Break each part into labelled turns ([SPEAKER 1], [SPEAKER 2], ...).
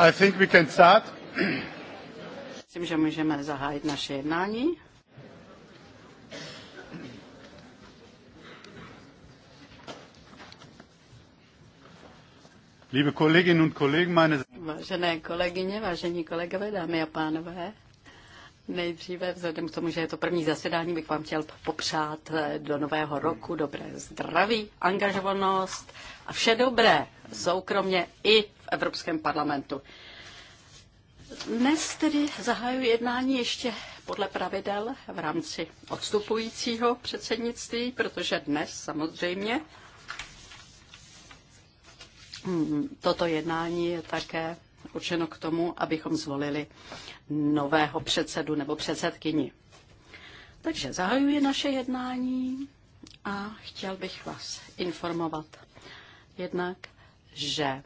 [SPEAKER 1] I think we can start. Myslím, že můžeme zahájit naše jednání.
[SPEAKER 2] Liebe Kolleginnen und Kollegen, meine
[SPEAKER 1] Vážené kolegyně, vážení kolegové, dámy a pánové, Nejdříve, vzhledem k tomu, že je to první zasedání, bych vám chtěl popřát eh, do nového roku dobré zdraví, angažovanost a vše dobré, soukromně i Evropském parlamentu. Dnes tedy zahajuji jednání ještě podle pravidel v rámci odstupujícího předsednictví, protože dnes samozřejmě toto jednání je také určeno k tomu, abychom zvolili nového předsedu nebo předsedkyni. Takže zahajuji naše jednání a chtěl bych vás informovat jednak, že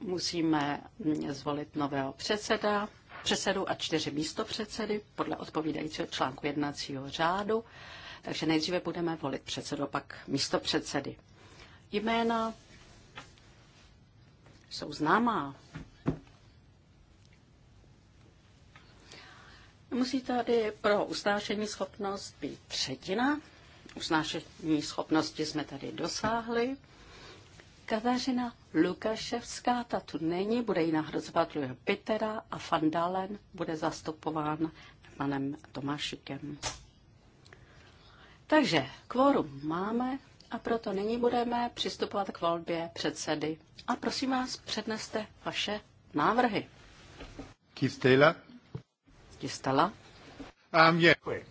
[SPEAKER 1] Musíme zvolit nového předseda, předsedu a čtyři místopředsedy podle odpovídajícího článku jednacího řádu. Takže nejdříve budeme volit předsedu, pak místopředsedy. Jména jsou známá. Musí tady pro usnášení schopnost být třetina. Usnášení schopnosti jsme tady dosáhli. Kateřina Lukaševská, ta tu není, bude ji nahrazovat Luja Pitera a Fandalen bude zastupován panem Tomášikem. Takže kvórum máme a proto nyní budeme přistupovat k volbě předsedy. A prosím vás, předneste vaše návrhy. Kistela. Kistela. Um, děkuji.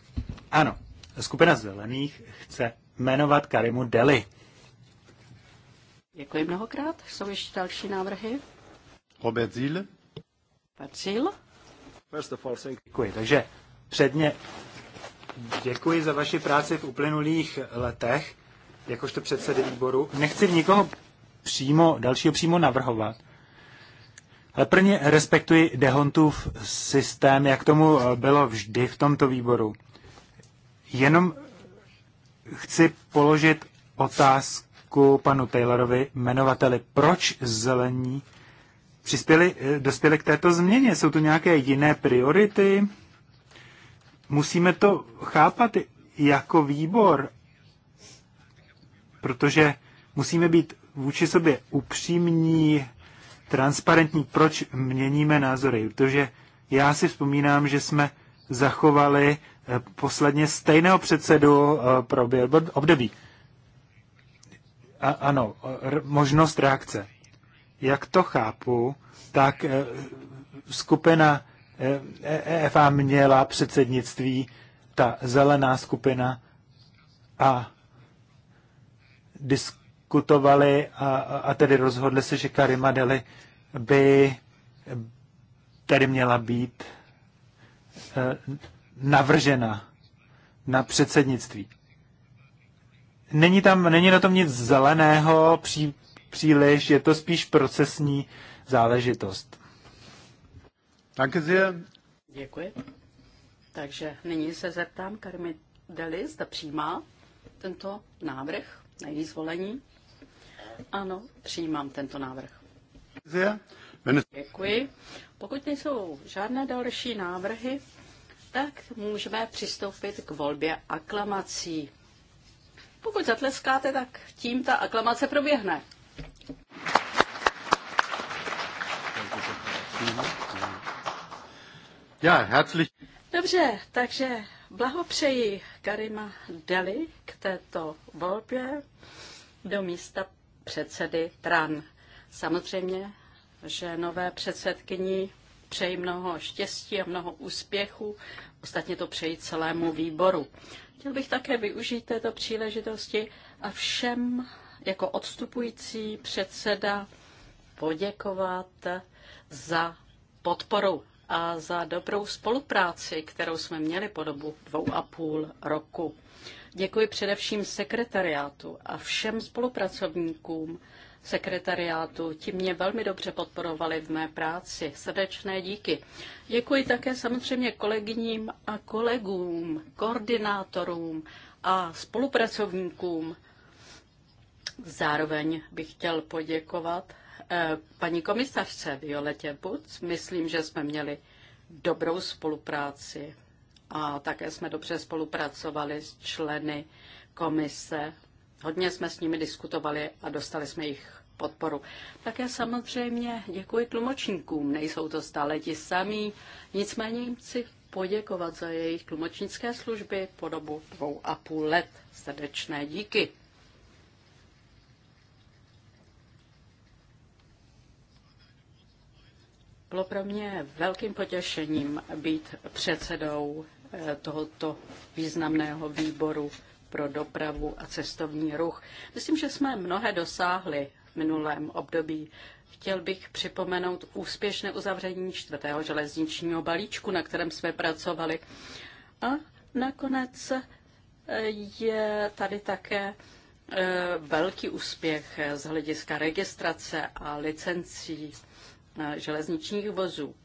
[SPEAKER 2] Ano, skupina zelených chce jmenovat Karimu Deli
[SPEAKER 1] Děkuji mnohokrát. Jsou ještě další návrhy? Robert Zil. Robert Zil. First of all, thank
[SPEAKER 2] Děkuji. Takže předně děkuji za vaši práci v uplynulých letech, jakožto předsedy výboru. Nechci nikoho přímo, dalšího přímo navrhovat, ale prvně respektuji Dehontův systém, jak tomu eh, bylo vždy v tomto výboru. Jenom chci položit otázku, otázku panu Taylorovi, jmenovateli. Proč zelení přispěli, eh, dospěli k této změně? Jsou tu nějaké jiné priority? Musíme to chápat jako výbor, protože musíme být vůči sobě upřímní, transparentní, proč měníme názory. Protože já si vzpomínám, že jsme zachovali eh, posledně stejného předsedu eh, pro období. A, ano, možnost reakce. Jak to chápu, tak eh, skupina EFA eh, e- e- měla předsednictví, ta zelená skupina a diskutovali a, a tedy rozhodli se, že Karima Deli by tady měla být eh, navržena na předsednictví. Není tam, není na tom nic zeleného pří, příliš, je to spíš procesní záležitost. Tak je.
[SPEAKER 1] Děkuji. Takže nyní se zeptám Karmi Deli, zda přijímá tento návrh na její zvolení. Ano, přijímám tento návrh. Děkuji. Pokud nejsou žádné další návrhy, tak můžeme přistoupit k volbě aklamací. Pokud zatleskáte, tak tím ta aklamace proběhne.
[SPEAKER 3] Já, herzlich.
[SPEAKER 1] Dobře, takže blahopřeji Karima Deli k této volbě do místa předsedy TRAN. Samozřejmě, že nové předsedkyni přeji mnoho štěstí a mnoho úspěchu, ostatně to přeji celému výboru. Chtěl bych také využít této příležitosti a všem jako odstupující předseda poděkovat za podporu a za dobrou spolupráci, kterou jsme měli po dobu dvou a půl roku. Děkuji především sekretariátu a všem spolupracovníkům, sekretariátu. Ti mě velmi dobře podporovali v mé práci. Srdečné díky. Děkuji také samozřejmě kolegyním a kolegům, koordinátorům a spolupracovníkům. Zároveň bych chtěl poděkovat eh, paní komisařce Violetě Buc. Myslím, že jsme měli dobrou spolupráci a také jsme dobře spolupracovali s členy komise Hodně jsme s nimi diskutovali a dostali jsme jich podporu. Také samozřejmě děkuji tlumočníkům, nejsou to stále ti samí, nicméně jim chci poděkovat za jejich tlumočnické služby po dobu dvou a půl let. Srdečné díky. Bylo pro mě velkým potěšením být předsedou eh, tohoto významného výboru pro dopravu a cestovní ruch. Myslím, že jsme mnohé dosáhli v minulém období. Chtěl bych připomenout úspěšné uzavření čtvrtého železničního balíčku, na kterém jsme pracovali. A nakonec eh, je tady také eh, velký úspěch eh, z hlediska registrace a licencí železničních vozů.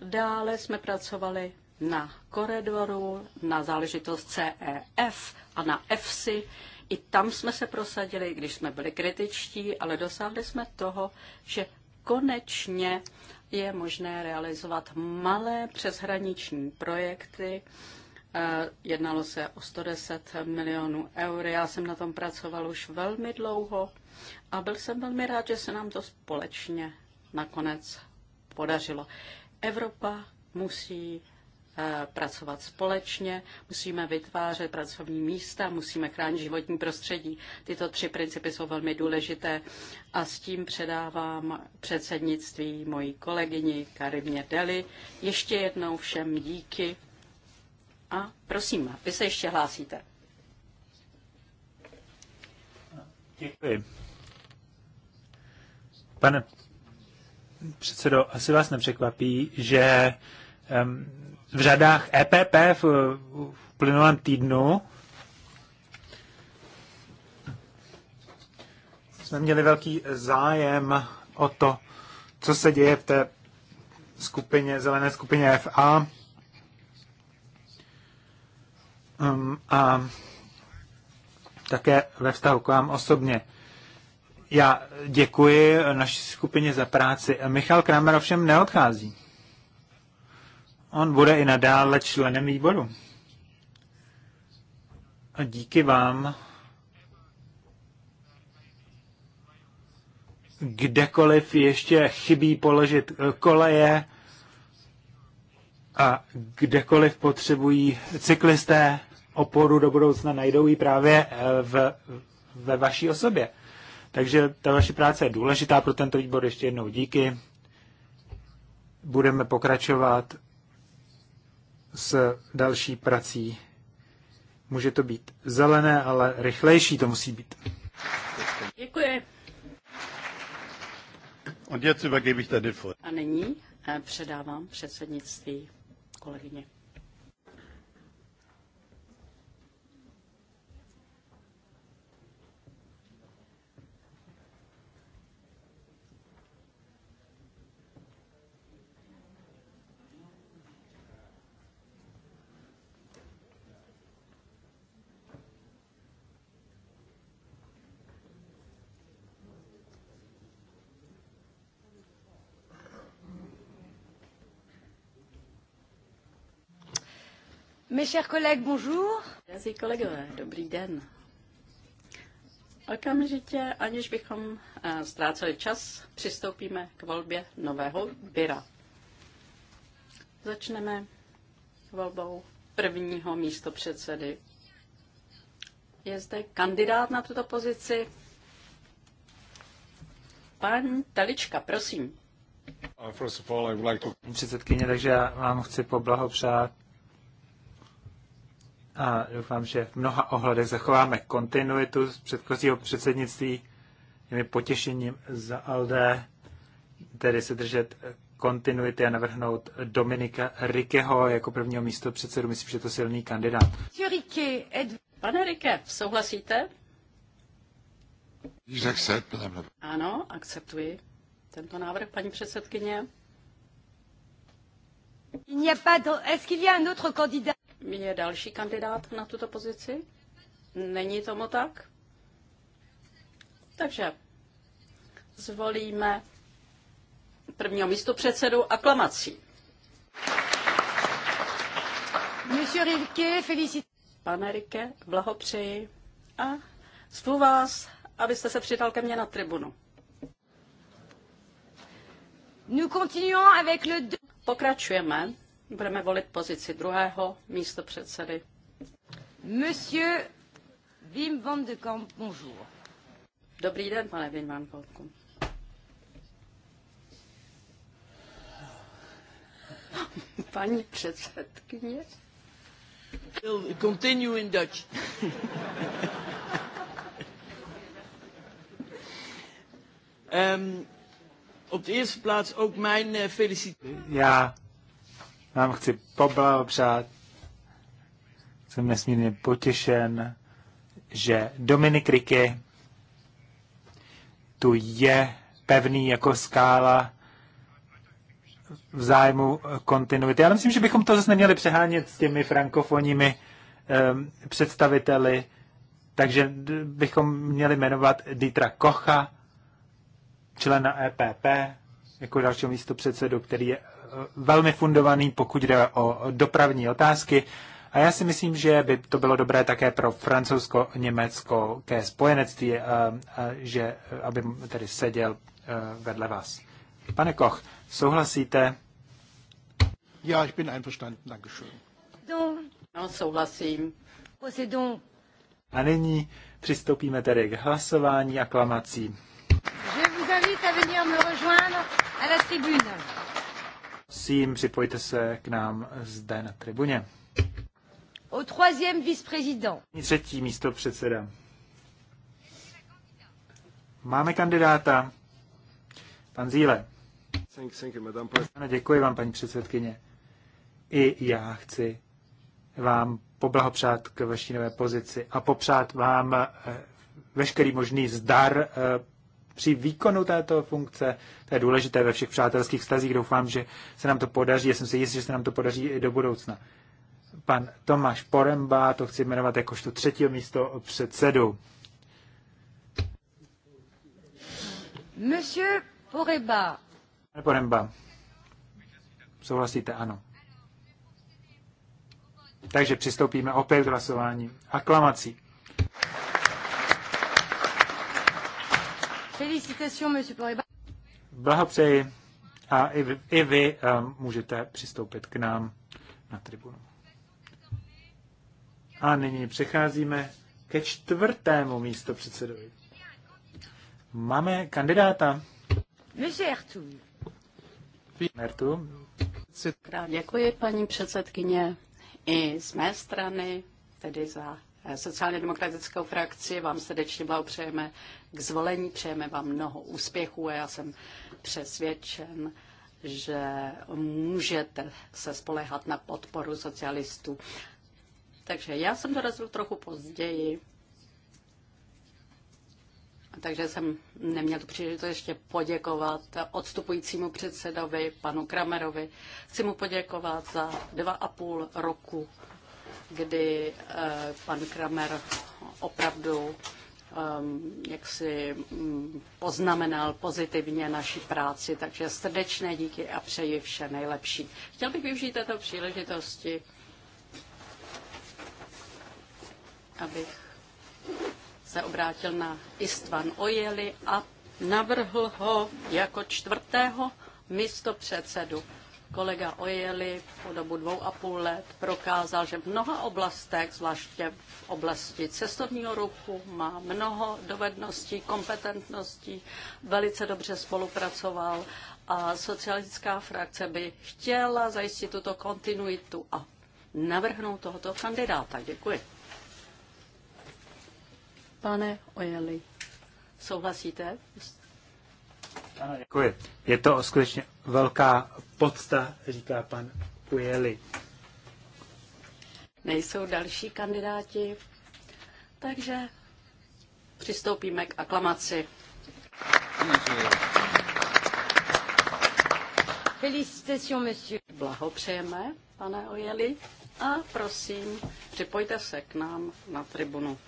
[SPEAKER 1] Dále jsme pracovali na koridoru, na záležitost CEF a na EFSI. I tam jsme se prosadili, když jsme byli kritičtí, ale dosáhli jsme toho, že konečně je možné realizovat malé přeshraniční projekty. Eh, jednalo se o 110 milionů eur. Já jsem na tom pracoval už velmi dlouho a byl jsem velmi rád, že se nám to společně nakonec podařilo. Evropa musí Eh, pracovat společně, musíme vytvářet pracovní místa, musíme chránit životní prostředí. Tyto tři principy jsou velmi důležité a s tím předávám předsednictví mojí kolegyni Karimě Deli. Ještě jednou všem díky a prosím, vy se ještě hlásíte.
[SPEAKER 2] Děkuji. Pane předsedo, asi vás nepřekvapí, že um, v řadách EPP v, v plynulém týdnu. Jsme měli velký zájem o to, co se děje v té skupině, zelené skupině FA. Um, a také ve vztahu k vám osobně. Já děkuji naší skupině za práci. Michal Kramer ovšem neodchází. On bude i nadále členem výboru. A díky vám, kdekoliv ještě chybí položit koleje a kdekoliv potřebují cyklisté oporu do budoucna, najdou ji právě eh, v, ve vaší osobě. Takže ta vaše práce je důležitá pro tento výbor. Ještě jednou díky. Budeme pokračovat s další prací. Může to být zelené, ale rychlejší to musí být. Děkuji. Und jetzt übergebe ich
[SPEAKER 1] A nyní eh, předávám předsednictví kolegyně. Mes chers collègues, bonjour. Drazí kolegové, dobrý den. Okamžitě, aniž bychom eh, ztráceli čas, přistoupíme k volbě nového byra. Začneme volbou prvního místo předsedy. Je zde kandidát na tuto pozici. Pan Talička, prosím.
[SPEAKER 2] Uh, předsedkyně, takže já vám chci poblahopřát a doufám, že v mnoha ohledech zachováme kontinuitu z předchozího předsednictví. Je mi potěšením za Alde tedy se držet kontinuity a navrhnout Dominika Rikeho jako prvního místo předsedu. Myslím, že je to silný kandidát.
[SPEAKER 1] Pane Rike, souhlasíte? Ano, akceptuji tento návrh, paní předsedkyně je další kandidát na tuto pozici? Není tomu tak? Takže zvolíme prvního místo předsedu aklamací. Pane Rike, blahopřeji a zvu vás, abyste se přidal ke mně na tribunu. Pokračujeme budeme volit pozici druhého místo předsedy. Monsieur Wim van de Kamp, bonjour. Dobrý den, pane Wim van Kamp. Paní předsedkyně.
[SPEAKER 3] We'll continue in Dutch. um, op de eerste plaats ook mijn eh, felicitatie.
[SPEAKER 2] Ja, vám chci poblahopřát. Jsem nesmírně potěšen, že Dominik Riky tu je pevný jako skála v zájmu kontinuity. Ale myslím, že bychom to zase neměli přehánět s těmi frankofonními um, představiteli, takže bychom měli jmenovat Dietra Kocha, člena EPP, jako dalšího místo předsedu, který je velmi fundovaný, pokud jde o dopravní otázky. A já si myslím, že by to bylo dobré také pro Francouzsko-Německo ke spojenectví, eh, eh, že eh, aby tedy seděl vedle vás. Pane Koch, souhlasíte? Já, ich bin einverstanden, dankeschön.
[SPEAKER 1] No, souhlasím.
[SPEAKER 2] A nyní přistoupíme tedy k hlasování a klamací.
[SPEAKER 1] Je vous invite à venir me rejoindre à la tribune.
[SPEAKER 2] Prosím, připojte se k nám zde na tribuně.
[SPEAKER 1] Au troisième vice-président.
[SPEAKER 2] Třetí místo předseda. Máme kandidáta. Pan Zíle. Ano, děkuji vám, paní předsedkyně. I já chci vám poblahopřát k vaší nové pozici a popřát vám eh, veškerý možný zdar eh, při výkonu této funkce. To je důležité ve všech přátelských vztazích. Doufám, že se nám to podaří. Já jsem si jistý, že se nám to podaří i do budoucna. Pan Tomáš Poremba, to chci jmenovat jakožto třetího místo předsedu.
[SPEAKER 1] Monsieur Poremba.
[SPEAKER 2] Pane Poremba, souhlasíte? Ano. Takže přistoupíme opět k hlasování aklamací. Blahopřeji a i vy, i vy eh, můžete přistoupit k nám na tribunu. A nyní přecházíme ke čtvrtému místo předsedovi. Máme kandidáta. Mertu.
[SPEAKER 1] Děkuji, paní předsedkyně, i z mé strany, tedy za sociálně demokratickou frakci. Vám srdečně blahopřejeme k zvolení, přejeme vám mnoho úspěchů a já jsem přesvědčen, že můžete se spolehat na podporu socialistů. Takže já jsem dorazil trochu později, takže jsem neměl tu příležitost ještě poděkovat odstupujícímu předsedovi, panu Kramerovi. Chci mu poděkovat za dva a půl roku kdy eh, pan Kramer opravdu ehm, jak si mm, poznamenal pozitivně naši práci, takže srdečné díky a přeji vše nejlepší. Chtěl bych využít této příležitosti, abych se obrátil na Istvan Ojeli a navrhl ho jako čtvrtého místo předsedu kolega Ojeli po dobu dvou a půl let prokázal, že v mnoha oblastech, zvláště v oblasti cestovního ruchu, má mnoho dovedností, kompetentností, velice dobře spolupracoval a socialistická frakce by chtěla zajistit tuto kontinuitu a navrhnout tohoto kandidáta. Děkuji. Pane Ojeli, souhlasíte ano,
[SPEAKER 2] děkuji. Je to skutečně velká podsta, říká pan Kujeli.
[SPEAKER 1] Nejsou další kandidáti, takže přistoupíme k aklamaci. Félicitations, monsieur. Blahopřejeme, pane Ojeli, a prosím, připojte se k nám na tribunu.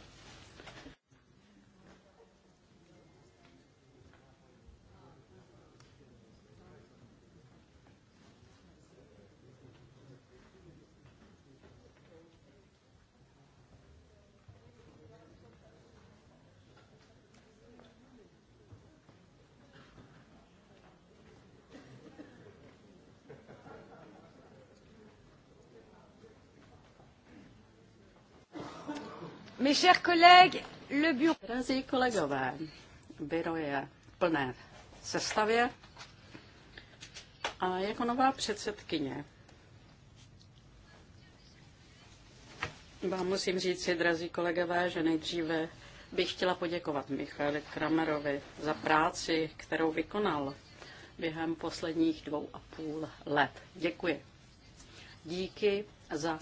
[SPEAKER 1] Mes chers collègues, le bureau... Drazí kolegové, byro je plné sestavě a jako nová předsedkyně vám musím říct si, drazí kolegové, že nejdříve bych chtěla poděkovat Michale Kramerovi za práci, kterou vykonal během posledních dvou a půl let. Děkuji. Díky za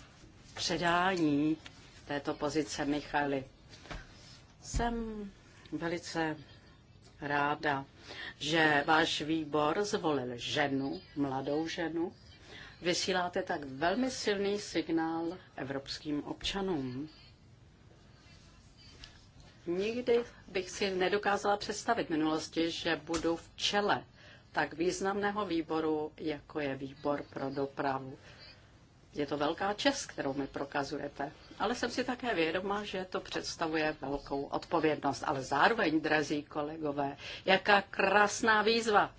[SPEAKER 1] předání této pozice Michaly. Jsem velice ráda, že váš výbor zvolil ženu, mladou ženu. Vysíláte tak velmi silný signál evropským občanům. Nikdy bych si nedokázala představit v minulosti, že budu v čele tak významného výboru, jako je výbor pro dopravu. Je to velká čest, kterou mi prokazujete ale jsem si také vědoma, že to představuje velkou odpovědnost. Ale zároveň, drazí kolegové, jaká krásná výzva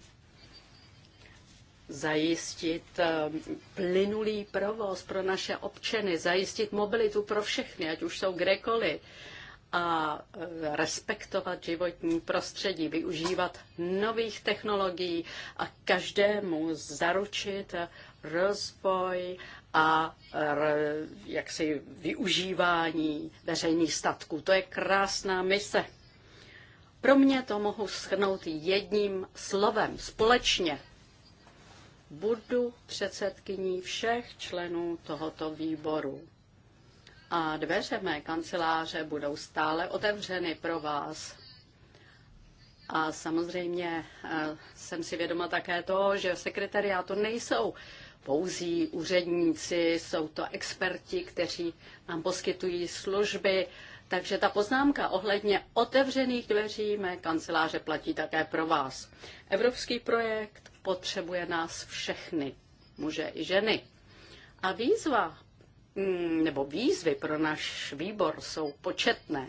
[SPEAKER 1] zajistit ehm, plynulý provoz pro naše občany, zajistit mobilitu pro všechny, ať už jsou kdekoliv a eh, respektovat životní prostředí, využívat nových technologií a každému zaručit eh, rozvoj a jaksi využívání veřejných statků. To je krásná mise. Pro mě to mohu shrnout jedním slovem. Společně budu předsedkyní všech členů tohoto výboru. A dveře mé kanceláře budou stále otevřeny pro vás. A samozřejmě eh, jsem si vědoma také toho, že sekretariátu nejsou pouzí úředníci, jsou to experti, kteří nám poskytují služby. Takže ta poznámka ohledně otevřených dveří mé kanceláře platí také pro vás. Evropský projekt potřebuje nás všechny, muže i ženy. A výzva mm, nebo výzvy pro náš výbor jsou početné.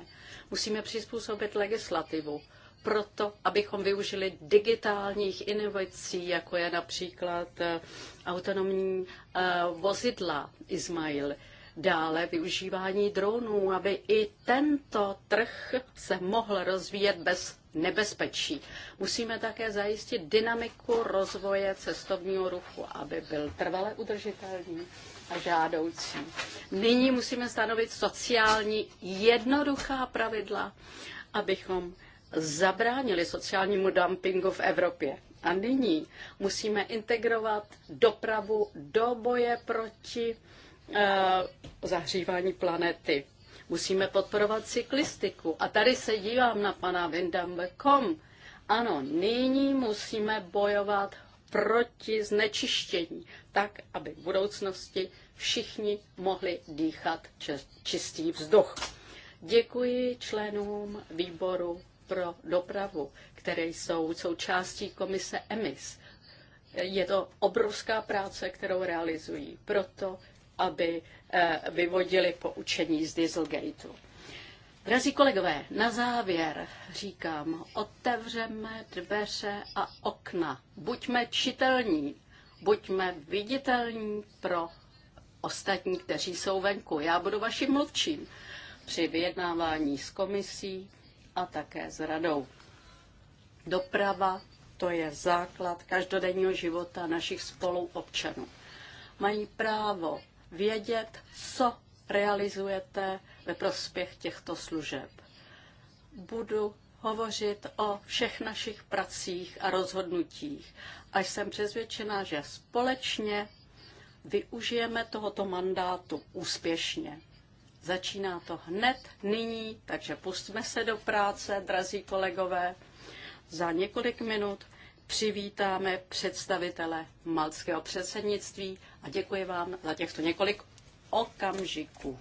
[SPEAKER 1] Musíme přizpůsobit legislativu proto, abychom využili digitálních inovací, jako je například eh, autonomní eh, vozidla Ismail. Dále využívání dronů, aby i tento trh se mohl rozvíjet bez nebezpečí. Musíme také zajistit dynamiku rozvoje cestovního ruchu, aby byl trvale udržitelný a žádoucí. Nyní musíme stanovit sociální jednoduchá pravidla, abychom zabránili sociálnímu dumpingu v Evropě. A nyní musíme integrovat dopravu do boje proti eh, zahřívání planety. Musíme podporovat cyklistiku. A tady se dívám na pana Vindambekom. Ano, nyní musíme bojovat proti znečištění, tak, aby v budoucnosti všichni mohli dýchat čistý vzduch. Děkuji členům výboru pro dopravu, které jsou součástí komise EMIS. Je to obrovská práce, kterou realizují proto, aby eh, vyvodili poučení z Dieselgateu. Drazí kolegové, na závěr říkám, otevřeme dveře a okna. Buďme čitelní, buďme viditelní pro ostatní, kteří jsou venku. Já budu vaším mluvčím při vyjednávání s komisí, a také s radou. Doprava to je základ každodenního života našich spoluobčanů. Mají právo vědět, co realizujete ve prospěch těchto služeb. Budu hovořit o všech našich pracích a rozhodnutích a jsem přesvědčená, že společně využijeme tohoto mandátu úspěšně. Začíná to hned nyní, takže pustme se do práce, drazí kolegové. Za několik minut přivítáme představitele malského předsednictví a děkuji vám za těchto několik okamžiků.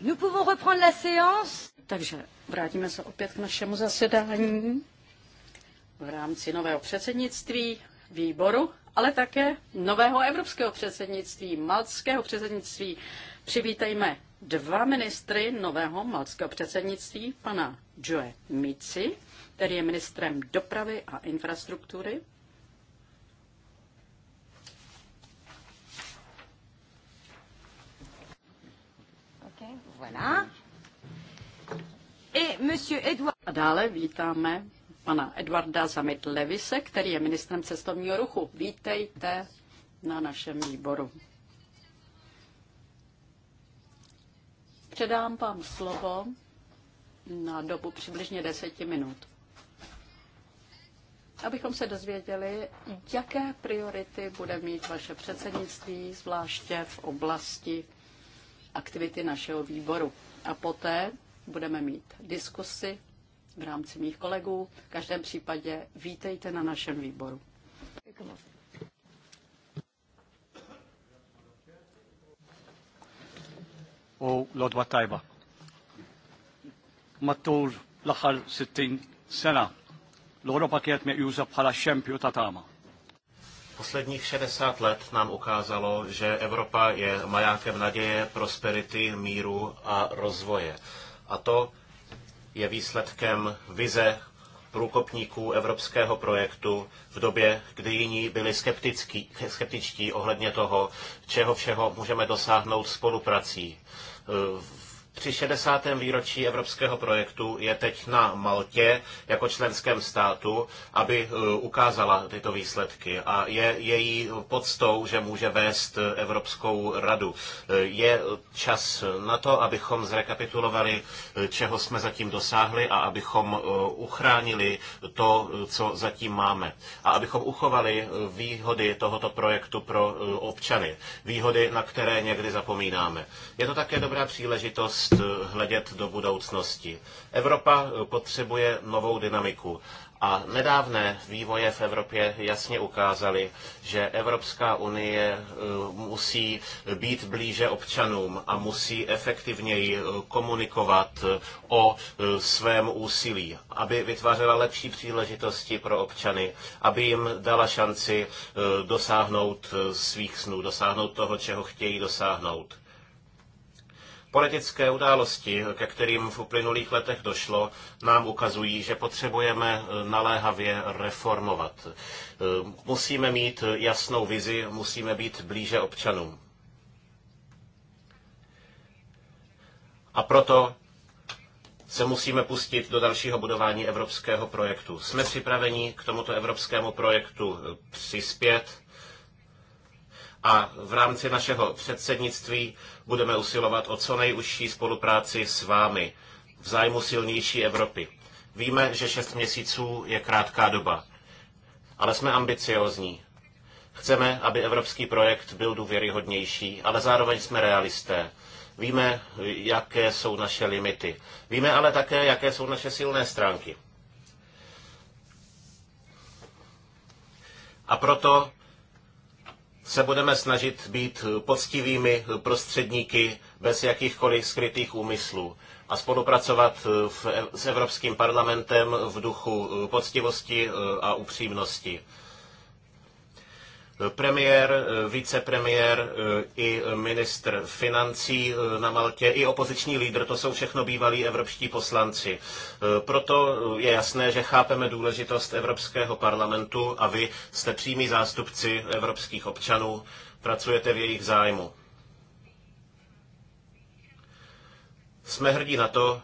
[SPEAKER 1] Nous pouvons reprendre la séance. Takže vrátíme se opět k našemu zasedání v rámci nového předsednictví výboru, ale také nového evropského předsednictví, maltského předsednictví. Přivítejme dva ministry nového maltského předsednictví, pana Joe Mici, který je ministrem dopravy a infrastruktury, A dále vítáme pana Edwarda Zamit Levise, který je ministrem cestovního ruchu. Vítejte na našem výboru. Předám vám slovo na dobu přibližně deseti minut. Abychom se dozvěděli, jaké priority bude mít vaše předsednictví, zvláště v oblasti aktivity našeho výboru. A poté budeme mít diskusy v rámci mých kolegů. V každém případě vítejte na našem výboru.
[SPEAKER 3] O Lodva Tajba. Matul l-aħħar sena l-Europa kienet meqjuża bħala Posledních 60 let nám ukázalo, že Evropa je majákem naděje, prosperity, míru a rozvoje. A to je výsledkem vize průkopníků evropského projektu v době, kdy jiní byli skeptičtí ohledně toho, čeho všeho můžeme dosáhnout spoluprací při 60. výročí evropského projektu je teď na Maltě jako členském státu, aby e, ukázala tyto výsledky a je její podstou, že může vést Evropskou radu. E, je čas na to, abychom zrekapitulovali, e, čeho jsme zatím dosáhli a abychom uchránili to, co zatím máme. A abychom uchovali výhody tohoto projektu pro občany. Výhody, na které někdy zapomínáme. Je to také dobrá příležitost povinnost eh, hledět do budoucnosti. Evropa eh, potřebuje novou dynamiku. A nedávné vývoje v Evropě jasně ukázaly, že Evropská unie eh, musí být blíže občanům a musí efektivněji komunikovat o svém úsilí, aby vytvářela lepší příležitosti pro občany, aby jim dala šanci dosáhnout svých snů, dosáhnout toho, čeho chtějí dosáhnout. Politické události, ke kterým v uplynulých letech došlo, nám ukazují, že potřebujeme eh, naléhavě reformovat. Eh, musíme mít jasnou vizi, musíme být blíže občanům. A proto se musíme pustit do dalšího budování evropského projektu. Jsme připraveni k tomuto evropskému projektu eh, přispět a v rámci našeho předsednictví budeme usilovat o co nejužší spolupráci s vámi v zájmu silnější Evropy. Víme, že šest měsíců je krátká doba, ale jsme ambiciozní. Chceme, aby evropský projekt byl důvěryhodnější, ale zároveň jsme realisté. Víme, jaké jsou naše limity. Víme ale také, jaké jsou naše silné stránky. A proto se budeme snažit být poctivými prostředníky bez jakýchkoliv skrytých úmyslů a spolupracovat v, e, s Evropským parlamentem v duchu e, poctivosti e, a upřímnosti. Premiér, eh, vicepremiér eh, i ministr financí eh, na Maltě, i opoziční lídr, to jsou všechno bývalí evropští poslanci. Proto je jasné, že chápeme důležitost Evropského parlamentu a vy jste přímí zástupci evropských občanů, pracujete v jejich zájmu. Jsme hrdí na to,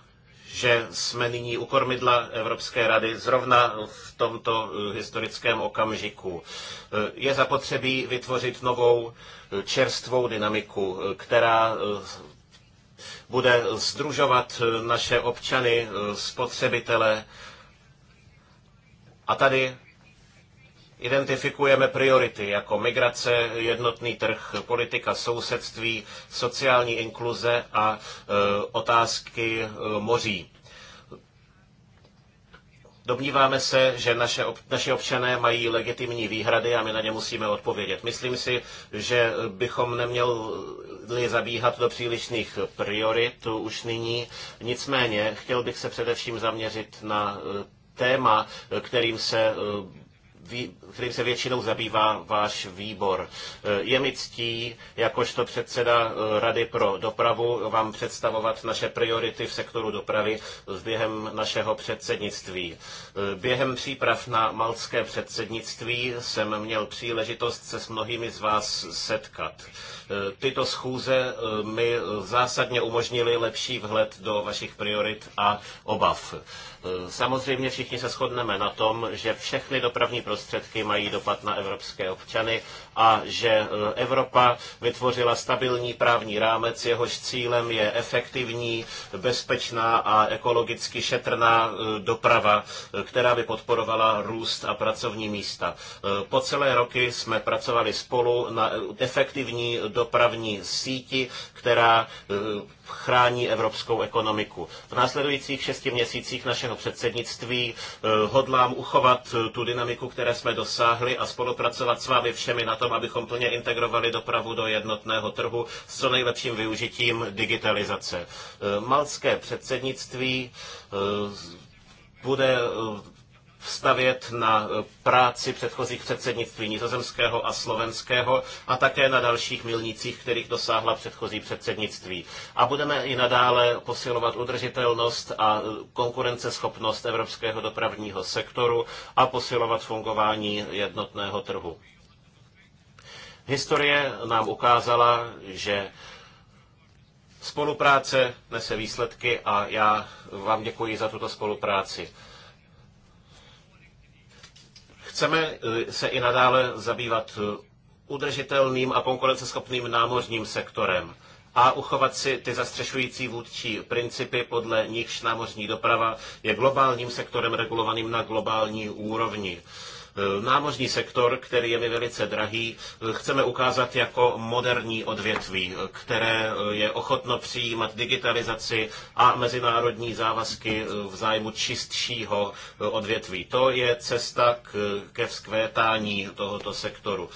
[SPEAKER 3] že jsme nyní u kormidla Evropské rady zrovna v tomto eh, historickém okamžiku. Eh, je zapotřebí vytvořit novou eh, čerstvou dynamiku, která bude združovat naše občany, spotřebitele. A tady Identifikujeme priority jako migrace, jednotný trh, politika sousedství, sociální inkluze a e, otázky e, moří. Domníváme se, že naše, naši občané mají legitimní výhrady a my na ně musíme odpovědět. Myslím si, že bychom neměli zabíhat do přílišných priorit už nyní. Nicméně chtěl bych se především zaměřit na e, téma, kterým se kterým se většinou zabývá váš výbor. Eh, je mi ctí, jakožto předseda eh, Rady pro dopravu, vám představovat naše priority v sektoru dopravy během našeho předsednictví. Eh, během příprav na malské předsednictví jsem měl příležitost se s mnohými z vás setkat. Eh, tyto schůze eh, mi zásadně umožnily lepší vhled do vašich priorit a obav. Eh, samozřejmě všichni se shodneme na tom, že všechny dopravní prostředky mají dopad na evropské občany a že e, Evropa vytvořila stabilní právní rámec, jehož cílem je efektivní, bezpečná a ekologicky šetrná e, doprava, e, která by podporovala růst a pracovní místa. Po celé roky jsme pracovali spolu na efektivní dopravní síti, která chrání evropskou ekonomiku. V následujících šesti měsících našeho předsednictví eh, hodlám uchovat eh, tu dynamiku, které jsme dosáhli a spolupracovat s vámi všemi na tom, abychom plně integrovali dopravu do jednotného trhu s co nejlepším využitím digitalizace. Eh, malské předsednictví bude vstavět na eh, práci předchozích předsednictví nizozemského a slovenského a také na dalších milnících, kterých dosáhla předchozí předsednictví. A budeme i nadále posilovat udržitelnost a eh, konkurenceschopnost evropského dopravního sektoru a posilovat fungování jednotného trhu. Historie nám ukázala, že spolupráce nese výsledky a já vám děkuji za tuto spolupráci. Chceme eh, se i nadále zabývat eh, udržitelným a konkurenceschopným námořním sektorem a uchovat si ty zastřešující vůdčí principy, podle nichž námořní doprava je globálním sektorem regulovaným na globální úrovni. Eh, námořní sektor, který je mi velice drahý, eh, chceme ukázat jako moderní odvětví, eh, které je ochotno přijímat digitalizaci a mezinárodní závazky v zájmu čistšího odvětví. To je cesta k, ke vzkvétání tohoto sektoru.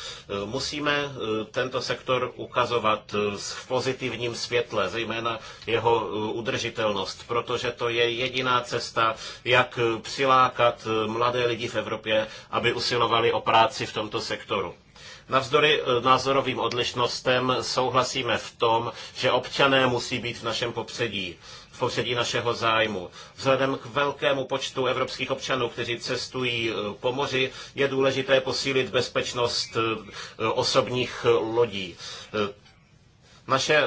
[SPEAKER 3] Musíme tento sektor ukazovat v pozitivním světle, zejména jeho udržitelnost, protože to je jediná cesta, jak přilákat mladé lidi v Evropě, aby aby usilovali o práci v tomto sektoru. Navzdory eh, názorovým odlišnostem souhlasíme v tom, že občané musí být v našem popředí v popředí našeho zájmu. Vzhledem k velkému počtu evropských občanů, kteří cestují eh, po moři, je důležité posílit bezpečnost eh, osobních lodí. Naše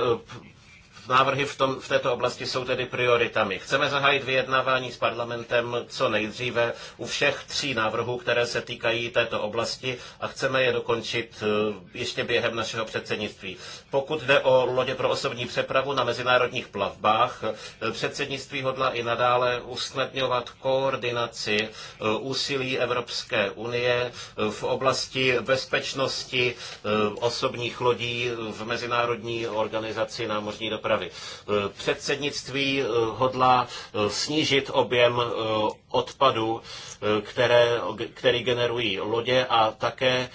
[SPEAKER 3] návrhy v, tom, v této oblasti jsou tedy prioritami. Chceme zahájit vyjednávání s parlamentem co nejdříve u všech tří návrhů, které se týkají této oblasti a chceme je dokončit eh, ještě během našeho předsednictví. Pokud jde o lodě pro osobní přepravu na mezinárodních plavbách, eh, předsednictví hodla i nadále usnadňovat koordinaci eh, úsilí Evropské unie v oblasti bezpečnosti osobních lodí v Mezinárodní organizaci námořní dopravy dopravy. E, předsednictví e, hodlá e, snížit objem odpadu, které, který generují lodě a také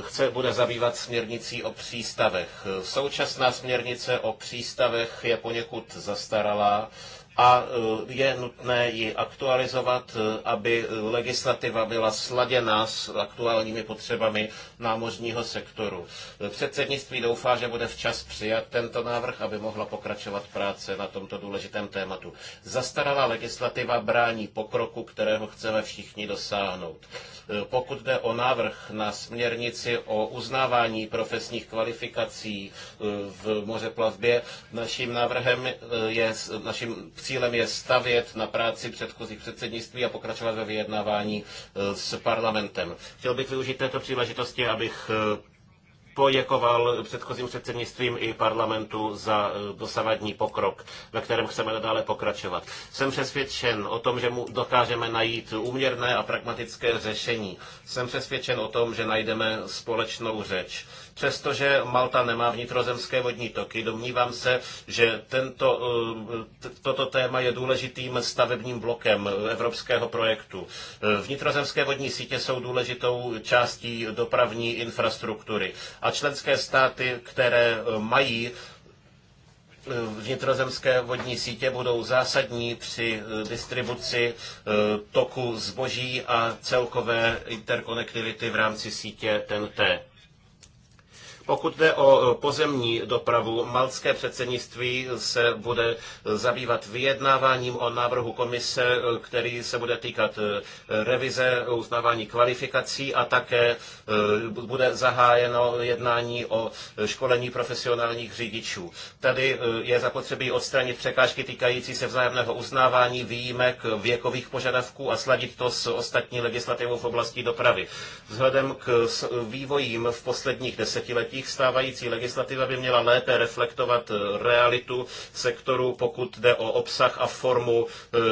[SPEAKER 3] chce, bude zabývat směrnicí o přístavech. Současná směrnice o přístavech je poněkud zastaralá a e, je nutné ji aktualizovat, e, aby legislativa byla sladěná s aktuálními potřebami námořního sektoru. E, předsednictví doufá, že bude včas přijat tento návrh, aby mohla pokračovat práce na tomto důležitém tématu. Zastaralá legislativa brání pokroku, kterého chceme všichni dosáhnout. Pokud jde o návrh na směrnici o uznávání profesních kvalifikací v mořeplavbě, naším návrhem je, naším cílem je stavět na práci předchozích předsednictví a pokračovat ve vyjednávání e, s parlamentem. Chtěl bych využít této příležitosti, abych e, poděkoval předchozím předsednictvím i parlamentu za e, dosavadní pokrok, ve kterém chceme nadále pokračovat. Jsem přesvědčen o tom, že mu dokážeme najít úměrné a pragmatické řešení. Jsem přesvědčen o tom, že najdeme společnou řeč. Přestože Malta nemá vnitrozemské vodní toky, domnívám se, že tento, eh, toto téma je důležitým stavebním blokem evropského projektu. Eh, vnitrozemské vodní sítě jsou důležitou částí dopravní infrastruktury a členské státy, které eh, mají vnitrozemské vodní sítě budou zásadní při distribuci toku zboží a celkové interkonektivity v rámci sítě TNT. Pokud jde o e, pozemní dopravu, malské předsednictví se bude e, zabývat vyjednáváním o návrhu komise, e, který se bude týkat revize, uznávání kvalifikací a také Eh, bude zahájeno jednání o eh, školení profesionálních řidičů. Tady eh, je zapotřebí odstranit překážky týkající se vzájemného uznávání výjimek věkových požadavků a sladit to s ostatní legislativou v oblasti dopravy. Vzhledem k vývojím v posledních desetiletích stávající legislativa by měla lépe reflektovat realitu sektoru, pokud jde o obsah a formu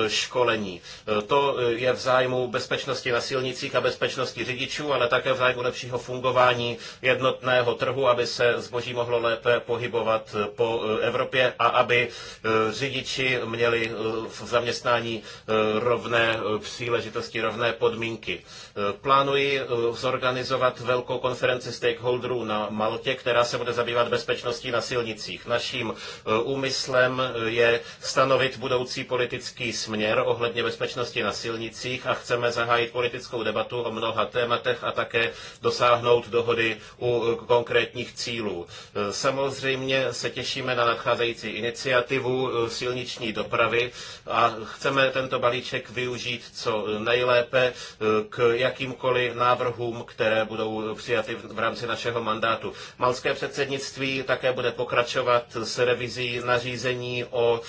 [SPEAKER 3] školení. To je v zájmu bezpečnosti na silnicích a bezpečnosti řidičů, ale také v zájmu lepšího fungování jednotného trhu, aby se zboží mohlo lépe pohybovat po e, Evropě a aby e, řidiči měli e, v zaměstnání rovné příležitosti, rovné podmínky. Plánuji zorganizovat velkou konferenci stakeholderů na Maltě, která se bude zabývat bezpečností na silnicích. Naším úmyslem je stanovit budoucí politický směr ohledně bezpečnosti na silnicích a chceme zahájit politickou debatu o mnoha tématech a také dosáhnout dohody u e, konkrétních cílů. E, samozřejmě se těšíme na nadcházející iniciativu e, silniční dopravy a chceme tento balíček využít co nejlépe k jakýmkoliv návrhům, které budou přijaty v rámci našeho mandátu. Malské předsednictví také bude pokračovat s revizí nařízení o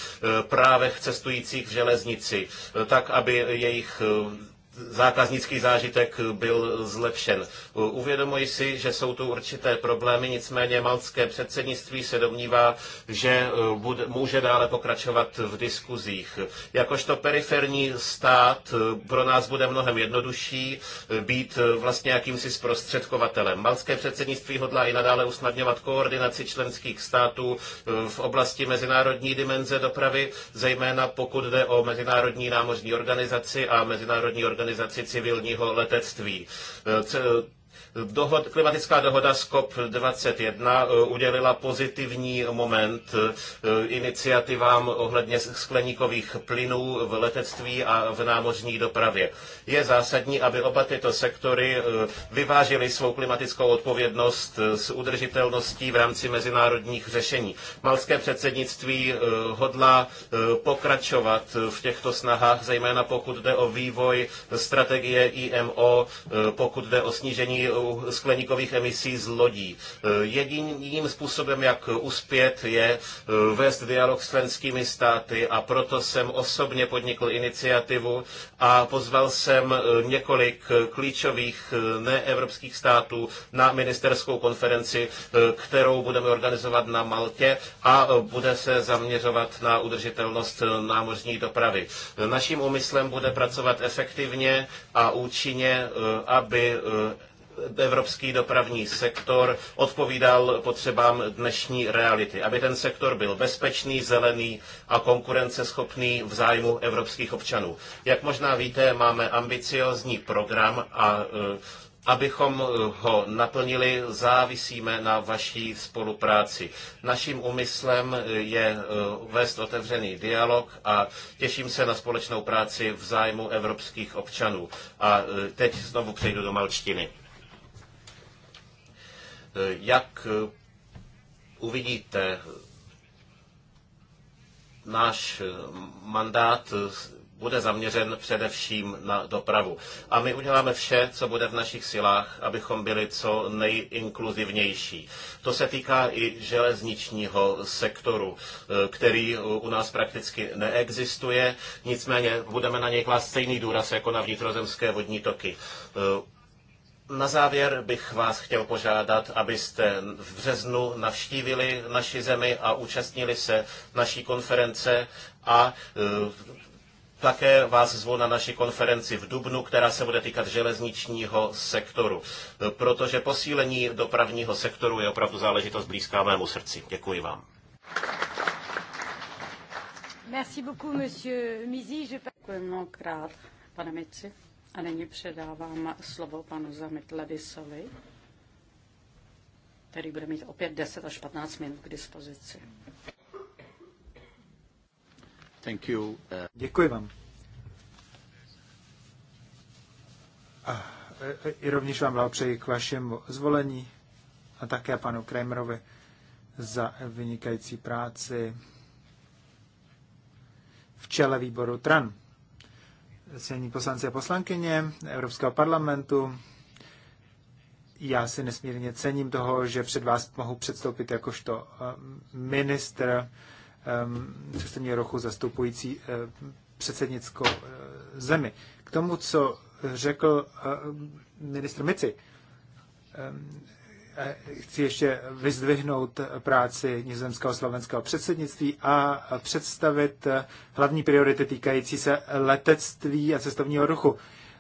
[SPEAKER 3] právech cestujících v železnici, tak aby jejich zákaznický zážitek byl zlepšen. Uvědomuji si, že jsou tu určité problémy, nicméně malcké předsednictví se domnívá, že eh, může dále pokračovat v diskuzích. Jakožto periferní stát eh, pro nás bude mnohem jednodušší eh, být vlastně jakýmsi zprostředkovatelem. Malcké předsednictví hodlá i nadále usnadňovat koordinaci členských států v oblasti mezinárodní dimenze dopravy, zejména pokud jde o Mezinárodní námořní organizaci a Mezinárodní organizaci organizaci civilního letectví. Eh, Dohod, klimatická dohoda z COP21 eh, udělila pozitivní moment eh, iniciativám ohledně skleníkových plynů v letectví a v námořní dopravě. Je zásadní, aby oba tyto sektory eh, vyvážily svou klimatickou odpovědnost s udržitelností v rámci mezinárodních řešení. Malské předsednictví hodlá pokračovat v těchto snahách, zejména pokud jde o vývoj strategie IMO, pokud jde o snížení skleníkových emisí z lodí. Jediným způsobem, jak uspět, je eh, vést dialog s členskými státy a proto jsem osobně podnikl iniciativu a pozval jsem eh, několik eh, klíčových neevropských států na ministerskou konferenci, kterou budeme organizovat na Maltě a bude se zaměřovat na udržitelnost námořní dopravy. Naším úmyslem bude pracovat efektivně a účinně, aby evropský dopravní sektor odpovídal potřebám dnešní reality, aby ten sektor byl bezpečný, zelený a konkurenceschopný v zájmu evropských občanů. Jak možná víte, máme ambiciozní program a eh, Abychom eh, ho naplnili, závisíme na vaší spolupráci. Naším úmyslem eh, je vést otevřený dialog a těším se na společnou práci v zájmu evropských občanů. A teď znovu přejdu do malčtiny. Eh, jak eh, uvidíte, náš eh, mandát bude zaměřen především na dopravu. A my uděláme vše, co bude v našich silách, abychom byli co nejinkluzivnější. To se týká i železničního sektoru, který u nás prakticky neexistuje, nicméně budeme na něj klást stejný důraz jako na vnitrozemské vodní toky. Na závěr bych vás chtěl požádat, abyste v březnu navštívili naši zemi a účastnili se naší konference a e, také vás zvu na naši konferenci v Dubnu, která se bude týkat železničního sektoru, e, protože posílení dopravního sektoru je opravdu záležitost blízká mému srdci. Děkuji vám.
[SPEAKER 1] Merci beaucoup, monsieur Mizi. Je... Děkuji mnohokrát, pane Mici. A nyní předávám slovo panu Zamit který bude mít opět 10 až 15 minut k dispozici.
[SPEAKER 3] Thank you. Uh,
[SPEAKER 2] Děkuji vám.
[SPEAKER 1] A e, e, i rovněž vám
[SPEAKER 2] blahopřeji k vašemu zvolení a také panu Kramerovi za vynikající práci v čele výboru TRAN cení poslanci a poslankyně Evropského parlamentu. Já si nesmírně cením toho, že před vás mohu předstoupit jakožto eh, ministr eh, cestovního ruchu zastupující eh, předsednickou zemi. K tomu, co řekl ministr Mici, Eh, chci ještě vyzdvihnout práci nizozemského slovenského předsednictví a představit eh, hlavní priority týkající se letectví a cestovního ruchu.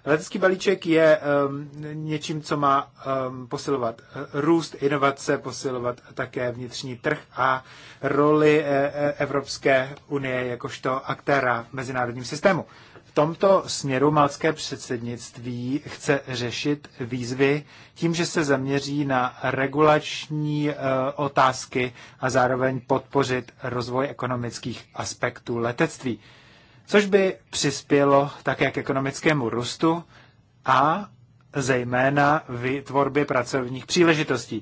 [SPEAKER 2] Letecký balíček je um, něčím, co má um, posilovat růst, inovace, posilovat také vnitřní trh a roli eh, Evropské unie jakožto aktéra v mezinárodním systému tomto směru malské předsednictví chce řešit výzvy tím, že se zaměří na regulační eh, otázky a zároveň podpořit rozvoj ekonomických aspektů letectví, což by přispělo také k ekonomickému růstu a zejména vytvorbě pracovních příležitostí.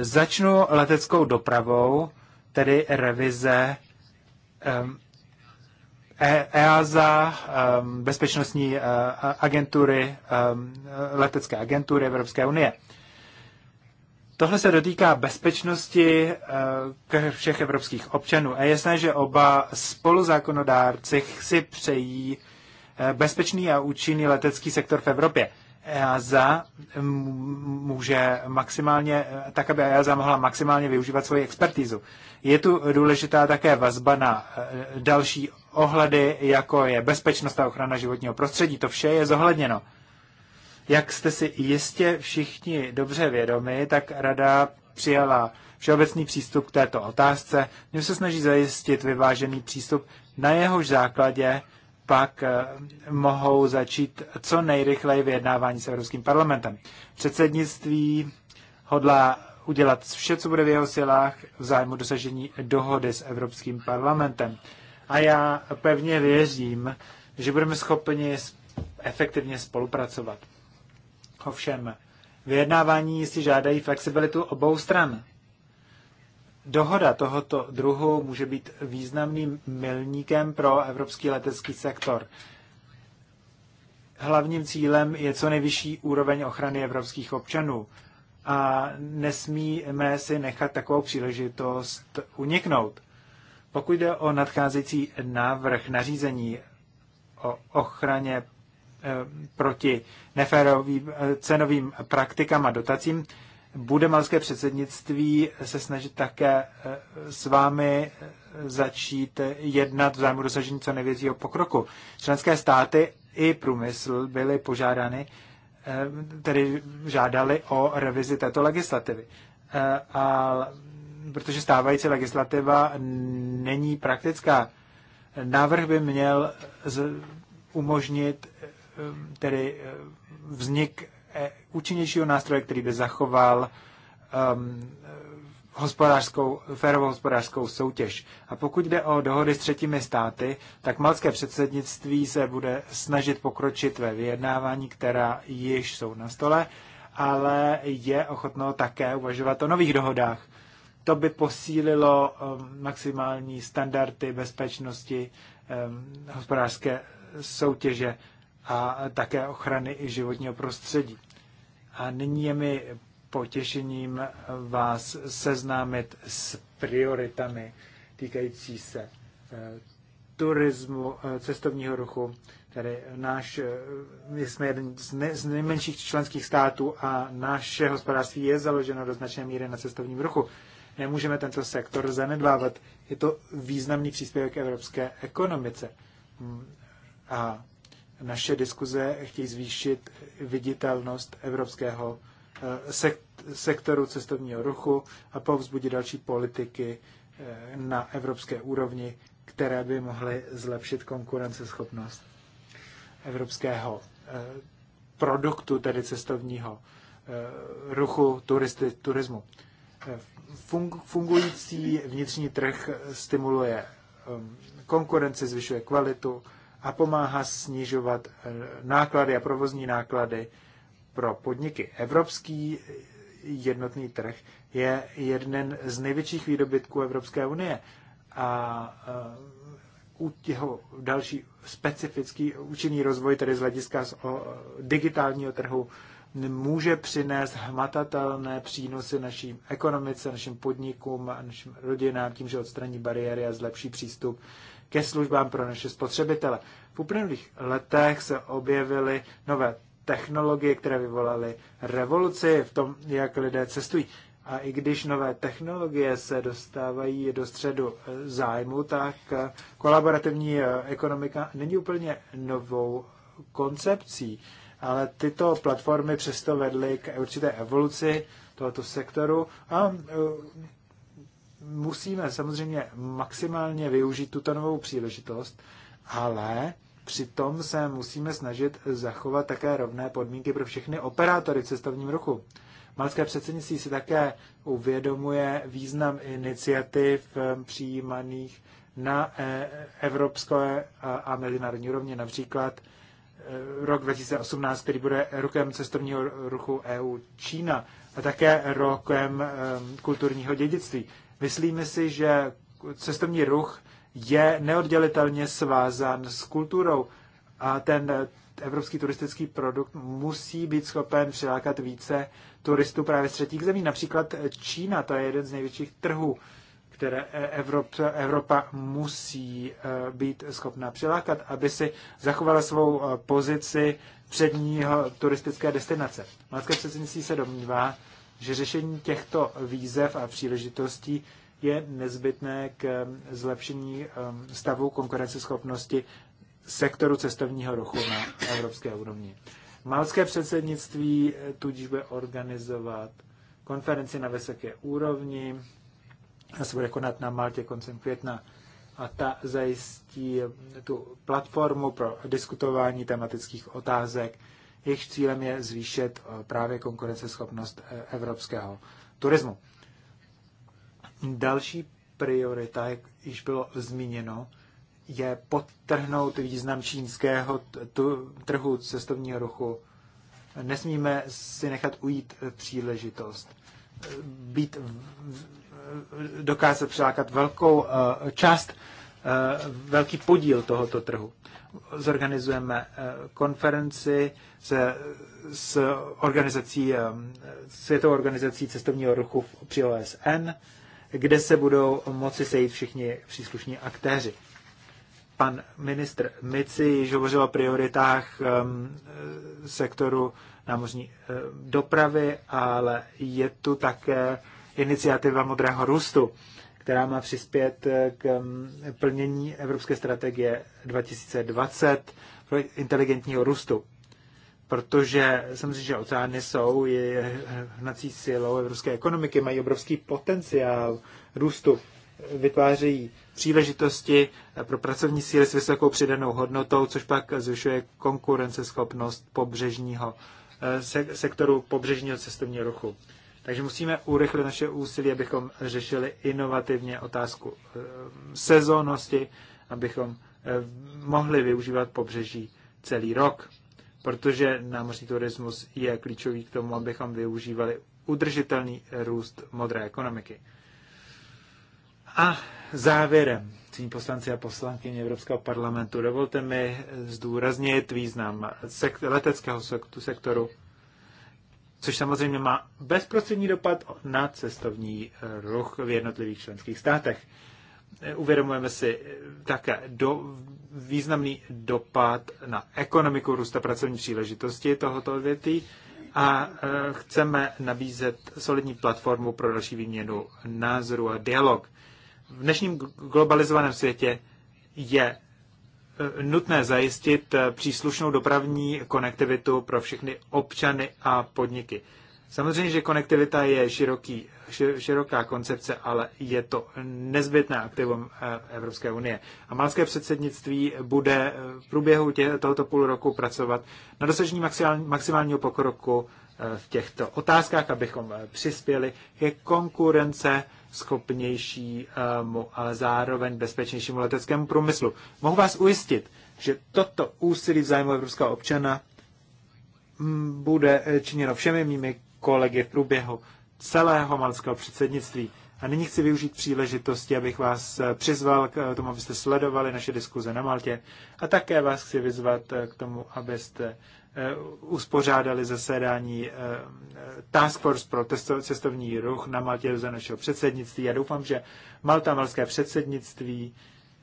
[SPEAKER 2] Začnu leteckou dopravou, tedy revize EASA, e um, bezpečnostní uh, agentury, um, letecké agentury Evropské unie. Tohle se dotýká bezpečnosti uh, všech evropských občanů. A je jasné, že oba spoluzákonodárci si přejí uh, bezpečný a účinný letecký sektor v Evropě. EASA může maximálně, tak aby EASA mohla maximálně využívat svoji expertízu. Je tu důležitá také vazba na další ohledy, jako je bezpečnost a ochrana životního prostředí. To vše je zohledněno. Jak jste si jistě všichni dobře vědomi, tak Rada přijala všeobecný přístup k této otázce, v se snaží zajistit vyvážený přístup, na jehož základě pak eh, mohou začít co nejrychleji vyjednávání s Evropským parlamentem. Předsednictví hodlá udělat vše, co bude v jeho silách v zájmu dosažení dohody s Evropským parlamentem a já pevně věřím, že budeme schopni efektivně spolupracovat. Ovšem, vyjednávání si žádají flexibilitu obou stran. Dohoda tohoto druhu může být významným milníkem pro evropský letecký sektor. Hlavním cílem je co nejvyšší úroveň ochrany evropských občanů a nesmíme si nechat takovou příležitost uniknout. Pokud jde o nadcházející návrh nařízení o ochraně eh, proti neférovým eh, cenovým praktikám a dotacím, bude malské předsednictví se snažit také eh, s vámi začít jednat v zájmu dosažení co největšího pokroku. Členské státy i průmysl byly požádány, tedy žádali o revizi této legislativy. A protože stávající legislativa není praktická. Návrh by měl umožnit eh, tedy eh, vznik eh, účinnějšího nástroje, který by zachoval um, hospodářskou, férovou hospodářskou soutěž. A pokud jde o dohody s třetími státy, tak malské předsednictví se bude snažit pokročit ve vyjednávání, která již jsou na stole, ale je ochotno také uvažovat o nových dohodách. To by posílilo um, maximální standardy bezpečnosti um, hospodářské soutěže a také ochrany i životního prostředí. A nyní je mi potěšením vás seznámit s prioritami týkající se eh, turismu, eh, cestovního ruchu. Tedy náš, eh, my jsme jeden z, ne, z nejmenších členských států a naše hospodářství je založeno do značné míry na cestovním ruchu. Nemůžeme tento sektor zanedbávat. Je to významný příspěvek evropské ekonomice. Hmm. A naše diskuze chtějí zvýšit viditelnost evropského eh, sektoru cestovního ruchu a povzbudit další politiky eh, na evropské úrovni, které by mohly zlepšit konkurenceschopnost evropského eh, produktu, tedy cestovního ruchu, turisty, turismu fungující vnitřní trh stimuluje um, konkurenci, zvyšuje kvalitu a pomáhá snižovat eh, náklady a provozní náklady pro podniky. Evropský jednotný trh je jeden z největších výdobytků Evropské unie a jeho eh, další specifický účinný rozvoj, tedy z hlediska digitálního trhu, může přinést hmatatelné přínosy našim ekonomice, našim podnikům a našim rodinám tím, že odstraní bariéry a zlepší přístup ke službám pro naše spotřebitele. V uplynulých letech se objevily nové technologie, které vyvolaly revoluci v tom, jak lidé cestují. A i když nové technologie se dostávají do středu zájmu, tak kolaborativní ekonomika není úplně novou koncepcí ale tyto platformy přesto vedly k určité evoluci tohoto sektoru a e, musíme samozřejmě maximálně využít tuto novou příležitost, ale přitom se musíme snažit zachovat také rovné podmínky pro všechny operátory v cestovním ruchu. Malské předsednictví si také uvědomuje význam iniciativ e, přijímaných na e, evropské a mezinárodní úrovni, například rok 2018, který bude rokem cestovního ruchu EU Čína a také rokem kulturního dědictví. Myslíme si, že cestovní ruch je neoddělitelně svázan s kulturou a ten evropský turistický produkt musí být schopen přilákat více turistů právě z třetích zemí. Například Čína, to je jeden z největších trhů které Evropa, Evropa musí eh, být schopna přilákat, aby si zachovala svou eh, pozici předního turistické destinace. Malské předsednictví se domnívá, že řešení těchto výzev a příležitostí je nezbytné k eh, zlepšení stavu konkurenceschopnosti sektoru cestovního ruchu na evropské úrovni. Malské předsednictví tudíž bude organizovat konferenci na vysoké úrovni se bude konat jako na Maltě koncem května a ta zajistí tu platformu pro diskutování tematických otázek. Jejich cílem je zvýšit eh, právě konkurenceschopnost eh, evropského turismu. Další priorita, jak již bylo zmíněno, je podtrhnout význam čínského trhu cestovního ruchu. Nesmíme si nechat ujít příležitost eh, být dokázat přilákat velkou eh, část, eh, velký podíl tohoto trhu. Zorganizujeme eh, konferenci se, s organizací, světovou organizací cestovního ruchu při OSN, kde se budou moci sejít všichni příslušní aktéři. Pan ministr Mici již hovořil o prioritách um, sektoru námořní dopravy, ale je tu také iniciativa modrého růstu, která má přispět eh, k mm, plnění Evropské strategie 2020 pro inteligentního růstu. Protože samozřejmě, že oceány jsou je hnací silou evropské ekonomiky, mají obrovský potenciál růstu, vytvářejí příležitosti eh, pro pracovní síly s vysokou přidanou hodnotou, což pak zvyšuje konkurenceschopnost pobřežního eh, sektoru pobřežního cestovního ruchu. Takže musíme urychlit naše úsilí, abychom řešili inovativně otázku eh, sezónnosti, abychom eh, mohli využívat pobřeží celý rok, protože námořní turismus je klíčový k tomu, abychom využívali udržitelný růst modré ekonomiky. A závěrem, cení poslanci a poslankyně Evropského parlamentu, dovolte mi zdůraznit význam leteckého sektoru což samozřejmě má bezprostřední dopad na cestovní eh, ruch v jednotlivých členských státech. Eh, uvědomujeme si eh, také do, významný dopad na ekonomiku růsta pracovní příležitosti tohoto odvětví a chceme nabízet solidní platformu pro další výměnu názorů a dialog. V dnešním globalizovaném světě je nutné zajistit eh, příslušnou dopravní konektivitu pro všechny občany a podniky. Samozřejmě, že konektivita je široký, široká koncepce, ale je to nezbytné aktivum eh, Evropské unie. A malské předsednictví bude eh, v průběhu tě, tohoto půl roku pracovat na dosažení maximálního pokroku v těchto otázkách, abychom přispěli ke konkurence schopnějšímu, ale zároveň bezpečnějšímu leteckému průmyslu. Mohu vás ujistit, že toto úsilí v zájmu evropského občana mm, bude eh, činěno všemi mými kolegy v průběhu celého malského předsednictví. A nyní chci využít příležitosti, abych vás eh, přizval k eh, tomu, abyste sledovali naše diskuze na Maltě a také vás chci vyzvat k tomu, abyste Eh, uspořádali zasedání eh, Task Force pro cestovní ruch na Maltě za našeho předsednictví. Já doufám, že Malta malské předsednictví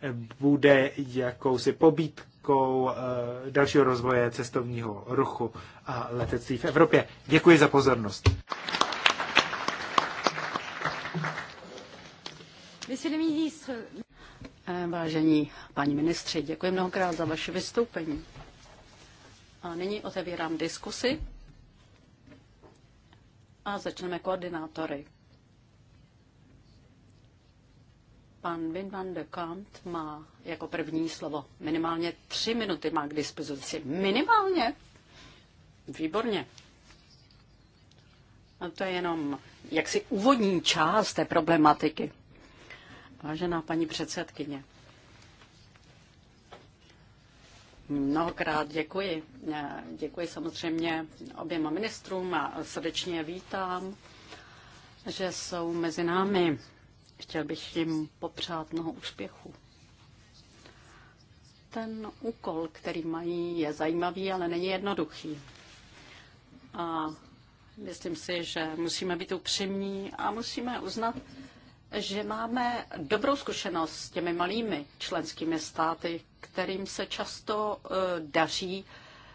[SPEAKER 2] eh, bude jakousi pobítkou dalšího rozvoje cestovního ruchu a letectví v Evropě. Děkuji za pozornost.
[SPEAKER 1] Vážení paní ministři, děkuji mnohokrát za vaše vystoupení. A nyní otevírám diskusy a začneme koordinátory. Pan Vin van de Kant má jako první slovo. Minimálně tři minuty má k dispozici. Minimálně? Výborně. A to je jenom jaksi úvodní část té problematiky. Vážená paní předsedkyně, Mnohokrát děkuji. E, děkuji samozřejmě oběma ministrům a srdečně vítám, že jsou mezi námi. Chtěl bych jim popřát mnoho úspěchů. Ten úkol, který mají, je zajímavý, ale není jednoduchý. A myslím si, že musíme být upřímní a musíme uznat, že máme dobrou zkušenost s těmi malými členskými státy, kterým se často e, daří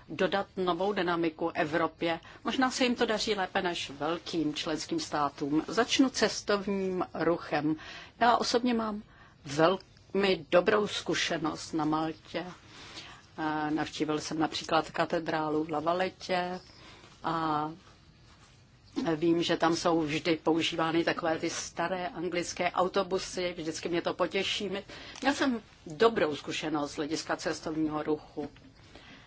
[SPEAKER 1] dodat novou dynamiku Evropě. Možná se jim to daří lépe než velkým členským státům. Začnu cestovním ruchem. Já osobně mám velmi dobrou zkušenost na Maltě. E, navštívil jsem například katedrálu v Lavaletě a Vím, že tam jsou vždy používány takové ty staré anglické autobusy, vždycky mě to potěší. Měl jsem dobrou zkušenost z hlediska cestovního ruchu.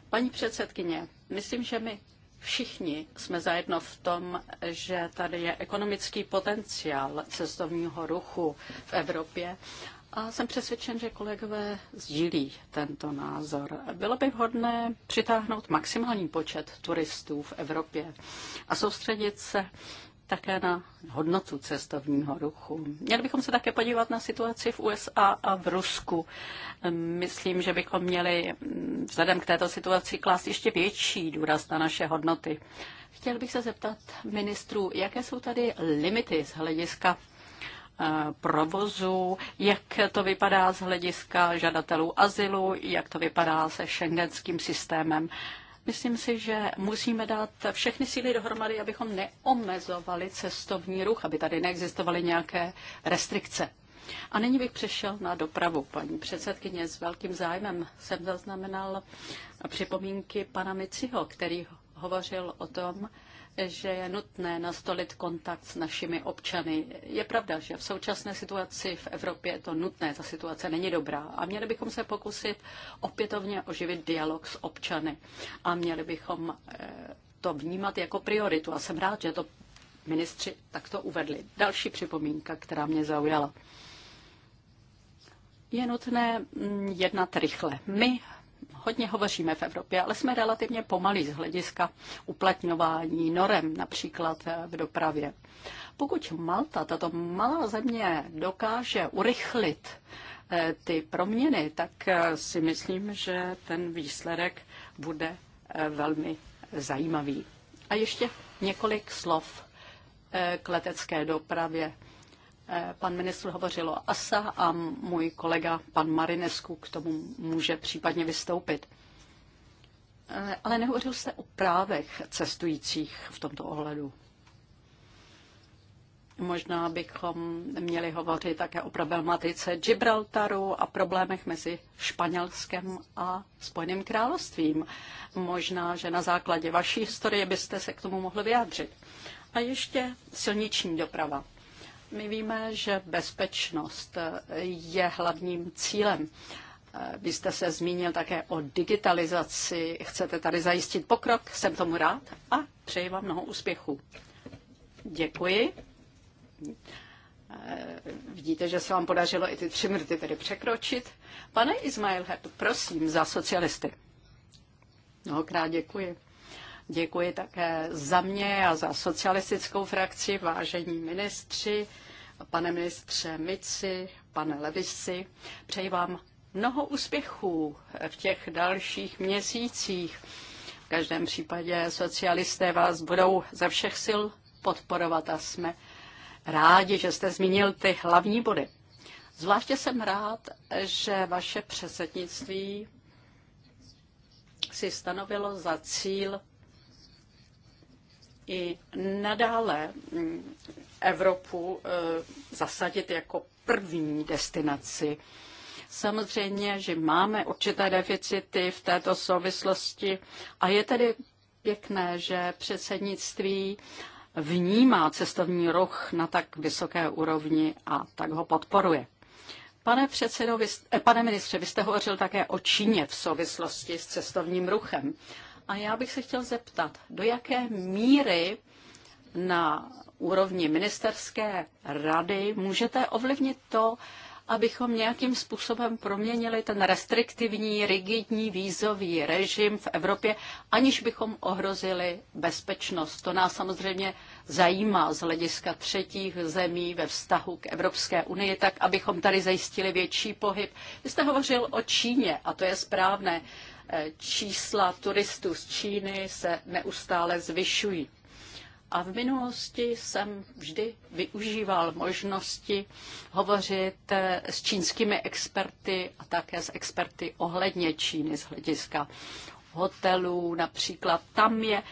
[SPEAKER 1] Paní předsedkyně, myslím, že my všichni jsme zajedno v tom, že tady je ekonomický potenciál cestovního ruchu v Evropě a jsem přesvědčen, že kolegové sdílí tento názor. Bylo by vhodné přitáhnout maximální počet turistů v Evropě a soustředit se také na hodnotu cestovního ruchu. Měli bychom se také podívat na situaci v USA a v Rusku. Myslím, že bychom měli mm, vzhledem k této situaci klást ještě větší důraz na naše hodnoty. Chtěl bych se zeptat ministrů, jaké jsou tady limity z hlediska Eh, provozu, jak to vypadá z hlediska žadatelů azylu, jak to vypadá se šengenským systémem. Myslím si, že musíme dát všechny síly dohromady, abychom neomezovali cestovní ruch, aby tady neexistovaly nějaké restrikce. A nyní bych přešel na dopravu. Paní předsedkyně, s velkým zájmem jsem zaznamenal připomínky pana Miciho, který hovořil o tom, že je nutné nastolit kontakt s našimi občany. Je pravda, že v současné situaci v Evropě je to nutné, ta situace není dobrá a měli bychom se pokusit opětovně oživit dialog s občany a měli bychom eh, to vnímat jako prioritu a jsem rád, že to ministři takto uvedli. Další připomínka, která mě zaujala. Je nutné mm, jednat rychle. My hodně hovoříme v Evropě, ale jsme relativně pomalí z hlediska uplatňování norem, například eh, v dopravě. Pokud Malta, tato malá země, dokáže urychlit eh, ty proměny, tak eh, si myslím, že ten výsledek bude velmi zajímavý. A ještě několik slov k letecké dopravě. Eh, pan ministr hovořil o ASA a můj kolega pan Marinesku k tomu může případně vystoupit. Eh, ale nehovořil jste o právech cestujících v tomto ohledu. Možná bychom měli hovořit také o problematice Gibraltaru a problémech mezi Španělskem a Spojeným královstvím. Možná, že na základě vaší historie byste se k tomu mohli vyjádřit. A ještě silniční doprava. My víme, že bezpečnost je hlavním cílem. Vy jste se zmínil také o digitalizaci. Chcete tady zajistit pokrok? Jsem tomu rád a přeji vám mnoho úspěchů. Děkuji. Eh, vidíte, že se vám podařilo i ty tři minuty tedy překročit. Pane Ismail Hep, prosím, za socialisty. Mnohokrát děkuji. Děkuji také za mě a za socialistickou frakci, vážení ministři, pane ministře Mici, pane Levisi. Přeji vám mnoho úspěchů v těch dalších měsících. V každém případě socialisté vás budou ze všech sil podporovat a jsme rádi, že jste zmínil ty hlavní body. Zvláště jsem rád, že vaše předsednictví si stanovilo za cíl i nadále mm, Evropu e, zasadit jako první destinaci. Samozřejmě, že máme určité deficity v této souvislosti a je tedy pěkné, že předsednictví vnímá cestovní ruch na tak vysoké úrovni a tak ho podporuje. Pane, předsedo, vy, eh, pane ministře, vy jste hovořil také o Číně v souvislosti s cestovním ruchem. A já bych se chtěl zeptat, do jaké míry na úrovni ministerské rady můžete ovlivnit to, abychom nějakým způsobem proměnili ten restriktivní, rigidní vízový režim v Evropě, aniž bychom ohrozili bezpečnost. To nás samozřejmě zajímá z hlediska třetích zemí ve vztahu k Evropské unii, tak abychom tady zajistili větší pohyb. Vy jste hovořil o Číně a to je správné. Eh, čísla turistů z Číny se neustále zvyšují. A v minulosti jsem vždy využíval možnosti hovořit eh, s čínskými experty a také s experty ohledně Číny z hlediska hotelů. Například tam je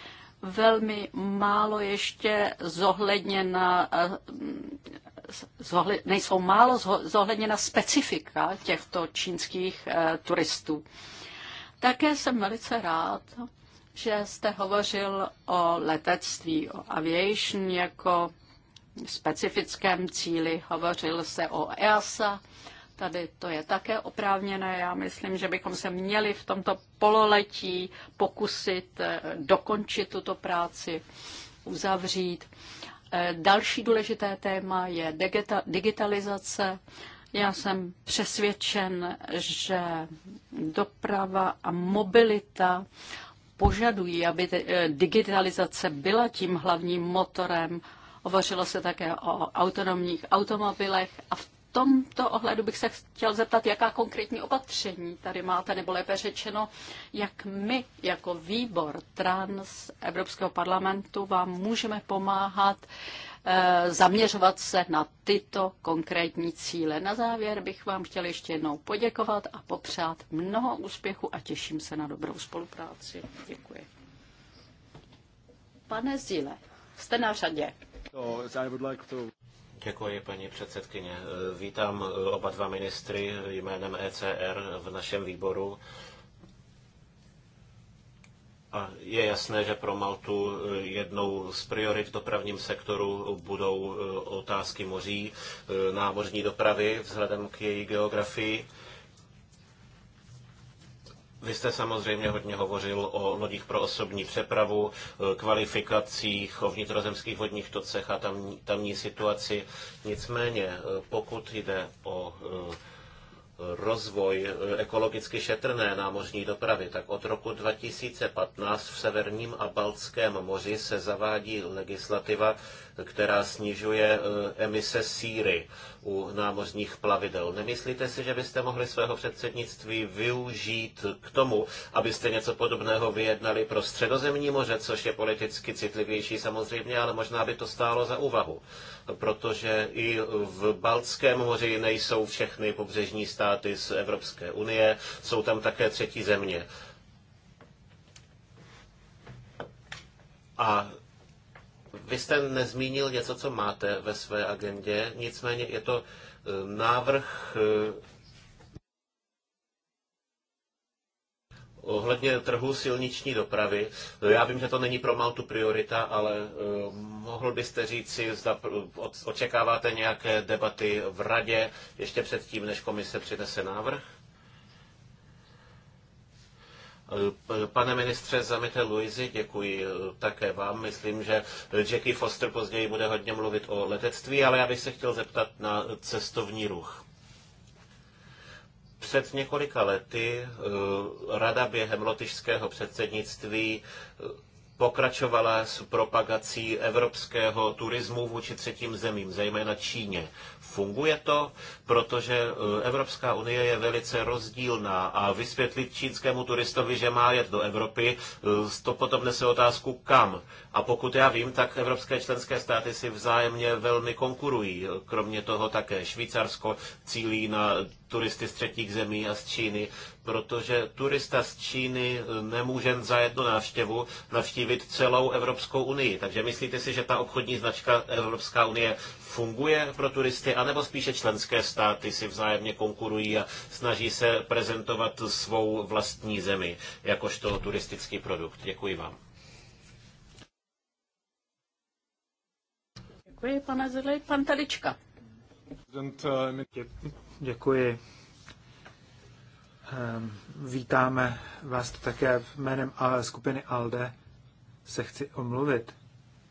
[SPEAKER 1] velmi málo ještě zohledněna, eh, zohled, nejsou málo zohledněna specifika těchto čínských turistů. Také jsem velice rád, že jste hovořil o letectví, o aviation jako specifickém cíli. Hovořil se o EASA. Tady to je také oprávněné. Já myslím, že bychom se měli v tomto pololetí pokusit eh, dokončit tuto práci, uzavřít. Eh, další důležité téma je digitalizace já jsem přesvědčen, že doprava a mobilita požadují, aby eh, digitalizace byla tím hlavním motorem. Hovořilo se také o autonomních automobilech a v tomto ohledu bych se chtěl zeptat, jaká konkrétní opatření tady máte, nebo lépe řečeno, jak my jako výbor trans Evropského parlamentu vám můžeme pomáhat uh, Eh, zaměřovat se na tyto konkrétní cíle. Na závěr bych vám chtěl ještě jednou poděkovat a popřát mnoho úspěchu a těším se na dobrou spolupráci. Děkuji. Pane Zíle, jste na řadě.
[SPEAKER 3] Děkuji, paní předsedkyně. Eh, vítám eh, oba dva ministry jménem ECR v našem výboru a je jasné, že pro Maltu eh, jednou z priorit v dopravním sektoru budou eh, otázky moří, eh, námořní dopravy vzhledem k její geografii. Vy jste samozřejmě hodně hovořil o lodích pro osobní přepravu, kvalifikacích, o vnitrozemských vodních tocech a tamní, tamní situaci. Nicméně, pokud jde o rozvoj eh, ekologicky šetrné námořní dopravy, tak od roku 2015 v Severním a Baltském moři se zavádí legislativa, která snižuje eh, emise síry u námořních plavidel. Nemyslíte si, že byste mohli svého předsednictví využít k tomu, abyste něco podobného vyjednali pro středozemní moře, což je politicky citlivější samozřejmě, ale možná by to stálo za úvahu protože i v Baltském moři nejsou všechny pobřežní státy z Evropské unie, jsou tam také třetí země. A vy jste nezmínil něco, co máte ve své agendě, nicméně je to eh, návrh eh, Ohledně trhu silniční dopravy, no já vím, že to není pro Maltu priorita, ale eh, mohl byste říci, zda očekáváte nějaké debaty v radě ještě předtím, než komise přinese návrh? Eh, pane ministře Zamite Luizi, děkuji eh, také vám. Myslím, že Jackie Foster později bude hodně mluvit o letectví, ale já bych se chtěl zeptat na cestovní ruch. Před několika lety eh, Rada během lotyšského předsednictví eh, pokračovala s propagací evropského turismu vůči třetím zemím, zejména Číně. Funguje to, protože eh, Evropská unie je velice rozdílná a vysvětlit čínskému turistovi, že má jet do Evropy, eh, to potom nese otázku kam. A pokud já vím, tak evropské členské státy si vzájemně velmi konkurují. Kromě toho také Švýcarsko cílí na turisty z třetích zemí a z Číny, protože turista z Číny eh, nemůže za jednu návštěvu navštívit celou Evropskou unii. Takže myslíte si, že ta obchodní značka Evropská unie funguje pro turisty, anebo spíše členské státy si vzájemně konkurují a snaží se prezentovat svou vlastní zemi jakožto turistický produkt. Děkuji vám.
[SPEAKER 1] Děkuji, pane Zelej. Pan Talička.
[SPEAKER 2] Děkuji. Ehm, vítáme vás také v jménem skupiny ALDE. Se chci omluvit,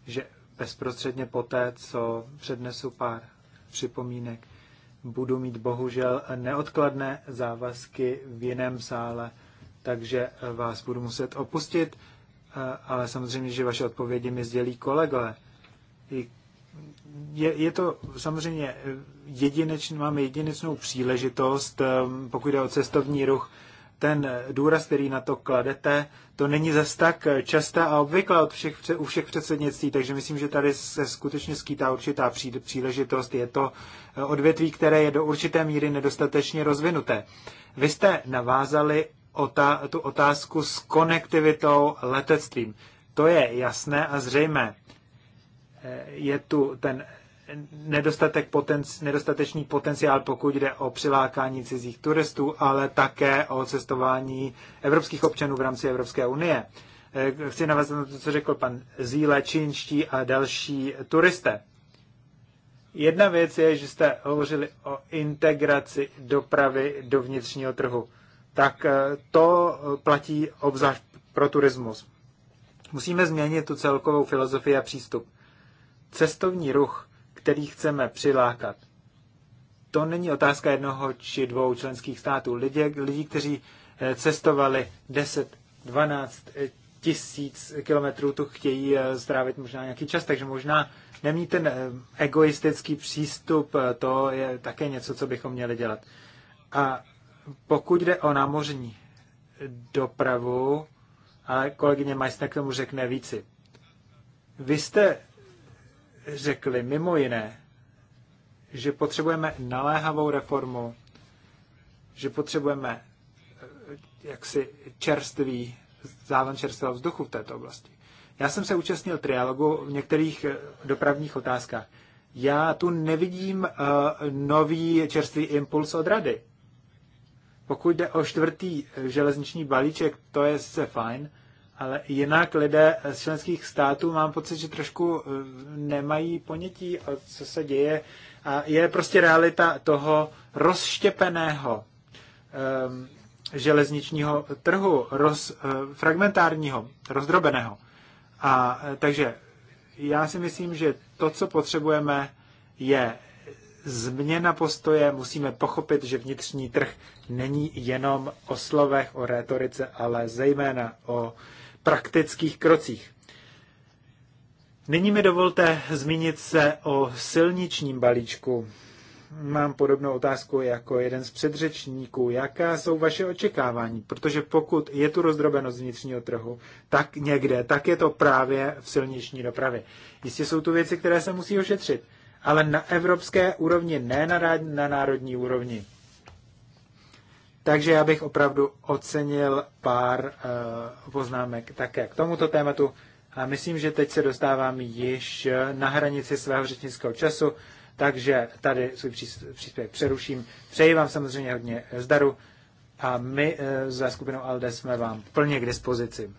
[SPEAKER 2] že bezprostředně poté, co přednesu pár připomínek, budu mít bohužel neodkladné závazky v jiném sále, takže vás budu muset opustit, eh, ale samozřejmě, že vaše odpovědi mi sdělí kolegové. Je, je to samozřejmě jedinečný, máme jedinečnou příležitost, eh, pokud jde o cestovní ruch, ten důraz, který na to kladete, to není zas tak časté a obvykle od všech, u všech předsednictví, takže myslím, že tady se skutečně skýtá určitá příležitost. Je to eh, odvětví, které je do určité míry nedostatečně rozvinuté. Vy jste navázali otá, tu otázku s konektivitou letectvím. To je jasné a zřejmé. Eh, je tu ten nedostatek nedostatečný potenciál, pokud jde o přilákání cizích turistů, ale také o cestování evropských občanů v rámci Evropské unie. Eh, chci navázat na to, co řekl pan Zíle, čínští a další turisté. Jedna věc je, že jste hovořili o integraci dopravy do vnitřního trhu. Tak eh, to platí obzvlášť pro turismus. Musíme změnit tu celkovou filozofii a přístup. Cestovní ruch který chceme přilákat. To není otázka jednoho či dvou členských států. Lidé, lidi, kteří eh, cestovali 10, 12 eh, tisíc kilometrů, tu chtějí eh, strávit možná nějaký čas, takže možná nemí ten egoistický přístup, to je také něco, co bychom měli dělat. A pokud jde o námořní dopravu, ale kolegyně Majsna k tomu řekne víci. Vy jste řekli mimo jiné, že potřebujeme naléhavou reformu, že potřebujeme eh, jaksi čerstvý, závan čerstvého vzduchu v této oblasti. Já jsem se účastnil trialogu v některých eh, dopravních otázkách. Já tu nevidím uh, nový čerstvý impuls od rady. Pokud jde o čtvrtý železniční balíček, to je sice fajn, ale jinak lidé z členských států mám pocit, že trošku eh, nemají ponětí, o co se děje. A je prostě realita toho rozštěpeného um, železničního trhu, roz, uh, fragmentárního, rozdrobeného. A eh, takže já si myslím, že to, co potřebujeme, je změna postoje. Musíme pochopit, že vnitřní trh není jenom o slovech, o rétorice, ale zejména o uh, praktických krocích. Nyní mi dovolte zmínit se o silničním balíčku. Mám podobnou otázku jako jeden z předřečníků. Jaká jsou vaše očekávání? Protože pokud je tu rozdrobenost vnitřního trhu, tak někde, tak je to právě v silniční dopravě. Jistě jsou tu věci, které se musí ošetřit, ale na evropské úrovni, ne na, na národní úrovni. Takže já bych opravdu ocenil pár uh, poznámek také k tomuto tématu. A myslím, že teď se dostávám již eh, na hranici svého řečnického času, takže tady svůj příspěvek přeruším. Přeji vám samozřejmě hodně eh, zdaru a my uh, za skupinou ALDE jsme vám plně k dispozici.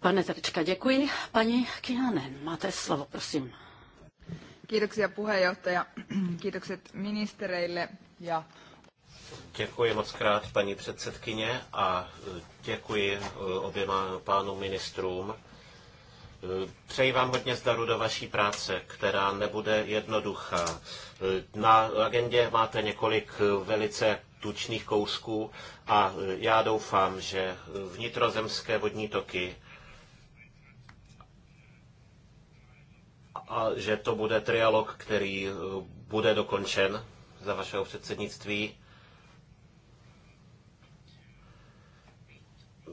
[SPEAKER 1] Pane Telička, děkuji. Paní Kinane, máte slovo, prosím. Kiitoksia puheenjohtaja. Kiitokset ministereille ja
[SPEAKER 3] Děkuji moc krát, paní předsedkyně, a e, děkuji e, oběma pánům ministrům. E, přeji vám hodně zdaru do vaší práce, která nebude jednoduchá. Na agendě máte několik velice tučných kousků a já doufám, že vnitrozemské vodní toky a že to bude trialog, který bude dokončen za vašeho předsednictví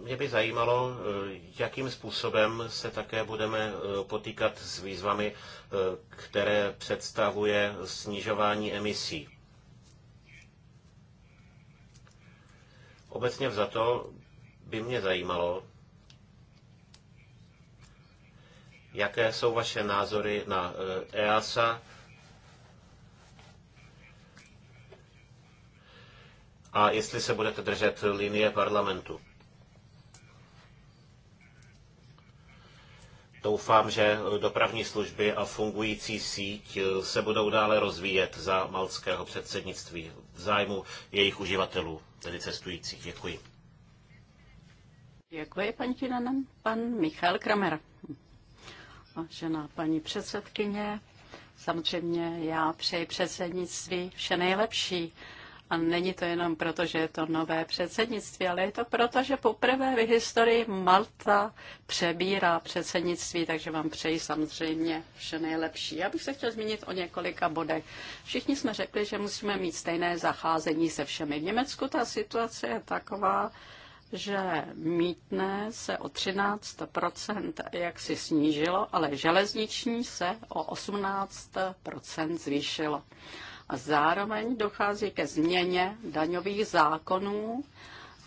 [SPEAKER 3] Mě by zajímalo, eh, jakým způsobem se také budeme eh, potýkat s výzvami, eh, které představuje snižování emisí. Obecně vzato by mě zajímalo, jaké jsou vaše názory na EASA e a jestli se budete držet linie parlamentu. Doufám, že dopravní služby a fungující síť eh, se budou dále rozvíjet za malckého předsednictví v zájmu jejich uživatelů, tedy cestujících. Děkuji.
[SPEAKER 1] Děkuji, paní Tinanen. Pan Michal Kramer. Vážená paní předsedkyně, samozřejmě já přeji předsednictví vše nejlepší. A není to jenom proto, že je to nové předsednictví, ale je to proto, že poprvé v historii Malta přebírá předsednictví, takže vám přeji samozřejmě vše nejlepší. Já bych se chtěl zmínit o několika bodech. Všichni jsme řekli, že musíme mít stejné zacházení se všemi. V Německu ta situace je taková, že mítné se o 13 jak si snížilo, ale železniční se o 18 zvýšilo a zároveň dochází ke změně daňových zákonů.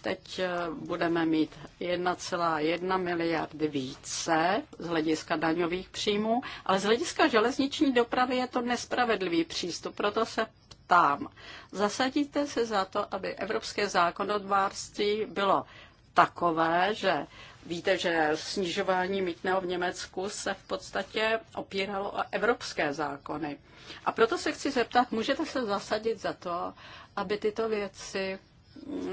[SPEAKER 1] Teď eh, budeme mít 1,1 miliardy více z hlediska daňových příjmů, ale z hlediska železniční dopravy je to nespravedlivý přístup, proto se ptám. Zasadíte se za to, aby evropské zákonodárství bylo takové, že Víte, že snižování mítného v Německu se v podstatě opíralo o evropské zákony. A proto se chci zeptat, můžete se zasadit za to, aby tyto věci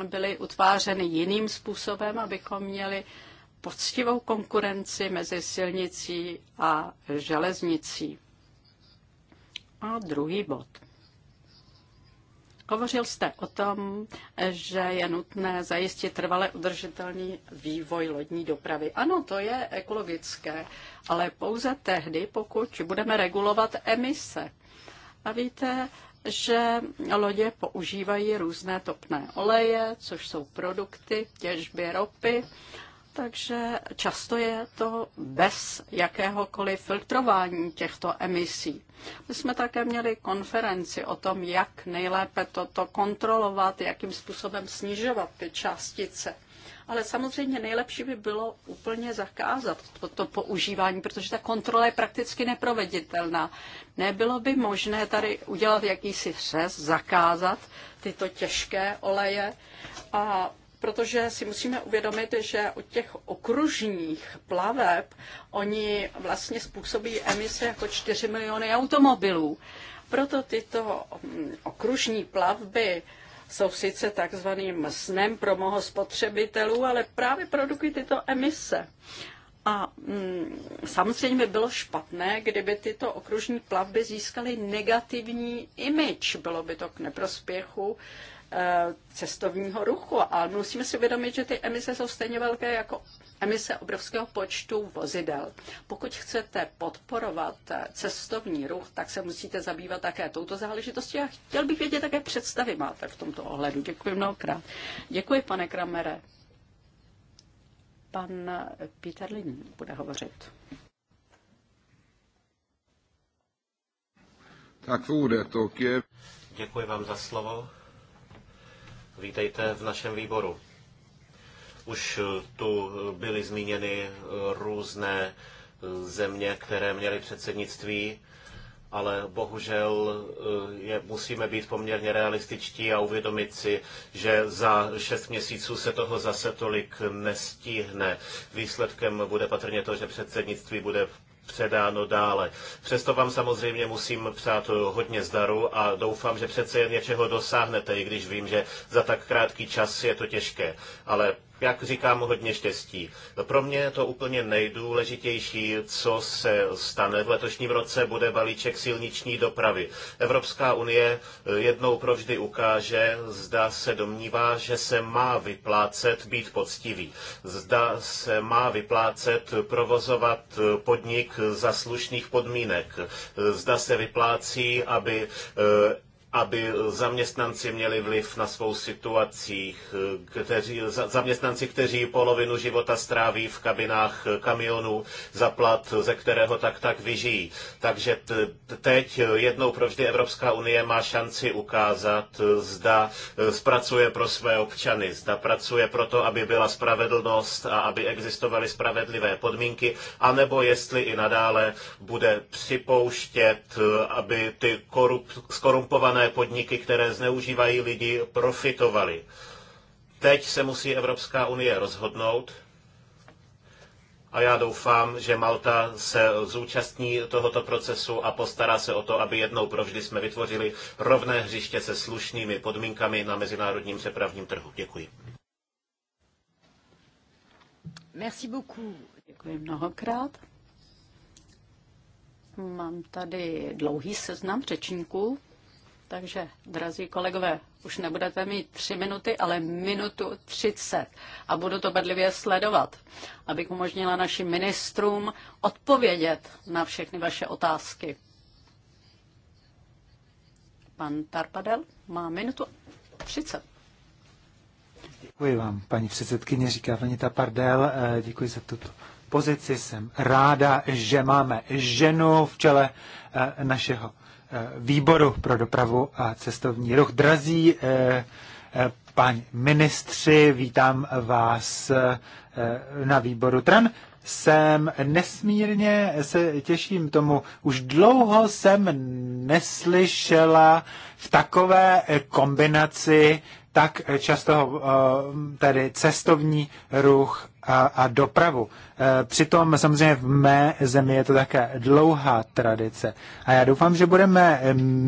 [SPEAKER 1] byly utvářeny jiným způsobem, abychom měli poctivou konkurenci mezi silnicí a železnicí. A druhý bod. Hovořil jste o tom, že je nutné zajistit trvale udržitelný vývoj lodní dopravy. Ano, to je ekologické, ale pouze tehdy, pokud budeme regulovat emise. A víte, že lodě používají různé topné oleje, což jsou produkty těžby ropy takže často je to bez jakéhokoliv filtrování těchto emisí. My jsme také měli konferenci o tom, jak nejlépe toto kontrolovat, jakým způsobem snižovat ty částice. Ale samozřejmě nejlepší by bylo úplně zakázat toto používání, protože ta kontrola je prakticky neproveditelná. Nebylo by možné tady udělat jakýsi řez, zakázat tyto těžké oleje a protože si musíme uvědomit, že od těch okružních plaveb oni vlastně způsobí emise jako 4 miliony automobilů. Proto tyto mm, okružní plavby jsou sice takzvaným snem pro mnoho spotřebitelů, ale právě produkují tyto emise. A mm, samozřejmě by bylo špatné, kdyby tyto okružní plavby získaly negativní image. Bylo by to k neprospěchu Eh, cestovního ruchu, ale musíme si uvědomit, že ty emise jsou stejně velké jako emise obrovského počtu vozidel. Pokud chcete podporovat eh, cestovní ruch, tak se musíte zabývat také touto záležitostí a chtěl bych vědět, jaké představy máte v tomto ohledu. Děkuji mnohokrát. Děkuji, pane Kramere. Pan eh, Peter Lin bude hovořit.
[SPEAKER 3] Tak to je. Děkuji vám za slovo. Vítejte v našem výboru. Už eh, tu eh, byly zmíněny eh, různé země, které měly předsednictví, ale bohužel je, musíme být poměrně realističtí a uvědomit si, že za šest měsíců se toho zase tolik nestihne. Výsledkem bude patrně to, že předsednictví bude předáno dále. Přesto vám samozřejmě musím přát hodně zdaru a doufám, že přece jen něčeho dosáhnete, i když vím, že za tak krátký čas je to těžké. Ale jak říkám, hodně štěstí. Pro mě to úplně nejdůležitější, co se stane v letošním roce, bude balíček silniční dopravy. Evropská unie eh, jednou provždy ukáže, zda se domnívá, že se má vyplácet být poctivý. Zda se má vyplácet provozovat eh, podnik za slušných podmínek. Zda se vyplácí, aby eh, aby zaměstnanci měli vliv na svou situaci, kteří, zaměstnanci, kteří polovinu života stráví v kabinách kamionů za plat, ze kterého tak tak vyžijí. Takže teď jednou provždy Evropská unie má šanci ukázat, zda e, pracuje pro své občany, zda pracuje pro to, aby byla spravedlnost a aby existovaly spravedlivé podmínky, anebo jestli i nadále bude připouštět, e, aby ty korup, skorumpované drobné podniky, které zneužívají lidi, profitovaly. Teď se musí Evropská unie rozhodnout a já doufám, že Malta se zúčastní tohoto procesu a postará se o to, aby jednou provždy jsme vytvořili rovné hřiště se slušnými podmínkami na mezinárodním přepravním trhu. Děkuji.
[SPEAKER 1] Merci beaucoup. Děkuji mnohokrát. Mám tady dlouhý seznam řečníků. Takže, drazí kolegové, už nebudete mít tři minuty, ale minutu třicet. A budu to bedlivě sledovat, abych umožnila našim ministrům odpovědět na všechny vaše otázky. Pan Tarpadel má minutu třicet.
[SPEAKER 2] Děkuji vám, paní předsedkyně, říká paní Tarpadel, eh, Děkuji za tuto pozici. Jsem ráda, že máme ženu v čele eh, našeho Eh, výboru pro dopravu a cestovní ruch. Drazí eh, eh, páni ministři, vítám vás na výboru TRAN. Jsem nesmírně se těším tomu. Už dlouho jsem neslyšela v takové kombinaci tak často tedy cestovní ruch a, a dopravu. E, přitom samozřejmě v mé zemi je to také dlouhá tradice a já doufám, že budeme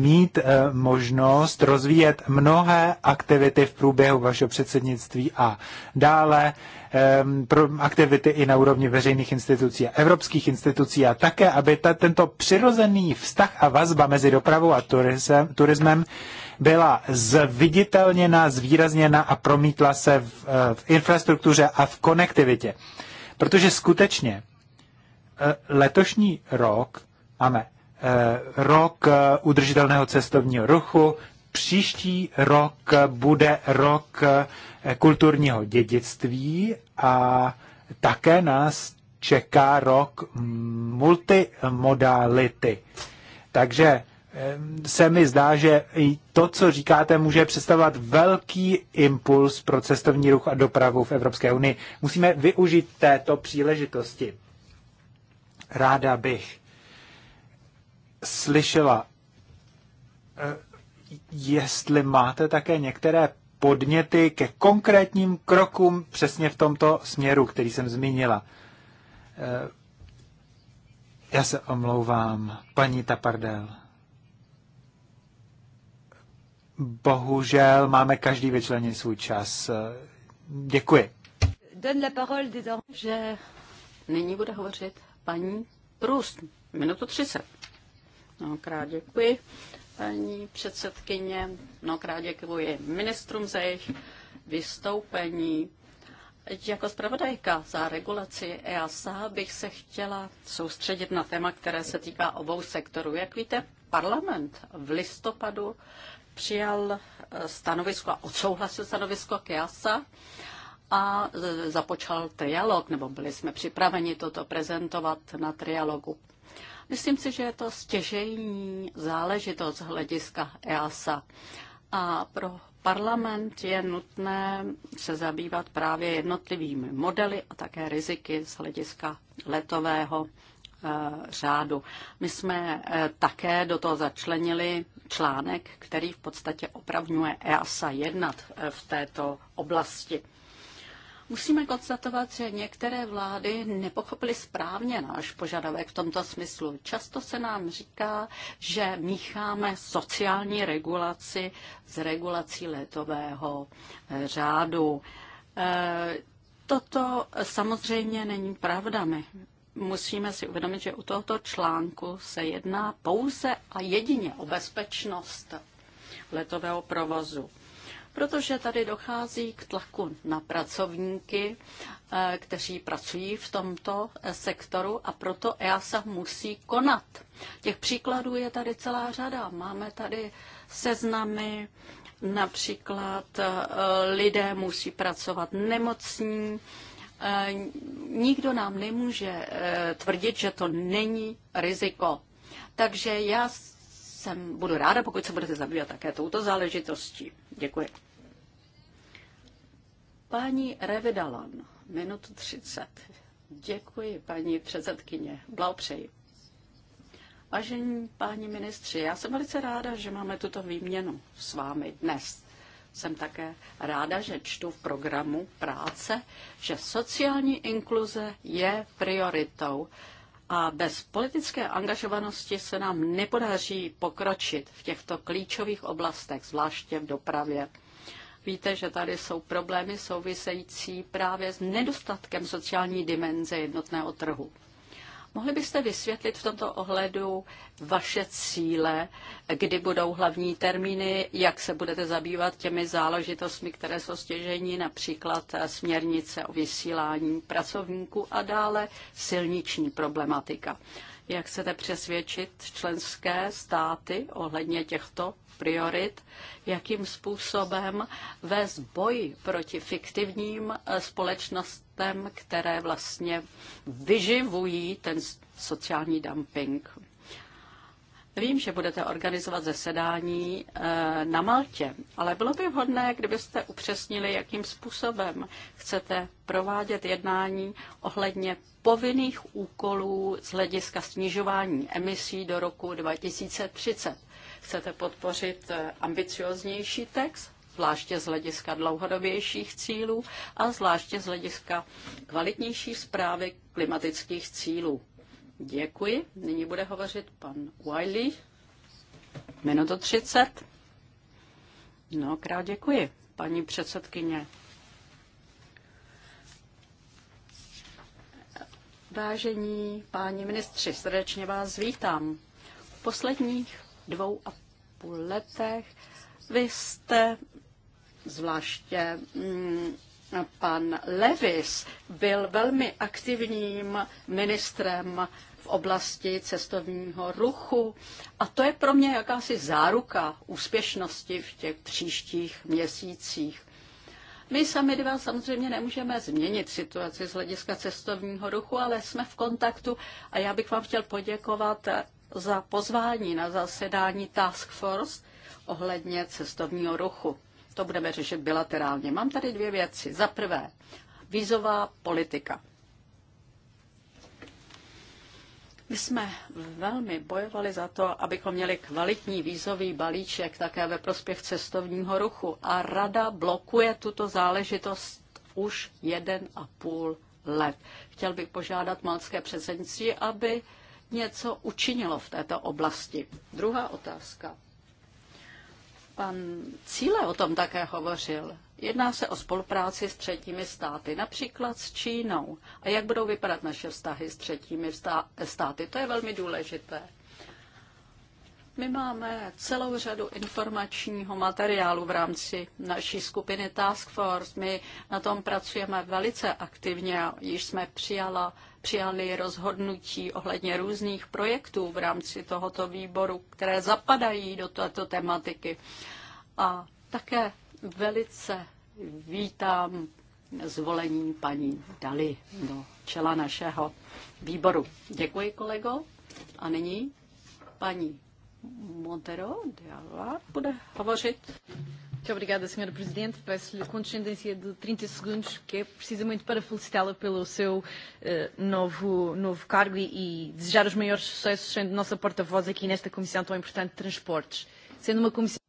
[SPEAKER 2] mít e, možnost rozvíjet mnohé aktivity v průběhu vašeho předsednictví a dále e, pro aktivity i na úrovni veřejných institucí a evropských institucí a také, aby ta, tento přirozený vztah a vazba mezi dopravou a turismem byla zviditelněna, zvýrazněna a promítla se v, eh, v infrastruktuře a v konektivitě. Protože skutečně eh, letošní rok máme eh, rok udržitelného cestovního ruchu, příští rok bude rok kulturního dědictví a také nás čeká rok multimodality. Takže se mi zdá, že i to, co říkáte, může představovat velký impuls pro cestovní ruch a dopravu v Evropské unii. Musíme využít této příležitosti. Ráda bych slyšela, eh, jestli máte také některé podněty ke konkrétním krokům přesně v tomto směru, který jsem zmínila. Eh, já se omlouvám, paní Tapardel. Bohužel máme každý vyčleněn svůj čas. Děkuji.
[SPEAKER 1] Donne la parole Že nyní bude hovořit paní Průst. Minutu 30. Mnohokrát děkuji, paní předsedkyně. Mnohokrát děkuji ministrům za jejich vystoupení. Jako zpravodajka za regulaci EASA bych se chtěla soustředit na téma, které se týká obou sektorů. Jak víte, parlament v listopadu přijal eh, stanovisko a odsouhlasil stanovisko KEASA a eh, započal trialog, nebo byli jsme připraveni toto prezentovat na trialogu. Myslím si, že je to stěžejní záležitost z hlediska EASA. A pro parlament je nutné se zabývat právě jednotlivými modely a také riziky z hlediska letového eh, řádu. My jsme také do toho začlenili článek, který v podstatě opravňuje EASA jednat eh, v této oblasti. Musíme konstatovat, že některé vlády nepochopily správně náš požadavek v tomto smyslu. Často se nám říká, že mícháme sociální regulaci s regulací letového eh, řádu. Eh, toto samozřejmě není pravda. My musíme si uvědomit, že u tohoto článku se jedná pouze a jedině o bezpečnost letového provozu. Protože tady dochází k tlaku na pracovníky, eh, kteří pracují v tomto eh, sektoru a proto EASA musí konat. Těch příkladů je tady celá řada. Máme tady seznamy, například eh, lidé musí pracovat nemocní, Eh, nikdo nám nemůže eh, tvrdit, že to není riziko. Takže já jsem, budu ráda, pokud se budete zabývat také touto záležitostí. Děkuji. Paní Revidalan, minutu 30. Děkuji, paní předsedkyně. Blahopřeji. Vážení páni ministři, já jsem velice ráda, že máme tuto výměnu s vámi dnes. Jsem také ráda, že čtu v programu práce, že sociální inkluze je prioritou a bez politické angažovanosti se nám nepodaří pokročit v těchto klíčových oblastech, zvláště v dopravě. Víte, že tady jsou problémy související právě s nedostatkem sociální dimenze jednotného trhu. Mohli byste vysvětlit v tomto ohledu vaše cíle, kdy budou hlavní termíny, jak se budete zabývat těmi záležitostmi, které jsou stěžení, například směrnice o vysílání pracovníků a dále silniční problematika. Jak chcete přesvědčit členské státy ohledně těchto priorit? Jakým způsobem vést boj proti fiktivním eh, společnostem, které vlastně vyživují ten sociální dumping? Vím, že budete organizovat zasedání eh, na Maltě, ale bylo by vhodné, kdybyste upřesnili, jakým způsobem chcete provádět jednání ohledně povinných úkolů z hlediska snižování emisí do roku 2030. Chcete podpořit eh, ambicioznější text, zvláště z hlediska dlouhodobějších cílů a zvláště z hlediska kvalitnější zprávy klimatických cílů. Děkuji. Nyní bude hovořit pan Wiley. Minuto 30. No, krát děkuji, paní předsedkyně. Vážení páni ministři, srdečně vás vítám. V posledních dvou a půl letech vy jste zvláště mm, pan Levis byl velmi aktivním ministrem v oblasti cestovního ruchu. A to je pro mě jakási záruka úspěšnosti v těch příštích měsících. My sami dva samozřejmě nemůžeme změnit situaci z hlediska cestovního ruchu, ale jsme v kontaktu a já bych vám chtěl poděkovat za pozvání na zasedání Task Force ohledně cestovního ruchu. To budeme řešit bilaterálně. Mám tady dvě věci. Za prvé, vízová politika. My jsme velmi bojovali za to, abychom měli kvalitní vízový balíček také ve prospěch cestovního ruchu a rada blokuje tuto záležitost už jeden a půl let. Chtěl bych požádat malské předsednictví, aby něco učinilo v této oblasti. Druhá otázka. Pan Cíle o tom také hovořil. Jedná se o spolupráci s třetími státy, například s Čínou. A jak budou vypadat naše vztahy s třetími státy, to je velmi důležité. My máme celou řadu informačního materiálu v rámci naší skupiny Task Force. My na tom pracujeme velice aktivně. Již jsme přijala, přijali rozhodnutí ohledně různých projektů v rámci tohoto výboru, které zapadají do této tematiky. A také velice vítám zvolení paní Dali do čela našeho výboru. Děkuji, kolego. A nyní paní Montero Diala bude hovořit. Muito obrigada, Sra. Presidente. Peço-lhe condescendência de 30 segundos, que é precisamente para felicitá-la pelo seu uh, novo, novo cargo e, e desejar os maiores sucessos, sendo nossa porta-voz aqui nesta comissão tão importante de transportes. Sendo uma comissão.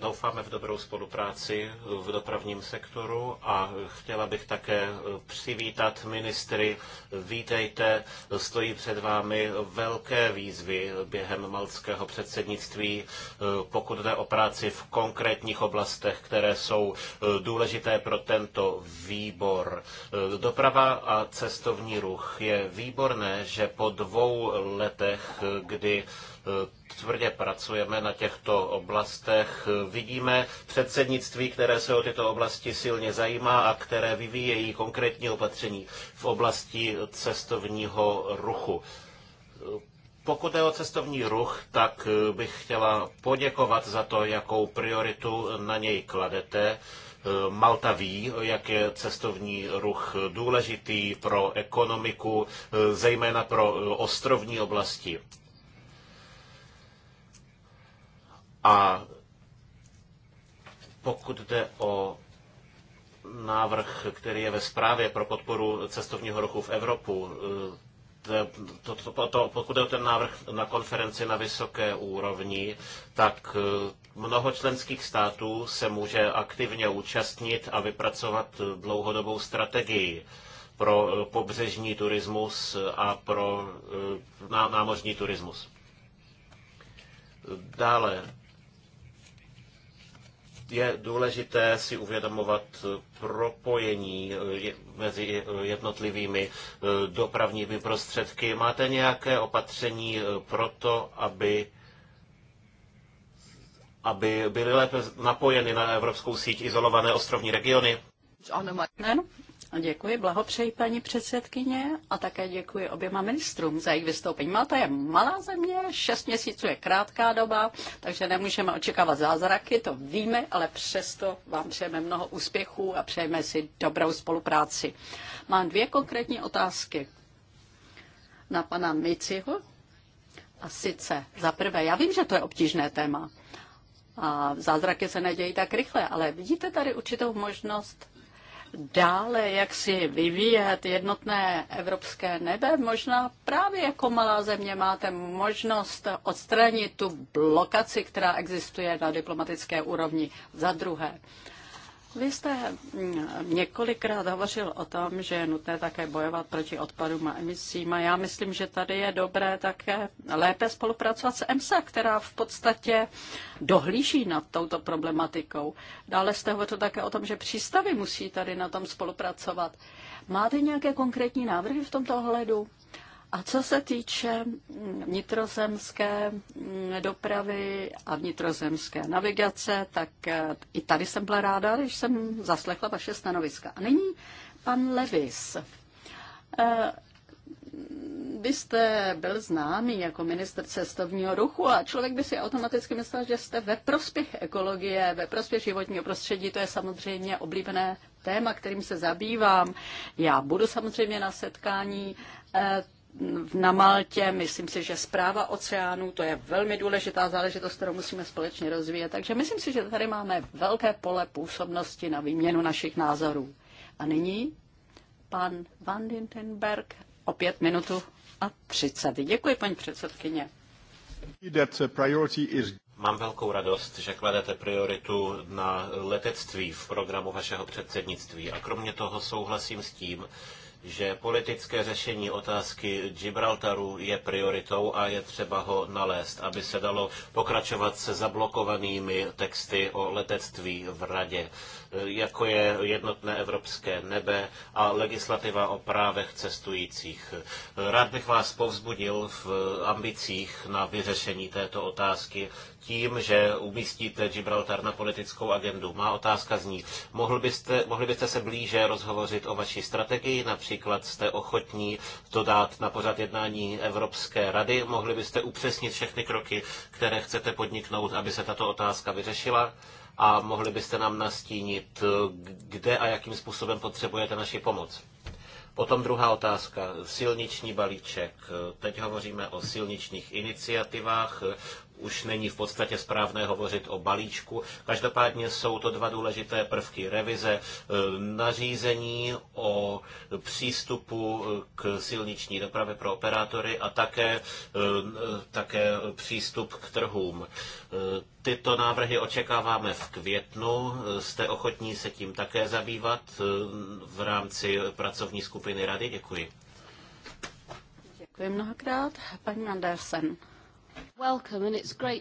[SPEAKER 3] Doufáme v dobrou spolupráci v dopravním sektoru a chtěla bych také přivítat ministry. Vítejte, stojí před vámi velké výzvy během malckého předsednictví, pokud jde o práci v konkrétních oblastech, které jsou důležité pro tento výbor. Doprava a cestovní ruch je výborné, že po dvou letech, kdy Eh, tvrdě pracujeme na těchto oblastech. Vidíme předsednictví, které se o tyto oblasti silně zajímá a které vyvíjejí konkrétní opatření v oblasti cestovního ruchu. Pokud je o cestovní ruch, tak eh, bych chtěla poděkovat za to, jakou prioritu na něj kladete. Eh, Malta ví, jak je cestovní ruch důležitý pro ekonomiku, zejména pro ostrovní oblasti. A pokud jde o návrh, který je ve zprávě pro podporu cestovního ruchu v Evropu, eh, to, to, to, pokud je o ten návrh na konferenci na vysoké úrovni, tak eh, mnoho členských států se může aktivně účastnit a vypracovat dlouhodobou strategii pro eh, pobřežní turismus a pro námořní turismus. Dále je důležité si uvědomovat propojení eh, mezi eh, jednotlivými eh, dopravními prostředky. Máte nějaké opatření pro to, aby aby byly lépe napojeny na evropskou síť izolované ostrovní regiony?
[SPEAKER 1] Ano, Děkuji, blahopřeji paní předsedkyně a také děkuji oběma ministrům za jejich vystoupení. Malta je malá země, šest měsíců je krátká doba, takže nemůžeme očekávat zázraky, to víme, ale přesto vám přejeme mnoho úspěchů a přejeme si dobrou spolupráci. Mám dvě konkrétní otázky na pana Miciho. A sice, za prvé, já vím, že to je obtížné téma, a zázraky se nedějí tak rychle, ale vidíte tady určitou možnost dále jak si vyvíjet jednotné evropské nebe. Možná právě jako malá země máte možnost odstranit tu blokaci, která existuje na diplomatické úrovni. Za druhé, vy jste mm, několikrát hovořil o tom, že je nutné také bojovat proti odpadům a emisím a já myslím, že tady je dobré také lépe spolupracovat s EMSA, která v podstatě dohlíží nad touto problematikou. Dále jste hovořil také o tom, že přístavy musí tady na tom spolupracovat. Máte nějaké konkrétní návrhy v tomto ohledu? A co se týče mm, vnitrozemské mm, dopravy a vnitrozemské navigace, tak eh, i tady jsem byla ráda, když jsem zaslechla vaše stanoviska. A nyní pan Levis. Eh, vy jste byl známý jako minister cestovního ruchu a člověk by si automaticky myslel, že jste ve prospěch ekologie, ve prospěch životního prostředí. To je samozřejmě oblíbené téma, kterým se zabývám. Já budu samozřejmě na setkání eh, na Maltě. Myslím si, že zpráva oceánů, to je velmi důležitá záležitost, kterou musíme společně rozvíjet. Takže myslím si, že tady máme velké pole působnosti na výměnu našich názorů. A nyní pan Van Dintenberg o pět minutu a třicet. Děkuji, paní předsedkyně.
[SPEAKER 3] Mám velkou radost, že kladete prioritu na letectví v programu vašeho předsednictví a kromě toho souhlasím s tím, že politické řešení otázky Gibraltaru je prioritou a je třeba ho nalézt, aby se dalo pokračovat se zablokovanými texty o letectví v radě jako je jednotné evropské nebe a legislativa o právech cestujících. Rád bych vás povzbudil v ambicích na vyřešení této otázky tím, že umístíte Gibraltar na politickou agendu. Má otázka zní, mohl byste, mohli byste se blíže rozhovořit o vaší strategii, například jste ochotní to dát na pořad jednání Evropské rady, mohli byste upřesnit všechny kroky, které chcete podniknout, aby se tato otázka vyřešila? a mohli byste nám nastínit, kde a jakým způsobem potřebujete naši pomoc. Potom druhá otázka. Silniční balíček. Teď hovoříme o silničních iniciativách, už není v podstatě správné hovořit o balíčku. Každopádně jsou to dva důležité prvky. Revize e, nařízení o přístupu e, k silniční dopravě pro operátory a také, e, také přístup k trhům. Tyto návrhy očekáváme v květnu. Jste ochotní se tím také zabývat v rámci pracovní skupiny rady? Děkuji.
[SPEAKER 1] Děkuji mnohokrát. Paní Andersen.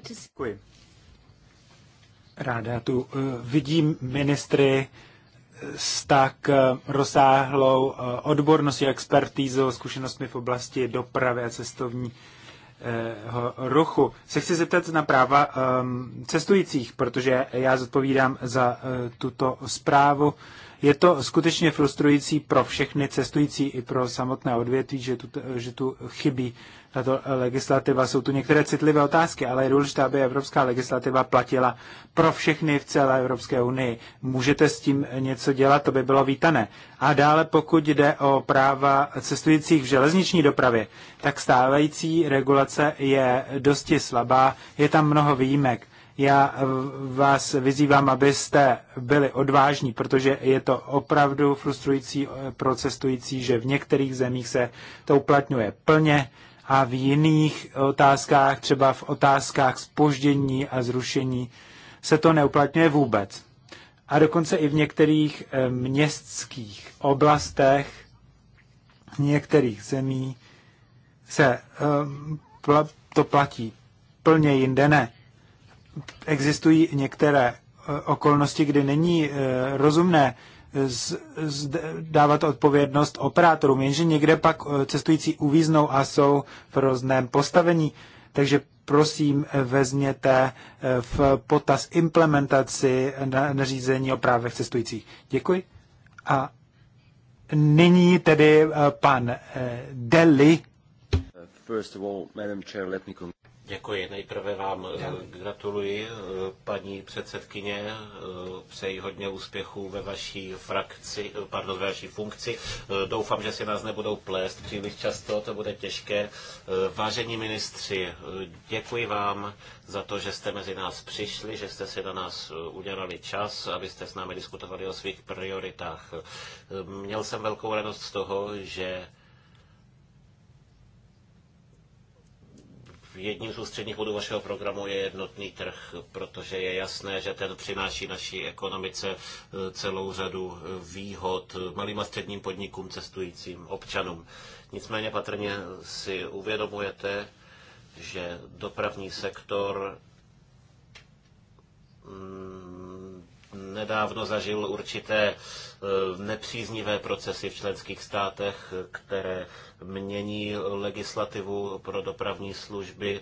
[SPEAKER 1] Děkuji.
[SPEAKER 2] Ráda tu eh, vidím ministry s tak eh, rozsáhlou eh, odborností, expertízou, zkušenostmi v oblasti dopravy a cestovní ruchu. Se chci zeptat na práva ehm, cestujících, protože já zodpovídám za tuto zprávu je to skutečně frustrující pro všechny cestující i pro samotné odvětví, že tu, že tu chybí tato legislativa. Jsou tu některé citlivé otázky, ale je důležité, aby evropská legislativa platila pro všechny v celé Evropské unii. Můžete s tím něco dělat, to by bylo vítané. A dále, pokud jde o práva cestujících v železniční dopravě, tak stávající regulace je dosti slabá, je tam mnoho výjimek já vás vyzývám, abyste byli odvážní, protože je to opravdu frustrující eh, pro cestující, že v některých zemích se to uplatňuje plně a v jiných otázkách, třeba v otázkách spoždění a zrušení, se to neuplatňuje vůbec. A dokonce i v některých eh, městských oblastech některých zemí se eh, to platí plně jinde ne existují některé eh, okolnosti, kdy není eh, rozumné eh, z, z, dávat odpovědnost operátorům, jenže někde pak cestující uvíznou a jsou v různém postavení. Takže prosím, vezměte v potaz implementaci nařízení o právech cestujících. Děkuji. A nyní tedy pan Deli.
[SPEAKER 1] Uh, first of
[SPEAKER 3] all, Madam Chair, let me Děkuji. Nejprve vám eh, gratuluji, eh, paní předsedkyně. Eh, přeji hodně úspěchů ve vaší frakci, pardon, ve vaší funkci. Doufám, že si nás nebudou plést příliš často, to bude těžké. Vážení ministři, děkuji vám za to, že jste mezi nás přišli, že jste si na nás udělali čas, abyste s námi diskutovali o svých prioritách. Měl jsem velkou radost z toho, že jedním z ústředních bodů vašeho programu je jednotný trh, protože je jasné, že ten přináší naší ekonomice e, celou řadu e, výhod malým a středním podnikům, cestujícím, občanům. Nicméně patrně si uvědomujete, že dopravní sektor mm, nedávno zažil určité e, nepříznivé procesy v členských státech, které mění legislativu pro dopravní služby, e,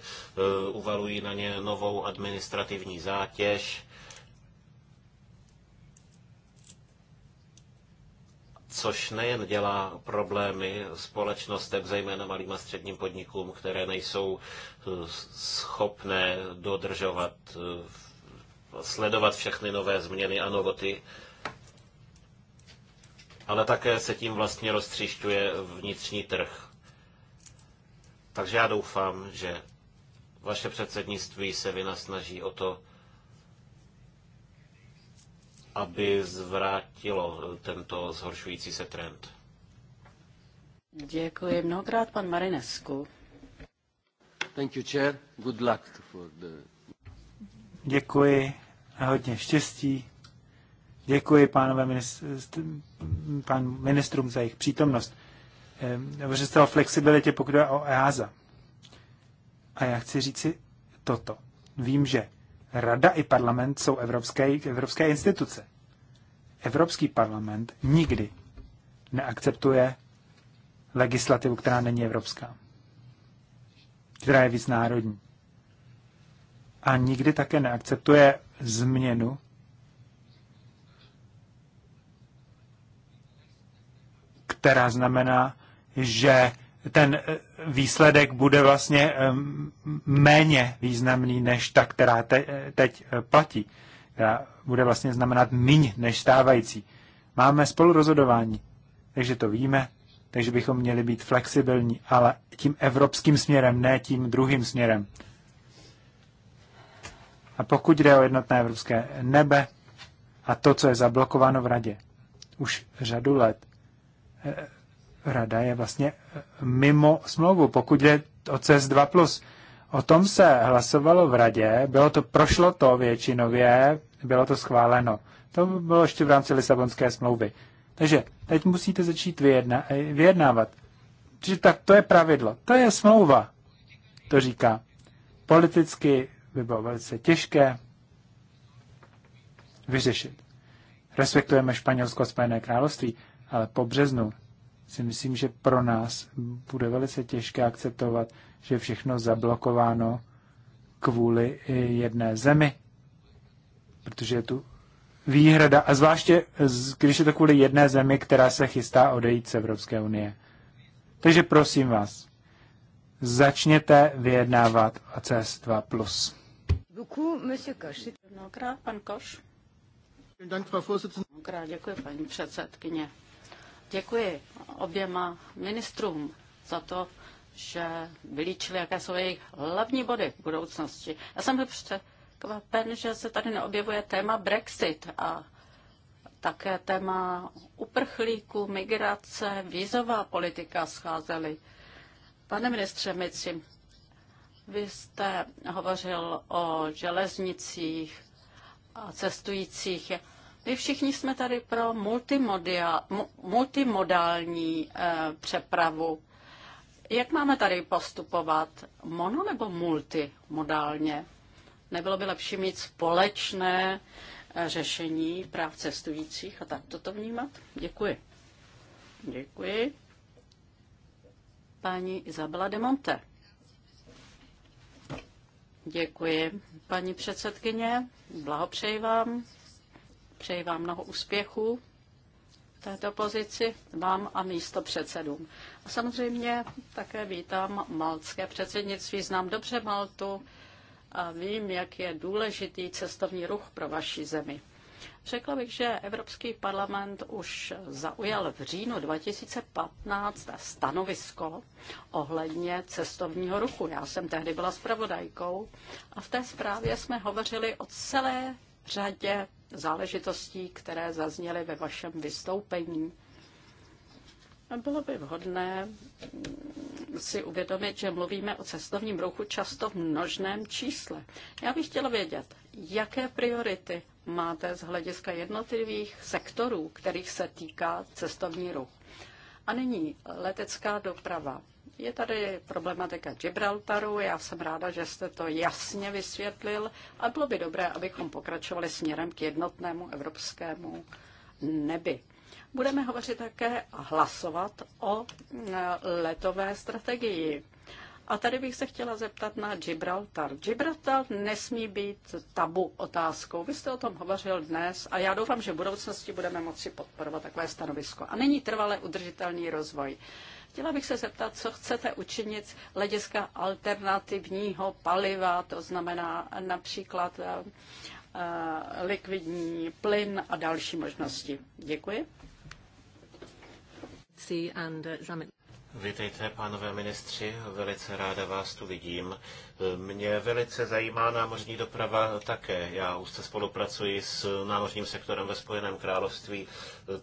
[SPEAKER 3] uvalují na ně novou administrativní zátěž. což nejen dělá problémy společnostem, zejména malým a středním podnikům, které nejsou e, schopné dodržovat sledovat všechny nové změny a novoty, ale také se tím vlastně roztřišťuje vnitřní trh. Takže já doufám, že vaše předsednictví se vynasnaží o to, aby zvrátilo tento zhoršující se trend.
[SPEAKER 1] Děkuji mnohokrát, pan Marinesku.
[SPEAKER 3] Thank you, Chair. Good luck for the
[SPEAKER 2] Děkuji a hodně štěstí. Děkuji pánové ministr, pán ministrům za jejich přítomnost. Ehm, dobře se o flexibilitě, pokud je o EASA. A já chci říci toto. Vím, že Rada i parlament jsou evropské, evropské instituce. Evropský parlament nikdy neakceptuje legislativu, která není evropská, která je víc národní a nikdy také neakceptuje změnu. která znamená, že ten eh, výsledek bude vlastně méně významný než ta, která te, eh, teď eh, platí, která bude vlastně znamenat míň než stávající. Máme spolurozhodování, takže to víme, takže bychom měli být flexibilní, ale tím evropským směrem, ne tím druhým směrem. A pokud jde o jednotné evropské nebe a to, co je zablokováno v radě, už řadu let eh, rada je vlastně eh, mimo smlouvu. Pokud jde o CES 2 o tom se hlasovalo v radě, bylo to, prošlo to většinově, bylo to schváleno. To bylo ještě v rámci Lisabonské smlouvy. Takže teď musíte začít vyjedna, eh, vyjednávat. Takže tak to je pravidlo. To je smlouva, to říká. Politicky by bylo velice těžké vyřešit. Respektujeme Španělsko a Spojené království, ale po březnu si myslím, že pro nás bude velice těžké akceptovat, že všechno zablokováno kvůli jedné zemi, protože je tu výhrada, a zvláště když je to kvůli jedné zemi, která se chystá odejít z Evropské unie. Takže prosím vás, začněte vyjednávat o 2 plus
[SPEAKER 1] děkuji, paní předsedkyně. Děkuji oběma ministrům za to, že vylíčili, jaké jsou jejich hlavní body v budoucnosti. Já jsem byl překvapen, že se tady neobjevuje téma Brexit a také téma uprchlíků, migrace, vízová politika scházely. Pane ministře Mici, vy jste hovořil o železnicích a cestujících. My všichni jsme tady pro multimodální eh, přepravu. Jak máme tady postupovat? Mono nebo multimodálně? Nebylo by lepší mít společné eh, řešení práv cestujících a tak toto vnímat? Děkuji. Děkuji. Paní Izabela de Monte. Děkuji, paní předsedkyně. Blahopřeji vám. Přeji vám mnoho úspěchů této pozici vám a místo předsedům. A samozřejmě také vítám maltské předsednictví, znám dobře Maltu a vím, jak je důležitý cestovní ruch pro vaši zemi. Řekla bych, že Evropský parlament už zaujal v říjnu 2015 stanovisko ohledně cestovního ruchu. Já jsem tehdy byla zpravodajkou a v té zprávě jsme hovořili o celé řadě záležitostí, které zazněly ve vašem vystoupení. Bylo by vhodné si uvědomit, že mluvíme o cestovním ruchu často v množném čísle. Já bych chtěla vědět, jaké priority máte z hlediska jednotlivých sektorů, kterých se týká cestovní ruch. A nyní letecká doprava. Je tady problematika Gibraltaru, já jsem ráda, že jste to jasně vysvětlil a bylo by dobré, abychom pokračovali směrem k jednotnému evropskému nebi. Budeme hovořit také a hlasovat o e, letové strategii. A tady bych se chtěla zeptat na Gibraltar. Gibraltar nesmí být tabu otázkou. Vy jste o tom hovořil dnes a já doufám, že v budoucnosti budeme moci podporovat takové stanovisko. A není trvale udržitelný rozvoj. Chtěla bych se zeptat, co chcete učinit z hlediska alternativního paliva, to znamená například eh, eh, likvidní plyn a další možnosti. Děkuji.
[SPEAKER 3] Vítejte, pánové ministři, velice ráda vás tu vidím. Mě velice zajímá námořní doprava také. Já už se spolupracuji s námořním sektorem ve Spojeném království,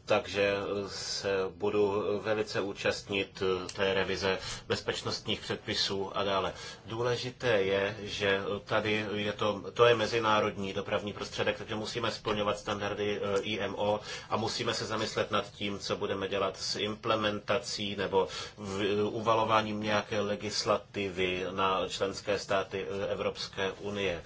[SPEAKER 3] takže se budu velice účastnit eh, té revize bezpečnostních předpisů a dále. Důležité je, že tady je to, to je mezinárodní dopravní prostředek, takže musíme splňovat standardy eh, IMO a musíme se zamyslet nad tím, co budeme dělat s implementací nebo v, eh, uvalováním nějaké legislativy na členské státy eh, Evropské unie.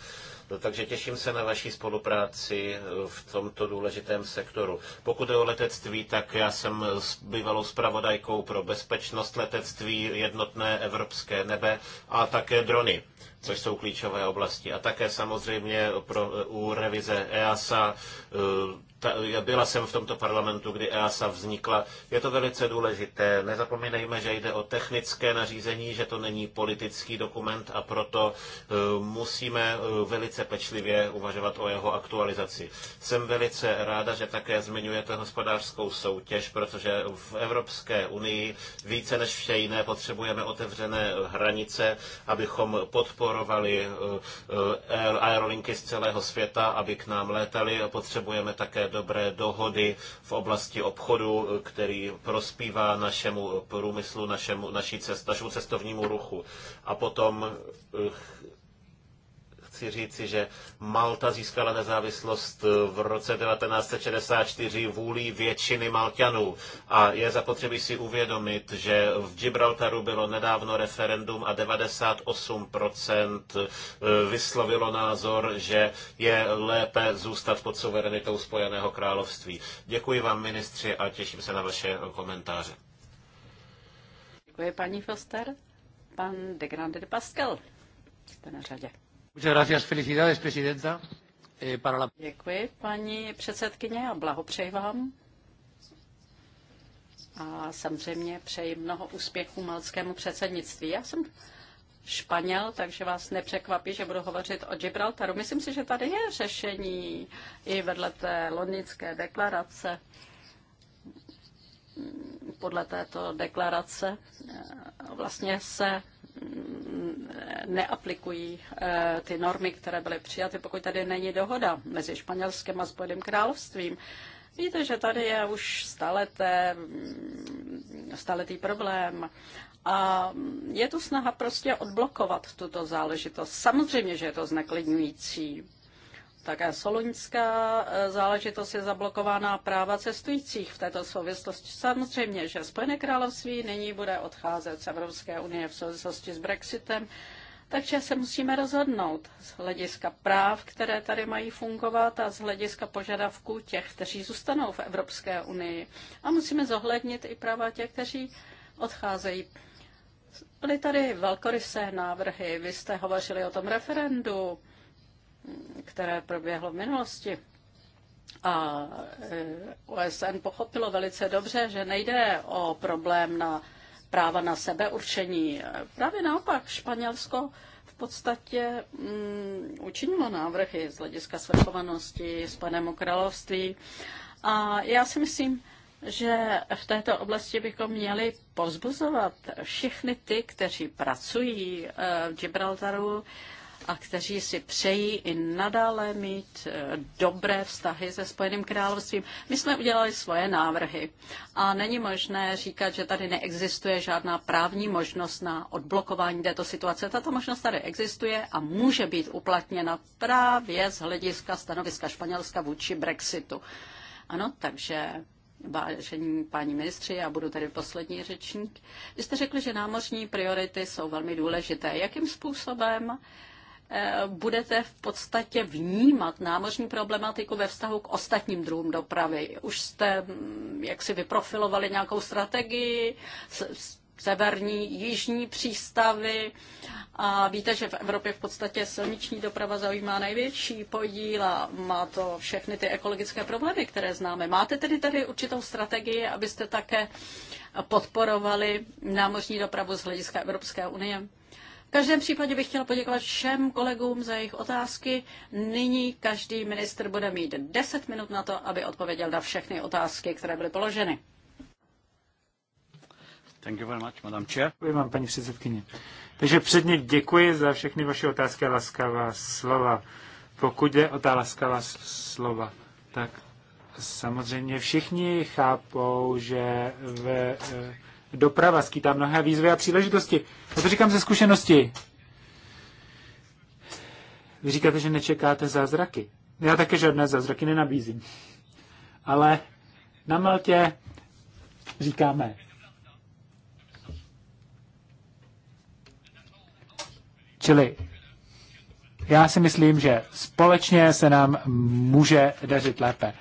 [SPEAKER 3] No, takže těším se na vaši spolupráci eh, v tomto důležitém sektoru. Pokud je o letectví, tak já jsem bývalou zpravodajkou pro bezpečnost letectví, jednotné evropské nebe a také drony což jsou klíčové oblasti. A také samozřejmě pro, u revize EASA, eh, ta, byla jsem v tomto parlamentu, kdy EASA vznikla. Je to velice důležité. Nezapomínejme, že jde o technické nařízení, že to není politický dokument a proto eh, musíme eh, velice pečlivě uvažovat o jeho aktualizaci. Jsem velice ráda, že také zmiňujete hospodářskou soutěž, protože v Evropské unii více než vše jiné potřebujeme otevřené hranice, abychom podporovali podporovali eh, eh, aerolinky z celého světa, aby k nám létaly. Potřebujeme také dobré dohody v oblasti obchodu, eh, který prospívá našemu průmyslu, našemu, naší cest, našemu cestovnímu ruchu. A potom chci říci, že Malta získala nezávislost v roce 1964 vůlí většiny Malťanů. A je zapotřebí si uvědomit, že v Gibraltaru bylo nedávno referendum a 98% eh, vyslovilo názor, že je lépe zůstat pod suverenitou Spojeného království. Děkuji vám, ministři, a těším se na vaše komentáře.
[SPEAKER 1] Děkuji, paní Foster. Pan de Grande de Pascal jste na řadě. Eh, Děkuji, paní předsedkyně, a blahopřeji vám. A samozřejmě přeji mnoho úspěchů malckému předsednictví. Já jsem Španěl, takže vás nepřekvapí, že budu hovořit o Gibraltaru. Myslím si, že tady je řešení i vedle té londýnské deklarace. Podle této deklarace eh, vlastně se neaplikují eh, ty normy, které byly přijaty, pokud tady není dohoda mezi Španělskem a Spojeným královstvím. Víte, že tady je už staleté, mm, staletý problém a je tu snaha prostě odblokovat tuto záležitost. Samozřejmě, že je to zneklidňující. Také soloňská e, záležitost je zablokována práva cestujících v této souvislosti. Samozřejmě, že Spojené království nyní bude odcházet z Evropské unie v souvislosti s Brexitem, takže se musíme rozhodnout z hlediska práv, které tady mají fungovat a z hlediska požadavků těch, kteří zůstanou v Evropské unii. A musíme zohlednit i práva těch, kteří odcházejí. Byly tady velkorysé návrhy. Vy jste hovořili o tom referendu které proběhlo v minulosti. A e, OSN pochopilo velice dobře, že nejde o problém na práva na sebeurčení. Právě naopak, Španělsko v podstatě mm, učinilo návrhy z hlediska svrchovanosti s panem království. A já si myslím, že v této oblasti bychom měli pozbuzovat všechny ty, kteří pracují e, v Gibraltaru, a kteří si přejí i nadále mít eh, dobré vztahy se Spojeným královstvím. My jsme udělali svoje návrhy a není možné říkat, že tady neexistuje žádná právní možnost na odblokování této situace. Tato možnost tady existuje a může být uplatněna právě z hlediska stanoviska Španělska vůči Brexitu. Ano, takže vážení páni ministři, já budu tady poslední řečník. Vy jste řekli, že námořní priority jsou velmi důležité. Jakým způsobem Eh, budete v podstatě vnímat námořní problematiku ve vztahu k ostatním druhům dopravy. Už jste mm, jak si vyprofilovali nějakou strategii, severní, jižní přístavy a víte, že v Evropě v podstatě silniční doprava zaujímá největší podíl a má to všechny ty ekologické problémy, které známe. Máte tedy tady určitou strategii, abyste také podporovali námořní dopravu z hlediska Evropské unie? V každém případě bych chtěla poděkovat všem kolegům za jejich otázky. Nyní každý ministr bude mít 10 minut na to, aby odpověděl na všechny otázky, které byly položeny.
[SPEAKER 2] Thank you very much, Madam Chair. Děkuji vám, paní předsedkyně. Takže předně děkuji za všechny vaše otázky a laskavá slova. Pokud je o ta laskavá slova, tak samozřejmě všichni chápou, že eh, doprava skýtá mnohé výzvy a příležitosti. Já to říkám ze zkušenosti. Vy říkáte, že nečekáte zázraky. Já také žádné zázraky nenabízím. Ale na Maltě říkáme, Čili já si myslím, že společně se nám může dařit lépe.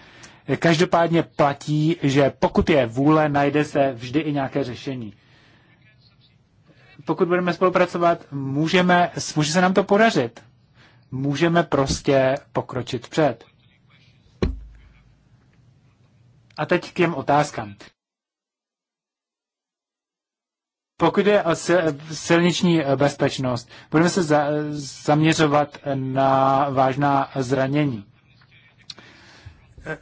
[SPEAKER 2] Každopádně platí, že pokud je vůle, najde se vždy i nějaké řešení. Pokud budeme spolupracovat, můžeme, může se nám to podařit. Můžeme prostě pokročit před. A teď k těm otázkám. Pokud je o silniční bezpečnost, budeme se za, zaměřovat na vážná zranění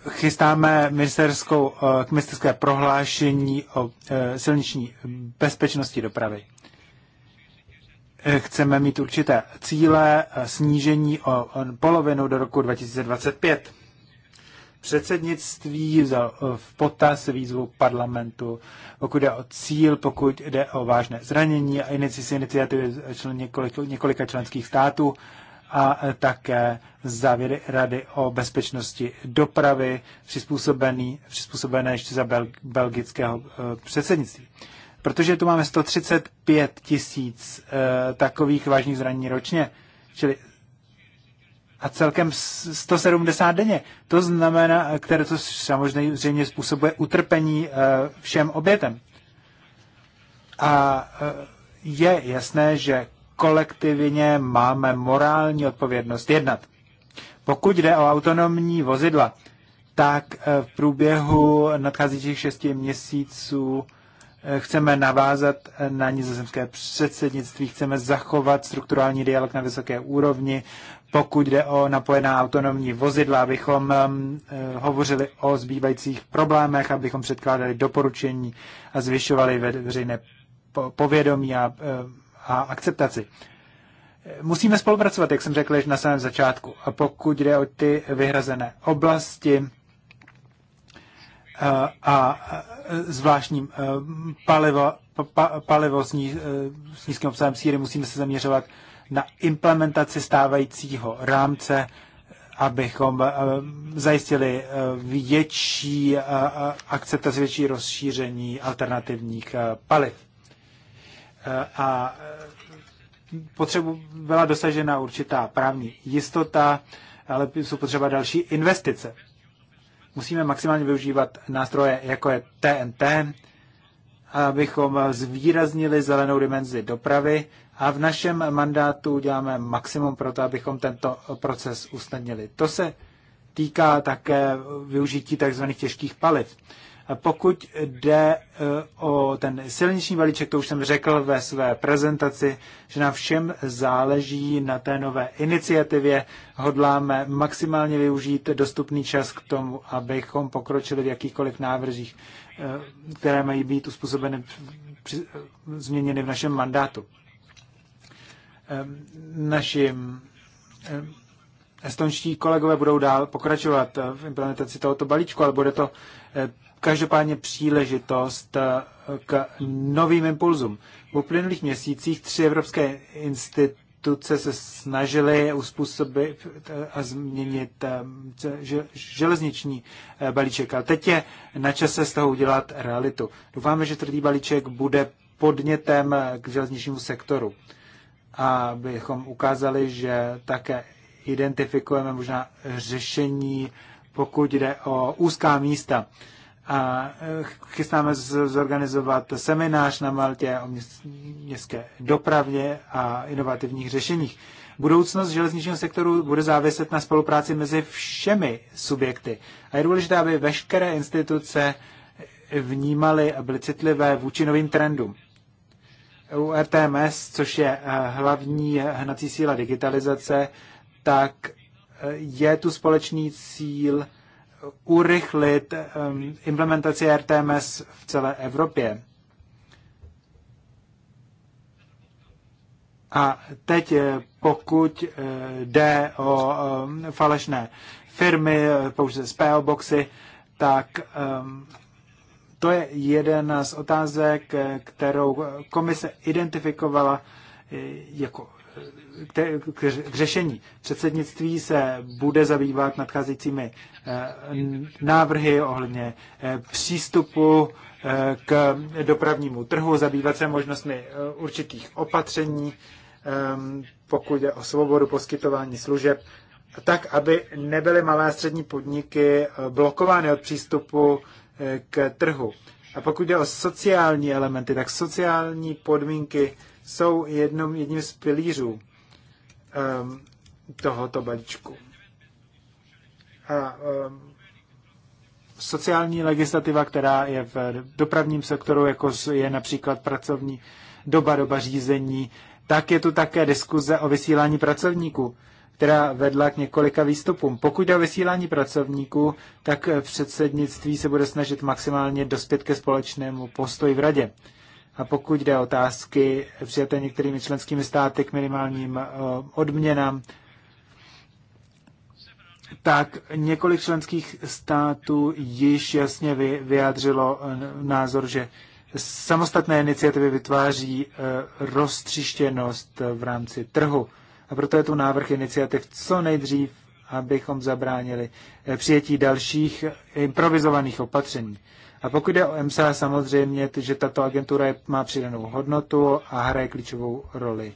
[SPEAKER 2] chystáme ministerskou, eh, ministerské prohlášení o eh, silniční bezpečnosti dopravy. Eh, chceme mít určité cíle snížení o polovinu do roku 2025. Předsednictví vzal v potaz výzvu parlamentu, pokud jde o cíl, pokud jde o vážné zranění a iniciativy člen několik, několika členských států a také závěry Rady o bezpečnosti dopravy přizpůsobený, přizpůsobené ještě za bel, belgického eh, předsednictví. Protože tu máme 135 tisíc uh, takových vážných zranění ročně, čili a celkem 170 denně. To znamená, které to samozřejmě způsobuje utrpení uh, všem obětem. A uh, je jasné, že kolektivně máme morální odpovědnost jednat. Pokud jde o autonomní vozidla, tak eh, v průběhu nadcházejících šesti měsíců eh, chceme navázat eh, na nizozemské předsednictví, chceme zachovat strukturální dialog na vysoké úrovni, pokud jde o napojená autonomní vozidla, abychom hovořili o zbývajících problémech, abychom předkládali doporučení a zvyšovali veřejné povědomí a a akceptaci. Musíme spolupracovat, jak jsem řekl již na samém začátku. A pokud jde o ty vyhrazené oblasti eh, a, a eh, zvláštní eh, palivo, pa, palivo s, ní, s nízkým obsahem síry, musíme se zaměřovat na implementaci stávajícího rámce, abychom zajistili větší akceptaci, větší rozšíření alternativních paliv a potřebu byla dosažena určitá právní jistota, ale jsou potřeba další investice. Musíme maximálně využívat nástroje, jako je TNT, abychom zvýraznili zelenou dimenzi dopravy a v našem mandátu děláme maximum pro to, abychom tento proces usnadnili. To se týká také využití tzv. těžkých paliv. Pokud jde eh, o ten silniční balíček, to už jsem řekl ve své prezentaci, že nám všem záleží na té nové iniciativě. Hodláme maximálně využít dostupný čas k tomu, abychom pokročili v jakýchkoliv návrzích, eh, které mají být uspůsobeny, eh, změněny v našem mandátu. Naším estonští kolegové budou dál pokračovat v implementaci tohoto balíčku, ale bude to každopádně příležitost eh, k novým impulzům. V uplynulých měsících tři evropské instituce se snažily uspůsobit eh, a změnit eh, železniční balíček. A teď je na čase z toho udělat realitu. Doufáme, že tvrdý balíček bude podnětem k železničnímu sektoru. A bychom ukázali, že také identifikujeme možná řešení, pokud jde o úzká místa a eh, chystáme zorganizovat seminář na Maltě o městské dopravě a inovativních řešeních. Budoucnost železničního sektoru bude záviset na spolupráci mezi všemi subjekty. A je důležité, aby veškeré instituce vnímaly a byly citlivé vůči novým trendům. U RTMS, což je eh, hlavní hnací síla digitalizace, tak eh, je tu společný cíl urychlit implementaci RTMS v celé Evropě. A teď, eh, pokud eh, jde o falešné firmy, eh, pouze z PO boxy, tak to je jeden z otázek, kterou komise identifikovala jako k, k, k řešení. Předsednictví se bude zabývat nadcházejícími eh, návrhy ohledně eh, přístupu eh, k dopravnímu trhu, zabývat se možnostmi určitých opatření, ehm, pokud je o svobodu poskytování služeb, tak, aby nebyly malé a střední podniky blokovány od přístupu k trhu. A pokud jde o sociální elementy, tak sociální podmínky jsou jednom, jedním z pilířů um, tohoto balíčku. A um, sociální legislativa, která je v dopravním sektoru, jako je například pracovní doba, doba řízení, tak je tu také diskuze o vysílání pracovníků, která vedla k několika výstupům. Pokud jde o vysílání pracovníků, tak předsednictví se bude snažit maximálně dospět ke společnému postoji v radě. A pokud jde o otázky přijaté některými členskými státy k minimálním eh, odměnám, tak několik členských států již jasně vyjádřilo eh, názor, že samostatné iniciativy vytváří eh, roztřištěnost v rámci trhu. A proto je tu návrh iniciativ co nejdřív, abychom zabránili přijetí dalších improvizovaných opatření. A pokud je o EMSA, samozřejmě, že tato agentura má přidanou hodnotu a hraje klíčovou roli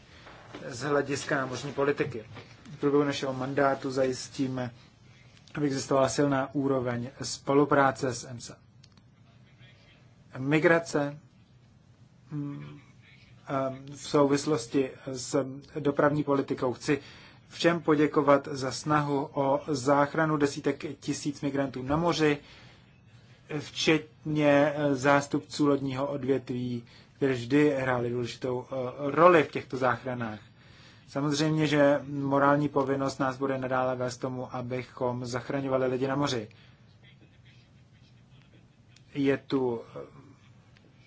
[SPEAKER 2] z hlediska námořní politiky. V průběhu našeho mandátu zajistíme, aby existovala silná úroveň spolupráce s EMSA. Migrace mm, v souvislosti s dopravní politikou. Chci všem poděkovat za snahu o záchranu desítek tisíc migrantů na moři včetně eh, zástupců lodního odvětví, které vždy hráli důležitou eh, roli v těchto záchranách. Samozřejmě, že morální povinnost nás bude nadále vést tomu, abychom zachraňovali lidi na moři. Je tu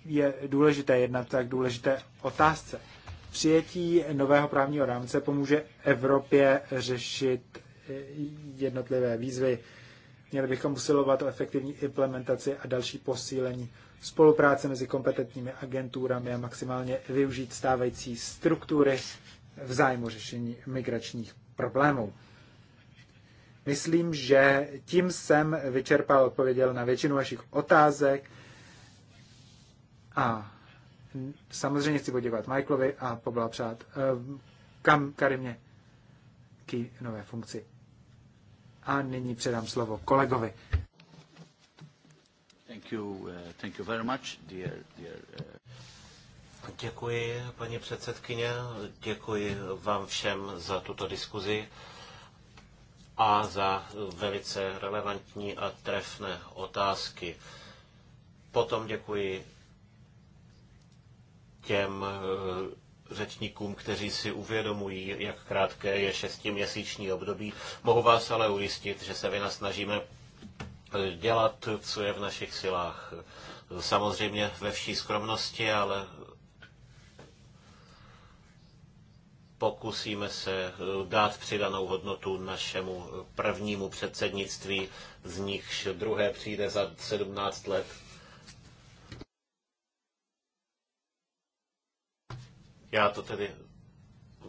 [SPEAKER 2] je důležité jednat tak důležité otázce. Přijetí nového právního rámce pomůže Evropě řešit eh, jednotlivé výzvy, Měli bychom usilovat o efektivní implementaci a další posílení spolupráce mezi kompetentními agenturami a maximálně využít stávající struktury v zájmu řešení migračních problémů. Myslím, že tím jsem vyčerpal odpověděl na většinu vašich otázek a samozřejmě chci poděkovat Michaelovi a poblahopřát eh, kam Karimě k nové funkci. A nyní předám slovo kolegovi.
[SPEAKER 1] Thank you, uh, thank you very much, dear, dear, uh,
[SPEAKER 3] Děkuji, paní předsedkyně, děkuji vám všem za tuto diskuzi a za velice relevantní a trefné otázky. Potom děkuji těm řečníkům, kteří si uvědomují, jak krátké je šestiměsíční období. Mohu vás ale ujistit, že se snažíme eh, dělat, co je v našich silách. Samozřejmě ve vší skromnosti, ale pokusíme se eh, dát přidanou hodnotu našemu eh, prvnímu předsednictví, z nichž druhé přijde za 17 let Já to tedy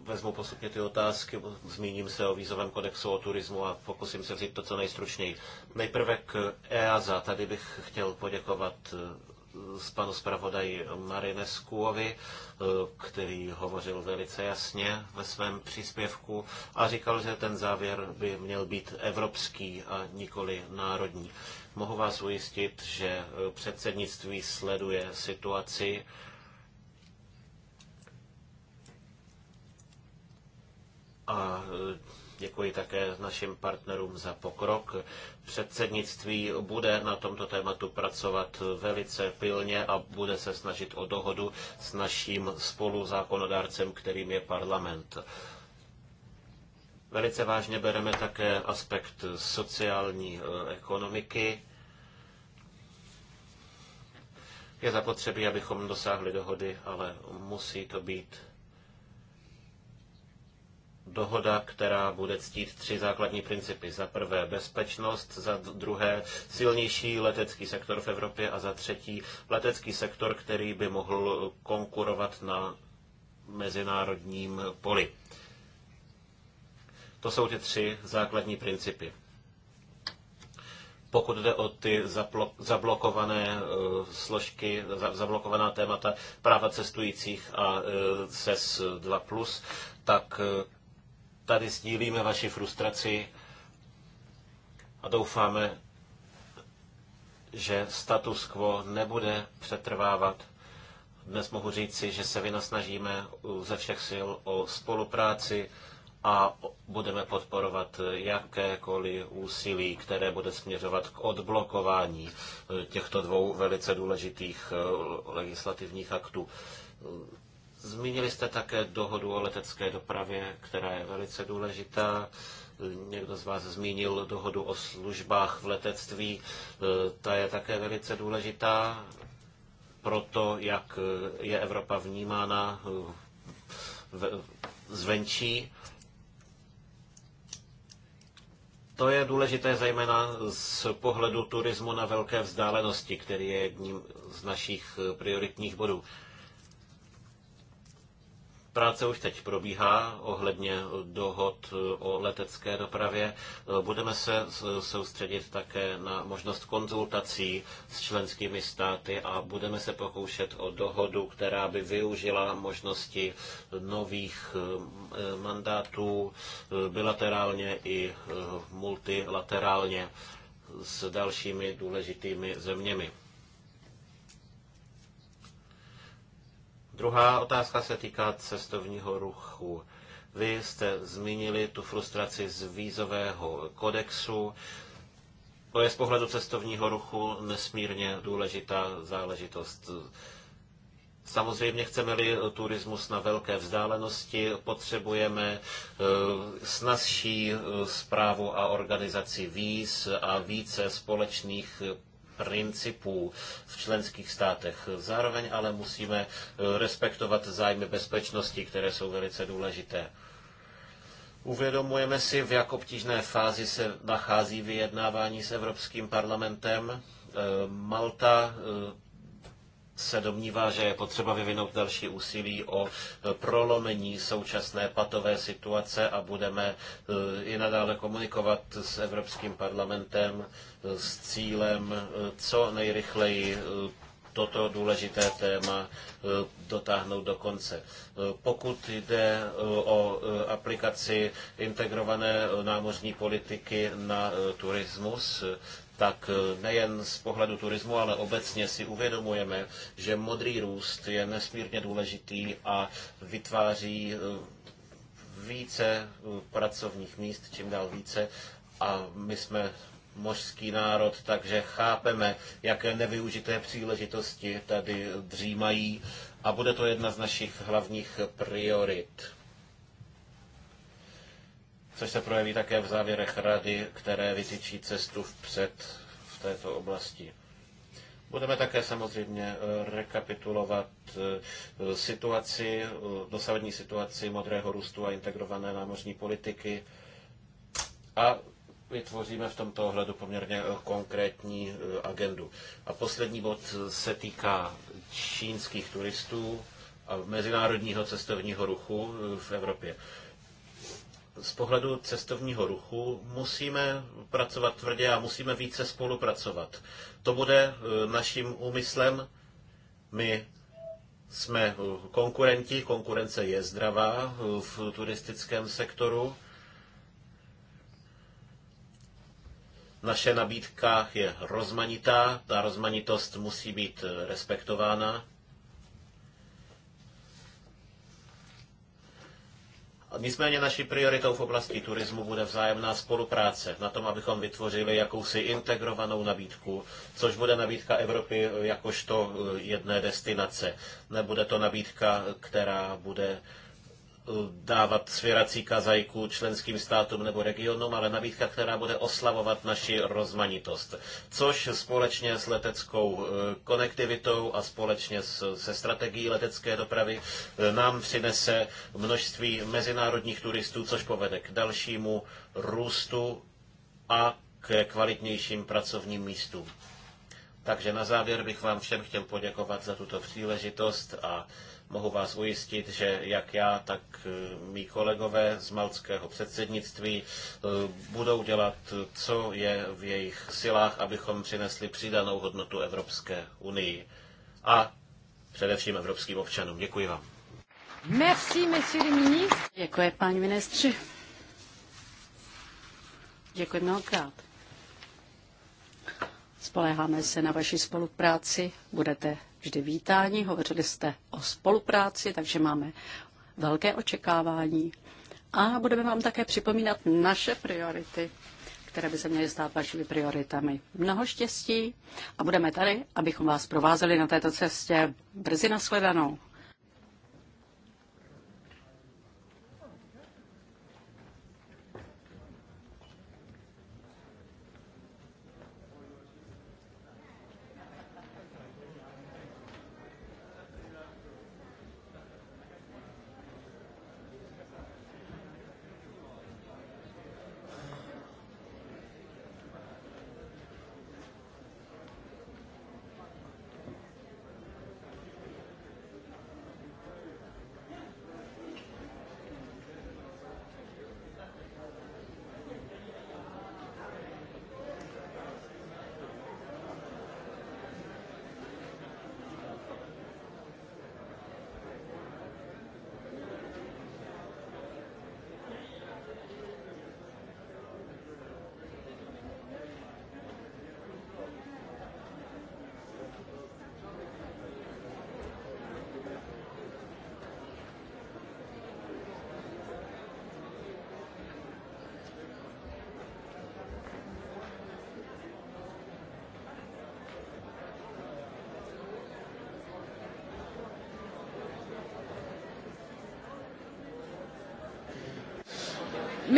[SPEAKER 3] vezmu postupně ty otázky, zmíním se o vízovém kodexu o turismu a pokusím se říct to, co nejstručněji. Nejprve k EASA. Tady bych chtěl poděkovat eh, s panu zpravodaji Marineskuovi, eh, který hovořil velice jasně ve svém příspěvku a říkal, že ten závěr by měl být evropský a nikoli národní. Mohu vás ujistit, že eh, předsednictví sleduje situaci a e, Děkuji také našim partnerům za pokrok. Předsednictví bude na tomto tématu pracovat velice pilně a bude se snažit o dohodu s naším spoluzákonodárcem, kterým je parlament. Velice vážně bereme také aspekt sociální e, ekonomiky. Je zapotřebí, abychom dosáhli dohody, ale musí to být dohoda, která bude ctít tři základní principy. Za prvé bezpečnost, za druhé silnější letecký sektor v Evropě a za třetí letecký sektor, který by mohl konkurovat na mezinárodním poli. To jsou ty tři základní principy. Pokud jde o ty zablokované e, složky, zablokovaná témata práva cestujících a e, CES 2+, tak e, Tady sdílíme vaši frustraci a doufáme, že status quo nebude přetrvávat. Dnes mohu říci, že se vynasnažíme ze všech sil o spolupráci a budeme podporovat jakékoliv úsilí, které bude směřovat k odblokování eh, těchto dvou velice důležitých eh, legislativních aktů. Zmínili jste také dohodu o letecké dopravě, která je velice důležitá. Někdo z vás zmínil dohodu o službách v letectví. E, ta je také velice důležitá pro to, jak je Evropa vnímána e, zvenčí. To je důležité zejména z pohledu turismu na velké vzdálenosti, který je jedním z našich prioritních bodů. Práce už teď probíhá ohledně dohod o letecké dopravě. Budeme se soustředit také na možnost konzultací s členskými státy a budeme se pokoušet o dohodu, která by využila možnosti nových eh, mandátů eh, bilaterálně i eh, multilaterálně s dalšími důležitými zeměmi. Druhá otázka se týká cestovního ruchu. Vy jste zmínili tu frustraci z vízového kodexu. To je z pohledu cestovního ruchu nesmírně důležitá záležitost. Samozřejmě chceme-li turismus na velké vzdálenosti, potřebujeme e, snazší zprávu e, a organizaci víz a více společných principů v členských státech. Zároveň ale musíme eh, respektovat zájmy bezpečnosti, které jsou velice důležité. Uvědomujeme si, v jak obtížné fázi se nachází vyjednávání s Evropským parlamentem. Eh, Malta eh, se domnívá, že je potřeba vyvinout další úsilí o e, prolomení současné patové situace a budeme e, i nadále komunikovat s Evropským parlamentem e, s cílem co nejrychleji toto důležité téma dotáhnout do konce. Pokud jde o aplikaci integrované námořní politiky na turismus, tak eh, nejen z pohledu turismu, ale obecně si uvědomujeme, že modrý růst je nesmírně důležitý a vytváří eh, více eh, pracovních míst, čím dál více. A my jsme mořský národ, takže chápeme, jaké nevyužité příležitosti tady dřímají a bude to jedna z našich hlavních priorit což se projeví také v závěrech rady, které vytyčí cestu vpřed v této oblasti. Budeme také samozřejmě eh, rekapitulovat eh, situaci, eh, dosavadní situaci modrého růstu a integrované námořní politiky a vytvoříme v tomto ohledu poměrně konkrétní agendu. A poslední bod se týká čínských turistů a mezinárodního cestovního ruchu v Evropě z pohledu cestovního ruchu musíme pracovat tvrdě a musíme více spolupracovat. To bude e, naším úmyslem. My jsme e, konkurenti, konkurence je zdravá e, v turistickém sektoru. Naše nabídka je rozmanitá, ta rozmanitost musí být respektována. Nicméně naší prioritou v oblasti turismu bude vzájemná spolupráce na tom, abychom vytvořili jakousi integrovanou nabídku, což bude nabídka Evropy jakožto eh, jedné destinace. Nebude to nabídka, která bude dávat svěrací kazajku členským státům nebo regionům, ale nabídka, která bude oslavovat naši rozmanitost. Což společně s leteckou eh, konektivitou a společně se strategií letecké dopravy eh, nám přinese množství mezinárodních turistů, což povede k dalšímu růstu a k kvalitnějším pracovním místům. Takže na závěr bych vám všem chtěl poděkovat za tuto příležitost a Mohu vás ujistit, že jak já, tak eh, mý kolegové z malckého předsednictví eh, budou dělat, co je v jejich silách, abychom přinesli přidanou hodnotu Evropské unii a především evropským občanům. Děkuji vám.
[SPEAKER 1] Merci, monsieur le ministre. Děkuji, paní ministři. Děkuji mnohokrát. Spoléháme se na vaši spolupráci. Budete vždy vítáni. Hovořili jste o spolupráci, takže máme velké očekávání. A budeme vám také připomínat naše priority, které by se měly stát vašimi prioritami. Mnoho štěstí a budeme tady, abychom vás provázeli na této cestě. Brzy nashledanou.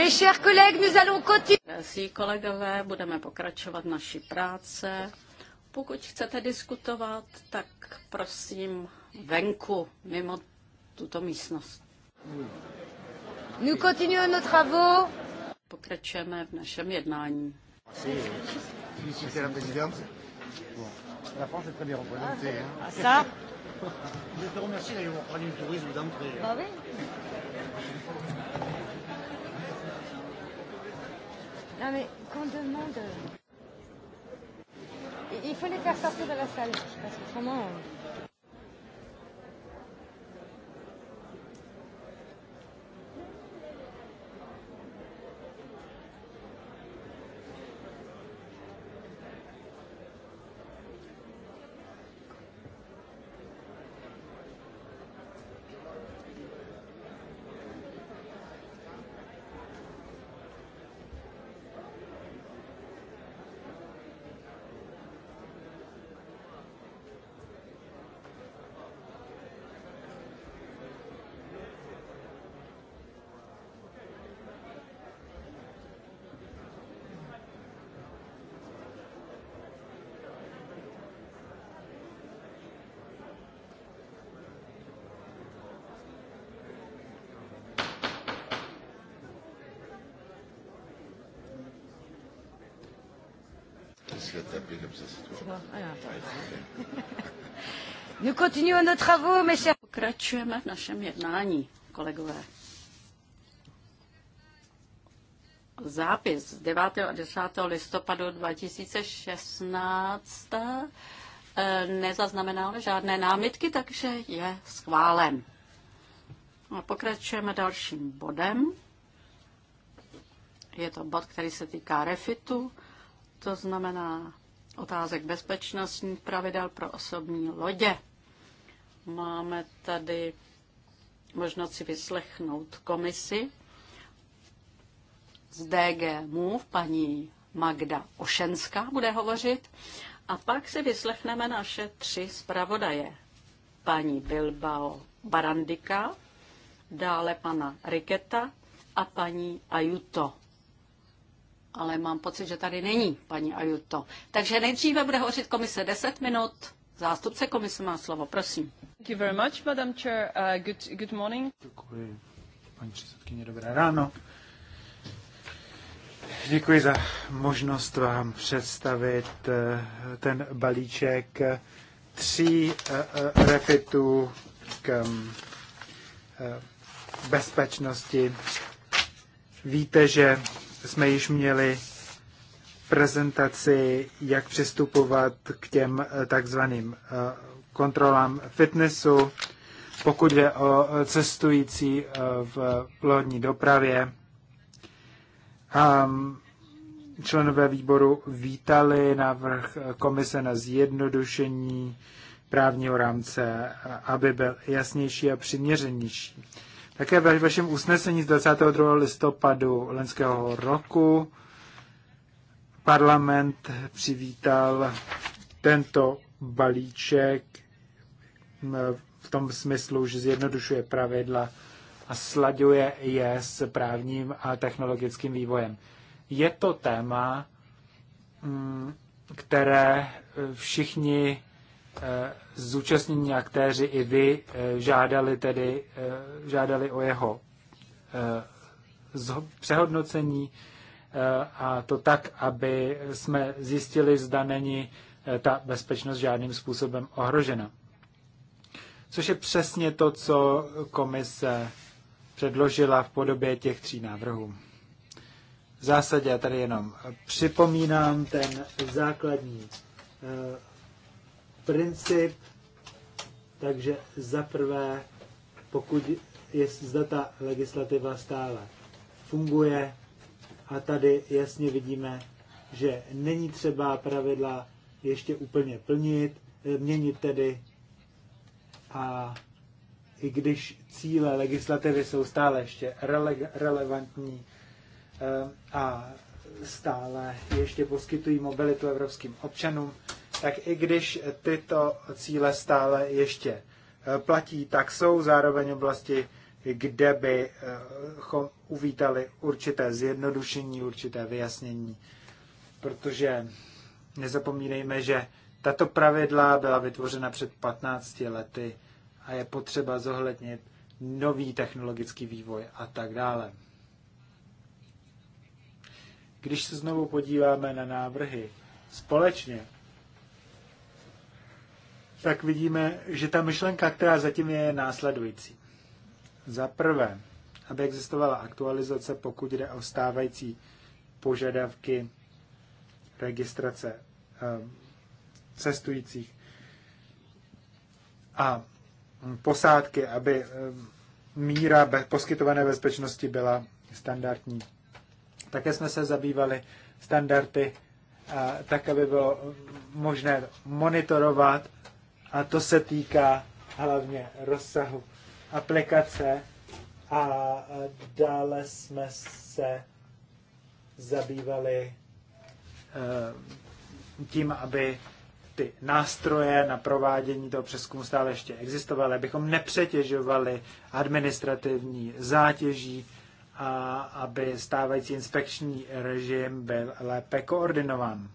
[SPEAKER 1] Mes chers collègues, nous allons continuer. kolegové, budeme pokračovat naší práce. Pokud chcete diskutovat, tak prosím venku, mimo tuto místnost.
[SPEAKER 3] Nous continuons nos travaux.
[SPEAKER 1] Pokračujeme v našem jednání.
[SPEAKER 3] Monsieur
[SPEAKER 2] la Présidente, la France est très bien représentée. Ah, ça Je te remercie d'avoir parlé du tourisme d'entrée. Bah
[SPEAKER 1] oui. Ah mais qu'on demande. Euh, il faut les faire sortir de la salle, parce que qu'autrement. On... Euh, se no, Pokračujeme v našem jednání, kolegové. Zápis 9. a 10. listopadu 2016 eh, nezaznamenal žádné námitky, takže je schválen. A pokračujeme dalším bodem. Je to bod, který se týká refitu to znamená otázek bezpečnostních pravidel pro osobní lodě. Máme tady možnost si vyslechnout komisi z DG MUV, paní Magda Ošenská bude hovořit. A pak si vyslechneme naše tři zpravodaje. Paní Bilbao Barandika, dále pana Riketa a paní Ajuto ale mám pocit, že tady není paní Ajuto. Takže nejdříve bude hořit komise 10 minut. Zástupce komise má slovo, prosím. Thank you very much, Madam Chair. Uh, good, good morning.
[SPEAKER 2] Děkuji, paní předsedkyně, dobré ráno. Děkuji za možnost vám představit uh, ten balíček tří uh, uh, refitů k um, bezpečnosti. Víte, že jsme již měli prezentaci, jak přistupovat k těm eh, takzvaným eh, kontrolám fitnessu, pokud jde o eh, cestující v lodní dopravě. A ehm, členové výboru vítali návrh komise na zjednodušení právního rámce, aby byl jasnější a přiměřenější. Také ve vašem usnesení z 22. listopadu lenského roku parlament přivítal tento balíček v tom smyslu, že zjednodušuje pravidla a slaďuje je s právním a technologickým vývojem. Je to téma, které všichni Eh, zúčastnění aktéři i vy eh, žádali tedy eh, žádali o jeho přehodnocení a to tak, aby jsme zjistili, zda není ta bezpečnost žádným způsobem ohrožena. Což je přesně to, co komise předložila v podobě těch tří návrhů. V zásadě já tady jenom připomínám ten základní princip, takže za prvé, pokud je, zda ta legislativa stále funguje, a tady jasně vidíme, že není třeba pravidla ještě úplně plnit, eh, měnit tedy. A i když cíle legislativy jsou stále ještě rele- relevantní eh, a stále ještě poskytují mobilitu evropským občanům, tak i když tyto cíle stále ještě eh, platí, tak jsou zároveň oblasti, kde bychom eh, uvítali určité zjednodušení, určité vyjasnění, protože nezapomínejme, že tato pravidla byla vytvořena před 15 lety a je potřeba zohlednit nový technologický vývoj a tak dále. Když se znovu podíváme na návrhy společně, tak vidíme, že ta myšlenka, která zatím je, je následující. Za prvé, aby existovala aktualizace, pokud jde o stávající požadavky registrace ehm, cestujících a posádky, aby ehm, míra poskytované bezpečnosti byla standardní. Také jsme se zabývali standardy, tak aby bylo ehm, možné monitorovat a to se týká hlavně rozsahu aplikace a dále jsme se zabývali eh, tím, aby ty nástroje na provádění toho přeskumu stále ještě existovaly, abychom nepřetěžovali administrativní zátěží a aby stávající inspekční režim byl lépe koordinován.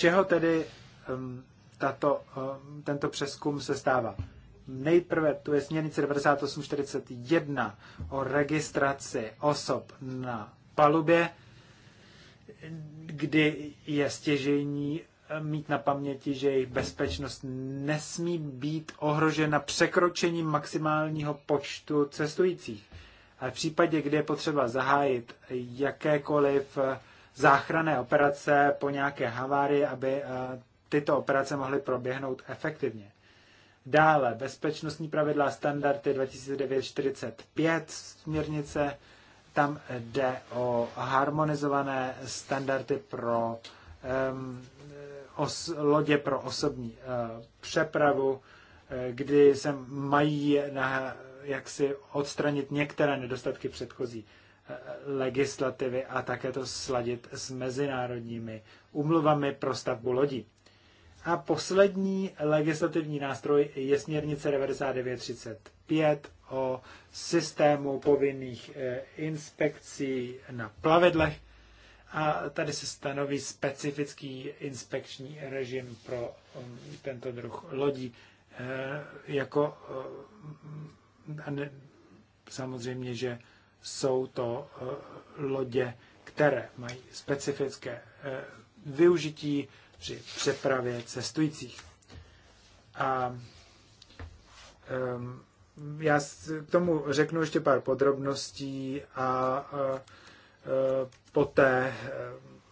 [SPEAKER 2] čeho tedy tato, tento přeskum se stává? Nejprve tu je směrnice 9841 o registraci osob na palubě, kdy je stěžení mít na paměti, že jejich bezpečnost nesmí být ohrožena překročením maximálního počtu cestujících. A v případě, kdy je potřeba zahájit jakékoliv záchranné operace po nějaké havárii, aby eh, tyto operace mohly proběhnout efektivně. Dále bezpečnostní pravidla standardy 2945 směrnice, tam jde o harmonizované standardy pro um, os, lodě pro osobní uh, přepravu, eh, kdy se mají na, jaksi odstranit některé nedostatky předchozí legislativy a také to sladit s mezinárodními umluvami pro stavbu lodí. A poslední legislativní nástroj je směrnice 9935 o systému povinných eh, inspekcí na plavidlech. A tady se stanoví specifický inspekční režim pro um, tento druh lodí. Eh, jako, eh, samozřejmě, že jsou to eh, lodě, které mají specifické eh, využití při přepravě cestujících. A ehm, já k tomu řeknu ještě pár podrobností a eh, poté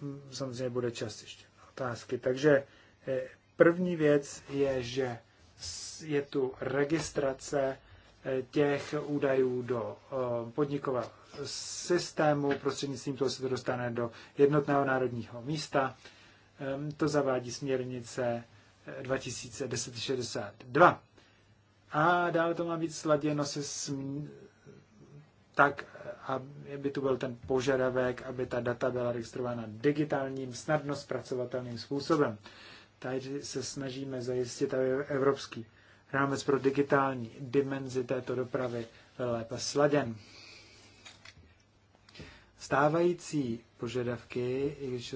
[SPEAKER 2] ehm, samozřejmě bude čas ještě na otázky. Takže první věc je, že je tu registrace těch údajů do eh, podnikového systému, prostřednictvím toho se to dostane do jednotného národního místa. To zavádí směrnice 2062. Eh, A dále to má být sladěno se sm... tak, eh, aby tu byl ten požadavek, aby ta data byla registrována digitálním, snadno zpracovatelným způsobem. Tady se snažíme zajistit, aby evropský rámec pro digitální dimenzi této dopravy lépe sladěn. Stávající požadavky, když,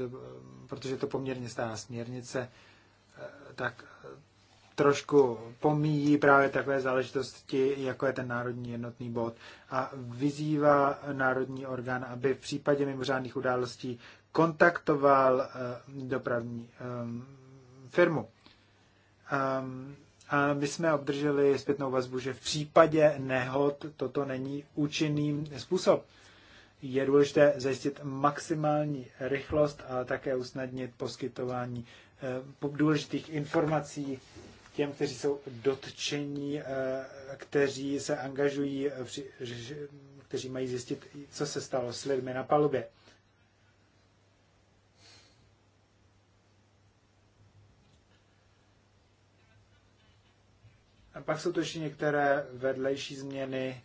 [SPEAKER 2] protože to poměrně stará směrnice, eh, tak eh, trošku pomíjí právě takové záležitosti, jako je ten národní jednotný bod a vyzývá národní orgán, aby v případě mimořádných událostí kontaktoval eh, dopravní ehm, firmu. Ehm, a my jsme obdrželi zpětnou vazbu, že v případě nehod toto není účinný způsob. Je důležité zajistit maximální rychlost a také usnadnit poskytování eh, důležitých informací těm, kteří jsou dotčení, eh, kteří se angažují, eh, kteří mají zjistit, co se stalo s lidmi na palubě. pak jsou to ještě některé vedlejší změny,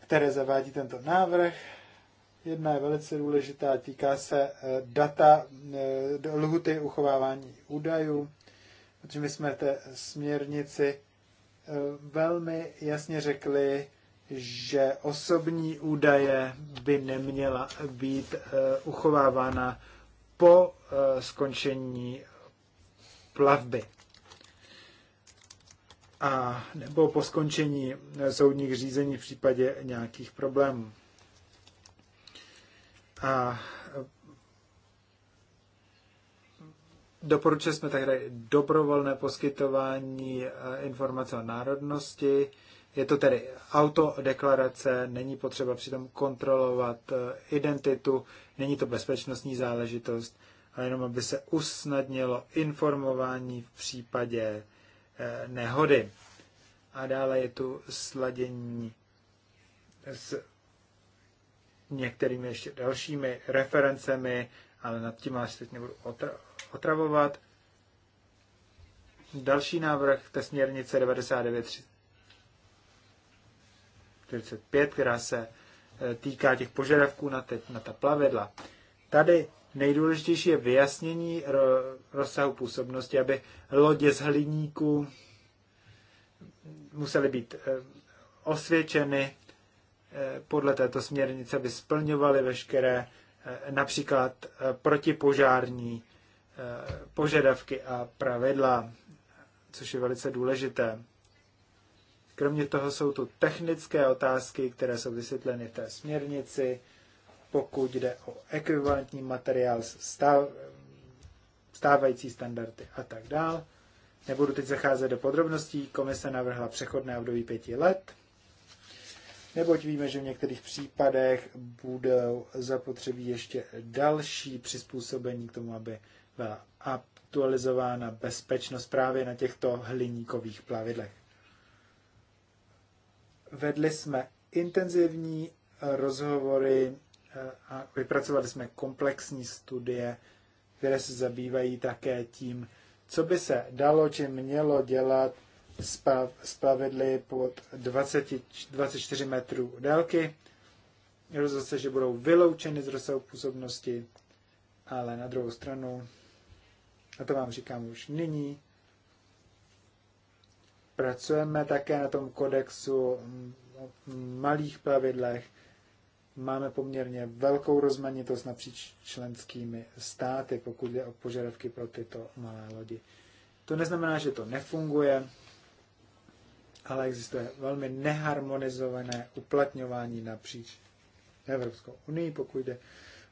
[SPEAKER 2] které zavádí tento návrh. Jedna je velice důležitá, týká se eh, data, eh, lhuty uchovávání údajů, protože my jsme té směrnici eh, velmi jasně řekli, že osobní údaje by neměla být uchovávána po skončení plavby a nebo po skončení eh, soudních řízení v případě nějakých problémů. A eh, doporučili jsme tehdy dobrovolné poskytování eh, informace o národnosti. Je to tedy autodeklarace, není potřeba přitom kontrolovat identitu, není to bezpečnostní záležitost, ale jenom aby se usnadnilo informování v případě Eh, nehody. A dále je tu sladění s některými ještě dalšími referencemi, ale nad tím až teď nebudu otravovat. Další návrh té směrnice 9945, která se eh, týká těch požadavků na, na ta plavidla. Tady nejdůležitější je vyjasnění rozsahu působnosti, aby lodě z hliníku musely být eh, osvědčeny eh, podle této směrnice, aby splňovaly veškeré eh, například protipožární požadavky a pravidla, což je velice důležité. Kromě toho jsou tu technické otázky, které jsou vysvětleny v té směrnici, pokud jde o ekvivalentní materiál, stav, stávající standardy a tak dál. Nebudu teď zacházet do podrobností, komise navrhla přechodné období pěti let, neboť víme, že v některých případech budou zapotřebí ještě další přizpůsobení k tomu, aby byla aktualizována bezpečnost právě na těchto hliníkových plavidlech. Vedli jsme intenzivní rozhovory a vypracovali jsme komplexní studie, které se zabývají také tím, co by se dalo či mělo dělat s pravidly pod 20, 24 metrů délky. Rozhodl se, že budou vyloučeny z rozsahu působnosti, ale na druhou stranu, a to vám říkám už nyní, pracujeme také na tom kodexu o malých pravidlech, máme poměrně velkou rozmanitost napříč členskými státy, pokud je o požadavky pro tyto malé lodi. To neznamená, že to nefunguje, ale existuje velmi neharmonizované uplatňování napříč Evropskou unii, pokud jde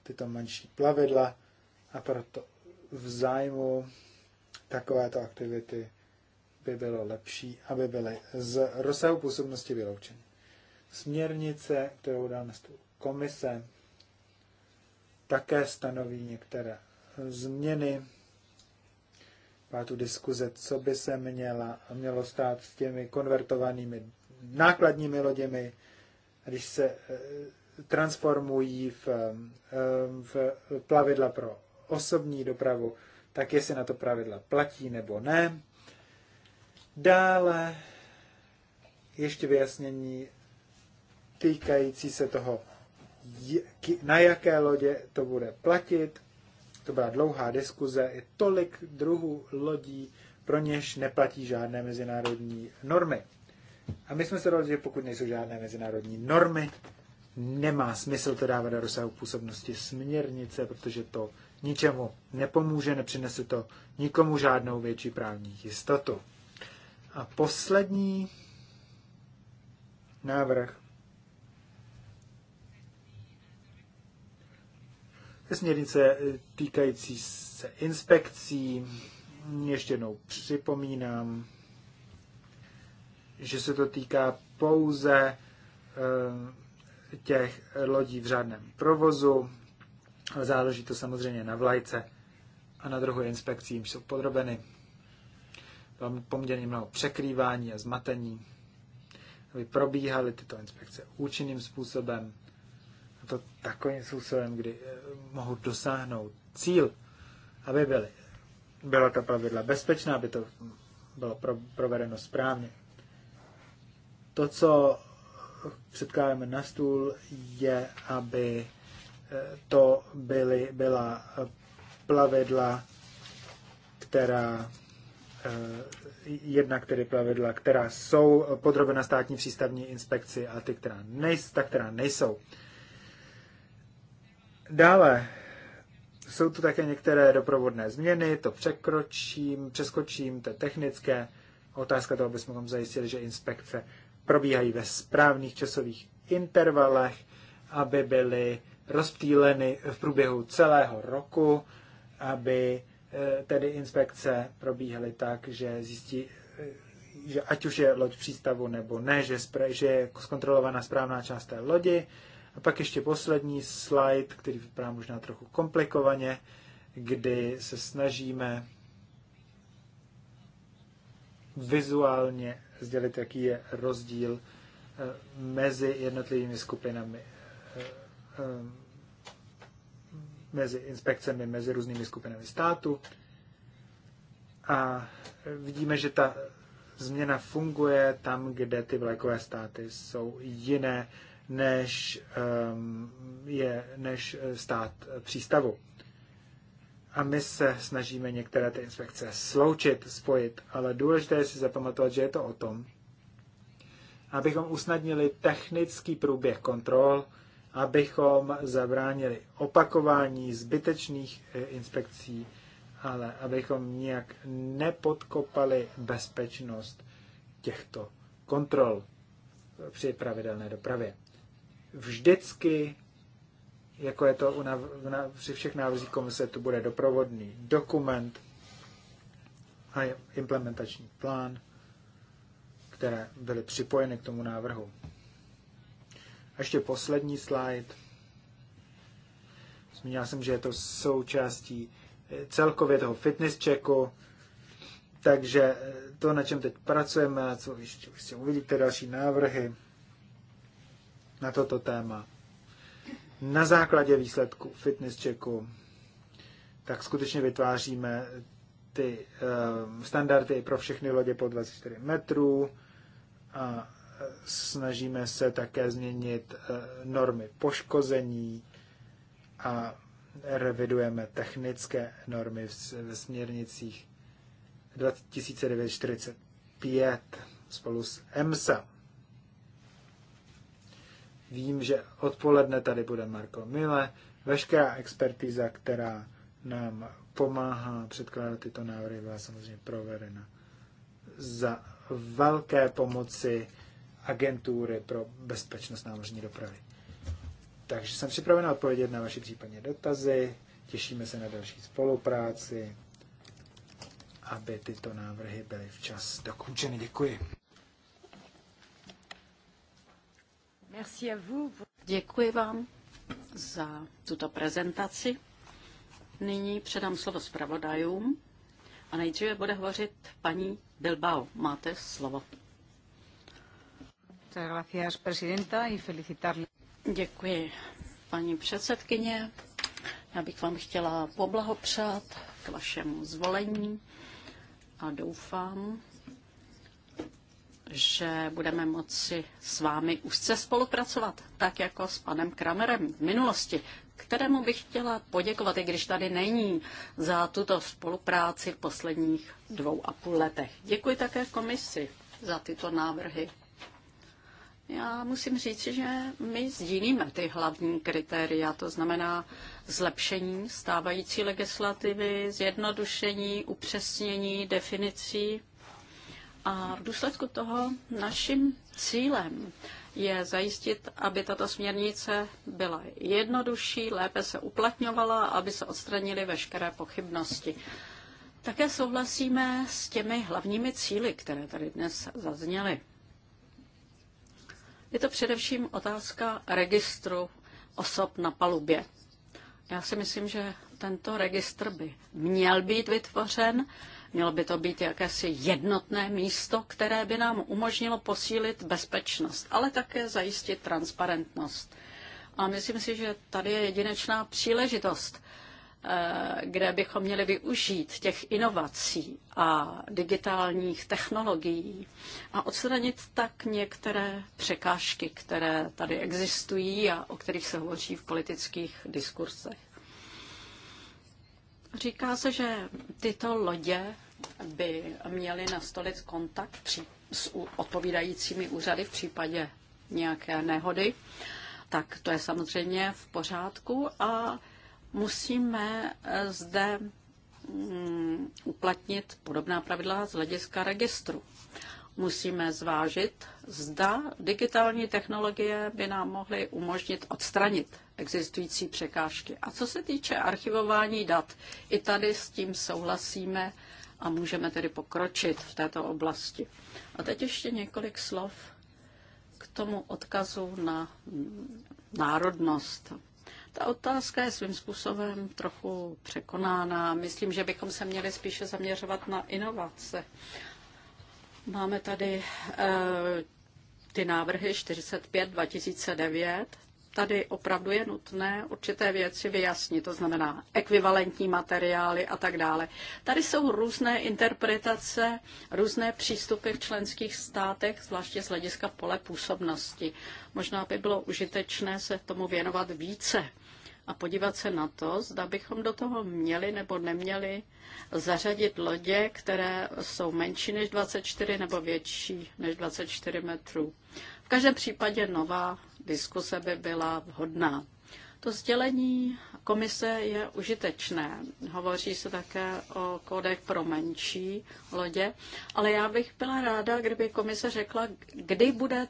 [SPEAKER 2] tyto menší plavidla a proto v zájmu takovéto aktivity by bylo lepší, aby byly z rozsahu působnosti vyloučeny. Směrnice, kterou dám na stůl komise také stanoví některé změny. Má tu diskuze, co by se měla, mělo stát s těmi konvertovanými nákladními loděmi, když se eh, transformují v, eh, v plavidla pro osobní dopravu, tak jestli na to pravidla platí nebo ne. Dále ještě vyjasnění týkající se toho na jaké lodě to bude platit. To byla dlouhá diskuze, je tolik druhů lodí, pro něž neplatí žádné mezinárodní normy. A my jsme se rozhodli, že pokud nejsou žádné mezinárodní normy, nemá smysl to dávat do rozsahu působnosti směrnice, protože to ničemu nepomůže, nepřinese to nikomu žádnou větší právní jistotu. A poslední návrh směrnice eh, týkající se inspekcí. Ještě jednou připomínám, že se to týká pouze eh, těch lodí v řádném provozu, ale záleží to samozřejmě na vlajce a na druhu inspekcí, jsou podrobeny. Tam poměrně mnoho překrývání a zmatení, aby probíhaly tyto inspekce účinným způsobem, a to takovým způsobem, kdy eh, mohou dosáhnout cíl, aby byly, byla ta pravidla bezpečná, aby to bylo pro, provedeno správně. To, co předkládáme na stůl, je, aby eh, to byly, byla eh, plavidla, která eh, jedna, které plavidla, která jsou podrobena státní přístavní inspekci a ty, která nejsou, ta, která nejsou. Dále jsou tu také některé doprovodné změny, to překročím, přeskočím, to je technické. Otázka toho, abychom tam zajistili, že inspekce probíhají ve správných časových intervalech, aby byly rozptýleny v průběhu celého roku, aby eh, tedy inspekce probíhaly tak, že zjistí, eh, že ať už je loď v přístavu nebo ne, že, spra- že je zkontrolovaná správná část té lodi, a pak ještě poslední slide, který vypadá možná trochu komplikovaně, kdy se snažíme vizuálně sdělit, jaký je rozdíl eh, mezi jednotlivými skupinami, eh, eh, mezi inspekcemi, mezi různými skupinami státu. A vidíme, že ta změna funguje tam, kde ty vlekové státy jsou jiné než, ehm, je, než stát přístavu. A my se snažíme některé ty inspekce sloučit, spojit, ale důležité je si zapamatovat, že je to o tom, abychom usnadnili technický průběh kontrol, abychom zabránili opakování zbytečných e, inspekcí, ale abychom nijak nepodkopali bezpečnost těchto kontrol při pravidelné dopravě vždycky, jako je to u nav, na, při všech návrzích komise, to bude doprovodný dokument a implementační plán, které byly připojeny k tomu návrhu. A ještě poslední slide. Zmínil jsem, že je to součástí eh, celkově toho fitness checku, takže eh, to, na čem teď pracujeme, co ještě, ještě uvidíte další návrhy, na toto téma na základě výsledku fitness checku, tak skutečně vytváříme ty uh, standardy pro všechny lodě po 24 metrů a eh, snažíme se také změnit uh, normy poškození a revidujeme technické normy ve směrnicích 2945 spolu s EMSA. Vím, že odpoledne tady bude Marko Mile, veškerá expertiza, která nám pomáhá předkládat tyto návrhy, byla samozřejmě provedena za velké pomoci agentury pro bezpečnost námořní dopravy. Takže jsem připraven odpovědět na vaše případně dotazy, těšíme se na další spolupráci, aby tyto návrhy byly včas dokončeny. Děkuji.
[SPEAKER 1] Děkuji vám za tuto prezentaci. Nyní předám slovo zpravodajům a nejdříve bude hovořit paní Bilbao. Máte slovo. Děkuji, paní předsedkyně. Já bych vám chtěla poblahopřát k vašemu zvolení a doufám, že budeme moci s vámi úzce spolupracovat, tak jako s panem Kramerem v minulosti, kterému bych chtěla poděkovat, i když tady není, za tuto spolupráci v posledních dvou a půl letech. Děkuji také komisi za tyto návrhy. Já musím říct, že my sdílíme ty hlavní kritéria, to znamená zlepšení stávající legislativy, zjednodušení, upřesnění definicí a v důsledku toho naším cílem je zajistit, aby tato směrnice byla jednodušší, lépe se uplatňovala, aby se odstranily veškeré pochybnosti. Také souhlasíme s těmi hlavními cíly, které tady dnes zazněly. Je to především otázka registru osob na palubě. Já si myslím, že tento registr by měl být vytvořen Mělo by to být jakési jednotné místo, které by nám umožnilo posílit bezpečnost, ale také zajistit transparentnost. A myslím si, že tady je jedinečná příležitost, eh, kde bychom měli využít těch inovací a digitálních technologií a odstranit tak některé překážky, které tady existují a o kterých se hovoří v politických diskursech. Říká se, že tyto lodě by měli nastolit kontakt při, s odpovídajícími úřady v případě nějaké nehody, tak to je samozřejmě v pořádku a musíme eh, zde mm, uplatnit podobná pravidla z hlediska registru. Musíme zvážit, zda digitální technologie by nám mohly umožnit odstranit existující překážky. A co se týče archivování dat, i tady s tím souhlasíme a můžeme tedy pokročit v této oblasti. A teď ještě několik slov k tomu odkazu na národnost. Ta otázka je svým způsobem trochu překonána. Myslím, že bychom se měli spíše zaměřovat na inovace. Máme tady e, ty návrhy 45 2009 tady opravdu je nutné určité věci vyjasnit, to znamená ekvivalentní materiály a tak dále. Tady jsou různé interpretace, různé přístupy v členských státech, zvláště z hlediska pole působnosti. Možná by bylo užitečné se tomu věnovat více a podívat se na to, zda bychom do toho měli nebo neměli zařadit lodě, které jsou menší než 24 nebo větší než 24 metrů. V každém případě nová diskuse by byla vhodná. To sdělení komise je užitečné. Hovoří se také o kódech pro menší lodě, ale já bych byla ráda, kdyby komise řekla, kdy bude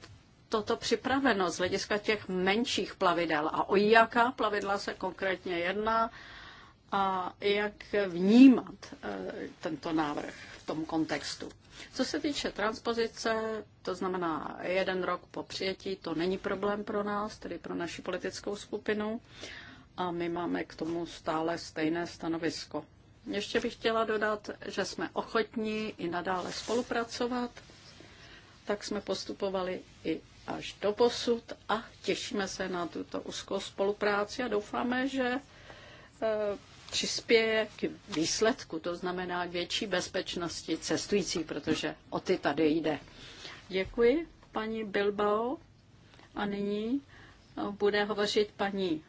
[SPEAKER 1] toto připraveno z hlediska těch menších plavidel a o jaká plavidla se konkrétně jedná a jak vnímat eh, tento návrh v tom kontextu. Co se týče transpozice, to znamená jeden rok po přijetí, to není problém pro nás, tedy pro naši politickou skupinu a my máme k tomu stále stejné stanovisko. Ještě bych chtěla dodat, že jsme ochotní i nadále spolupracovat, tak jsme postupovali i až do posud a těšíme se na tuto úzkou spolupráci a doufáme, že eh, přispěje k výsledku, to znamená k větší bezpečnosti cestujících, protože o ty tady jde. Děkuji, paní Bilbao. A nyní eh, bude hovořit paní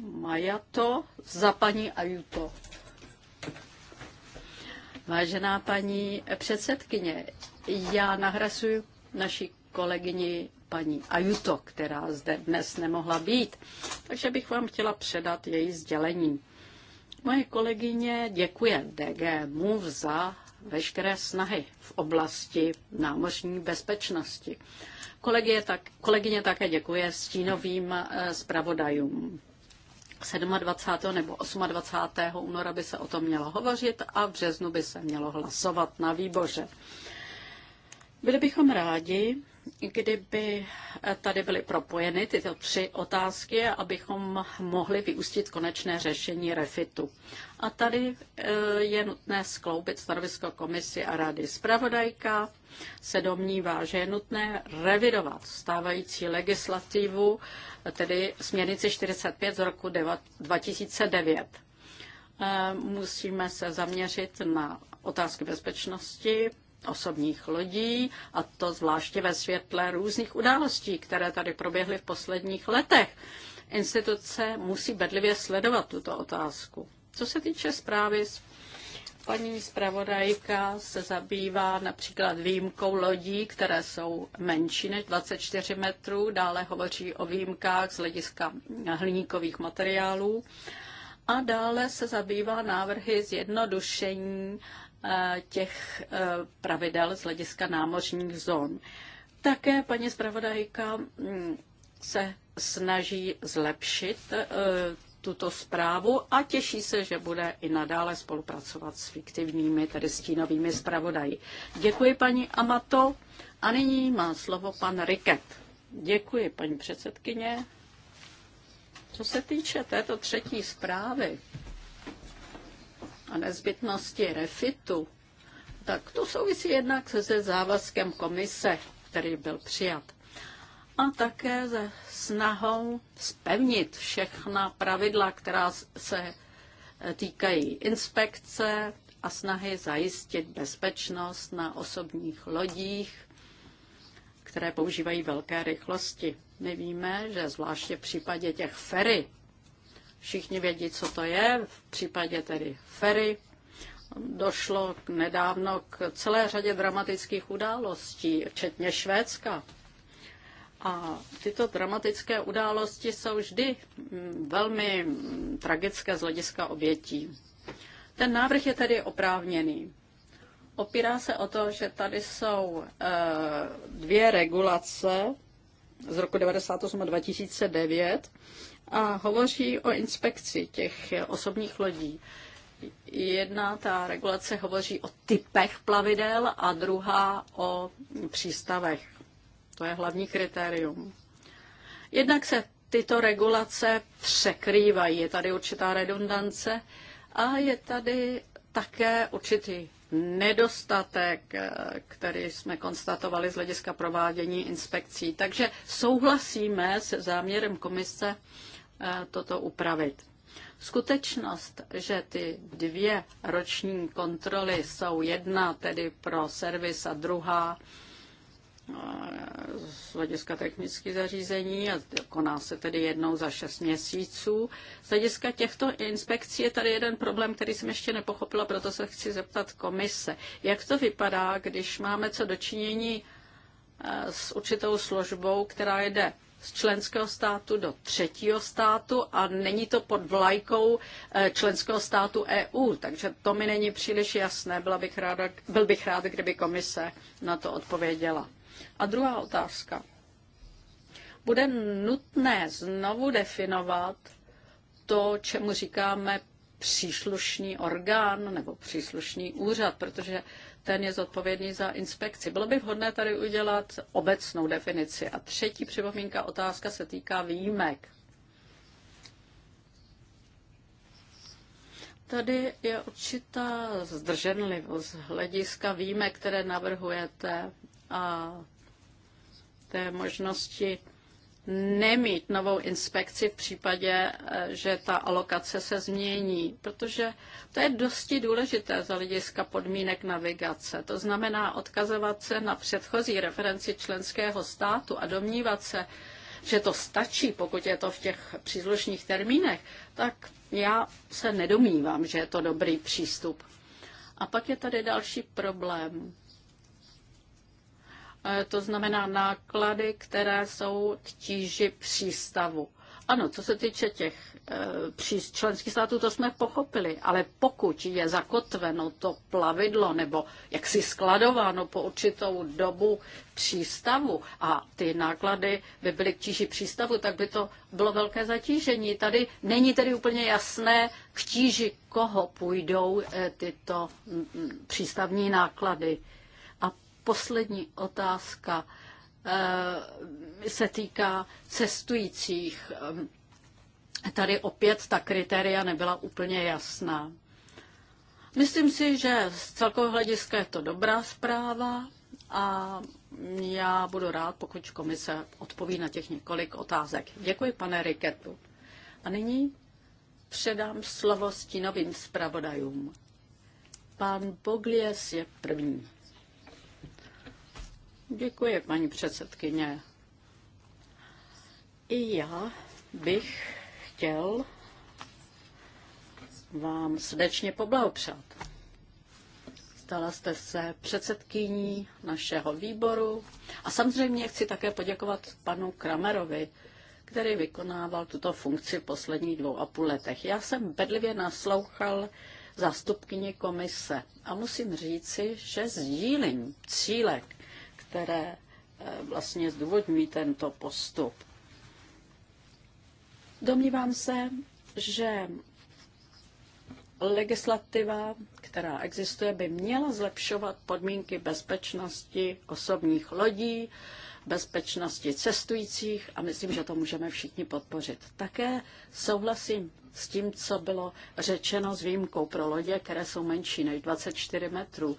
[SPEAKER 1] Majato za paní Ajuto. Vážená paní předsedkyně, já nahrasuji naší kolegyni paní Ajuto, která zde dnes nemohla být, takže bych vám chtěla předat její sdělení. Moje kolegyně děkuje DG MUV za veškeré snahy v oblasti námořní bezpečnosti. Kolegyně tak, kolegyně také děkuje stínovým eh, zpravodajům. 27. nebo 28. února by se o tom mělo hovořit a v březnu by se mělo hlasovat na výboře. Byli bychom rádi, kdyby tady byly propojeny tyto tři otázky, abychom mohli vyústit konečné řešení refitu. A tady eh, je nutné skloubit stanovisko komisi a rady. Spravodajka se domnívá, že je nutné revidovat stávající legislativu, tedy směrnici 45 z roku 2009. Eh, musíme se zaměřit na otázky bezpečnosti, osobních lodí, a to zvláště ve světle různých událostí, které tady proběhly v posledních letech. Instituce musí bedlivě sledovat tuto otázku. Co se týče zprávy, paní zpravodajka se zabývá například výjimkou lodí, které jsou menší než 24 metrů, dále hovoří o výjimkách z hlediska hliníkových materiálů a dále se zabývá návrhy zjednodušení Eh, těch eh, pravidel z hlediska námořních zón. Také paní zpravodajka mm, se snaží zlepšit eh, tuto zprávu a těší se, že bude i nadále spolupracovat s fiktivními, tedy stínovými zpravodaji. Děkuji paní Amato a nyní má slovo pan Riket. Děkuji paní předsedkyně. Co se týče této třetí zprávy, a nezbytnosti refitu, tak to souvisí jednak se závazkem komise, který byl přijat. A také se snahou spevnit všechna pravidla, která se týkají inspekce a snahy zajistit bezpečnost na osobních lodích, které používají velké rychlosti. My víme, že zvláště v případě těch ferry Všichni vědí, co to je, v případě tedy Ferry. Došlo nedávno k celé řadě dramatických událostí, včetně Švédska. A tyto dramatické události jsou vždy mm, velmi mm, tragické z hlediska obětí. Ten návrh je tedy oprávněný. Opírá se o to, že tady jsou e, dvě regulace z roku 1998 a 2009 a hovoří o inspekci těch osobních lodí. Jedna ta regulace hovoří o typech plavidel a druhá o přístavech. To je hlavní kritérium. Jednak se tyto regulace překrývají. Je tady určitá redundance a je tady také určitý nedostatek, který jsme konstatovali z hlediska provádění inspekcí. Takže souhlasíme se záměrem komise Eh, toto upravit. Skutečnost, že ty dvě roční kontroly jsou jedna tedy pro servis a druhá eh, z hlediska technických zařízení a koná se tedy jednou za šest měsíců. Z hlediska těchto inspekcí je tady jeden problém, který jsem ještě nepochopila, proto se chci zeptat komise. Jak to vypadá, když máme co dočinění eh, s určitou složbou, která jde z členského státu do třetího státu a není to pod vlajkou eh, členského státu EU, takže to mi není příliš jasné. Byla bych ráda, byl bych rád, kdyby komise na to odpověděla. A druhá otázka. Bude nutné znovu definovat to, čemu říkáme příslušný orgán nebo příslušný úřad, protože ten je zodpovědný za inspekci. Bylo by vhodné tady udělat obecnou definici. A třetí připomínka, otázka se týká výjimek. Tady je určitá zdrženlivost hlediska výjimek, které navrhujete a té možnosti nemít novou inspekci v případě, eh, že ta alokace se změní, protože to je dosti důležité za hlediska podmínek navigace. To znamená odkazovat se na předchozí referenci členského státu a domnívat se, že to stačí, pokud je to v těch příslušných termínech, tak já se nedomývám, že je to dobrý přístup. A pak je tady další problém. Eh, to znamená náklady, které jsou k tíži přístavu. Ano, co se týče těch e, členských států, to jsme pochopili, ale pokud je zakotveno to plavidlo nebo jaksi skladováno po určitou dobu přístavu a ty náklady by byly k tíži přístavu, tak by to bylo velké zatížení. Tady není tedy úplně jasné, k tíži koho půjdou e, tyto m, mm, mm, přístavní náklady. E, poslední otázka eh, se týká cestujících. Ehm, tady opět ta kritéria nebyla úplně jasná. Myslím si, že z celkového hlediska je to dobrá zpráva a já budu rád, pokud komise odpoví na těch několik otázek. Děkuji, pane Riketu. A nyní předám slovo stínovým zpravodajům. Pan Boglies je první. Děkuji, paní předsedkyně. I já bych chtěl vám srdečně poblahopřát. Stala jste se předsedkyní našeho výboru a samozřejmě chci také poděkovat panu Kramerovi, který vykonával tuto funkci v posledních dvou a půl letech. Já jsem bedlivě naslouchal zástupkyni komise a musím říci, že sdílím cílek, které eh, vlastně zdůvodňují tento postup. Domnívám se, že legislativa, která existuje, by měla zlepšovat podmínky bezpečnosti osobních lodí, bezpečnosti cestujících a myslím, že to můžeme všichni podpořit. Také souhlasím s tím, co bylo řečeno s výjimkou pro lodě, které jsou menší než 24 metrů.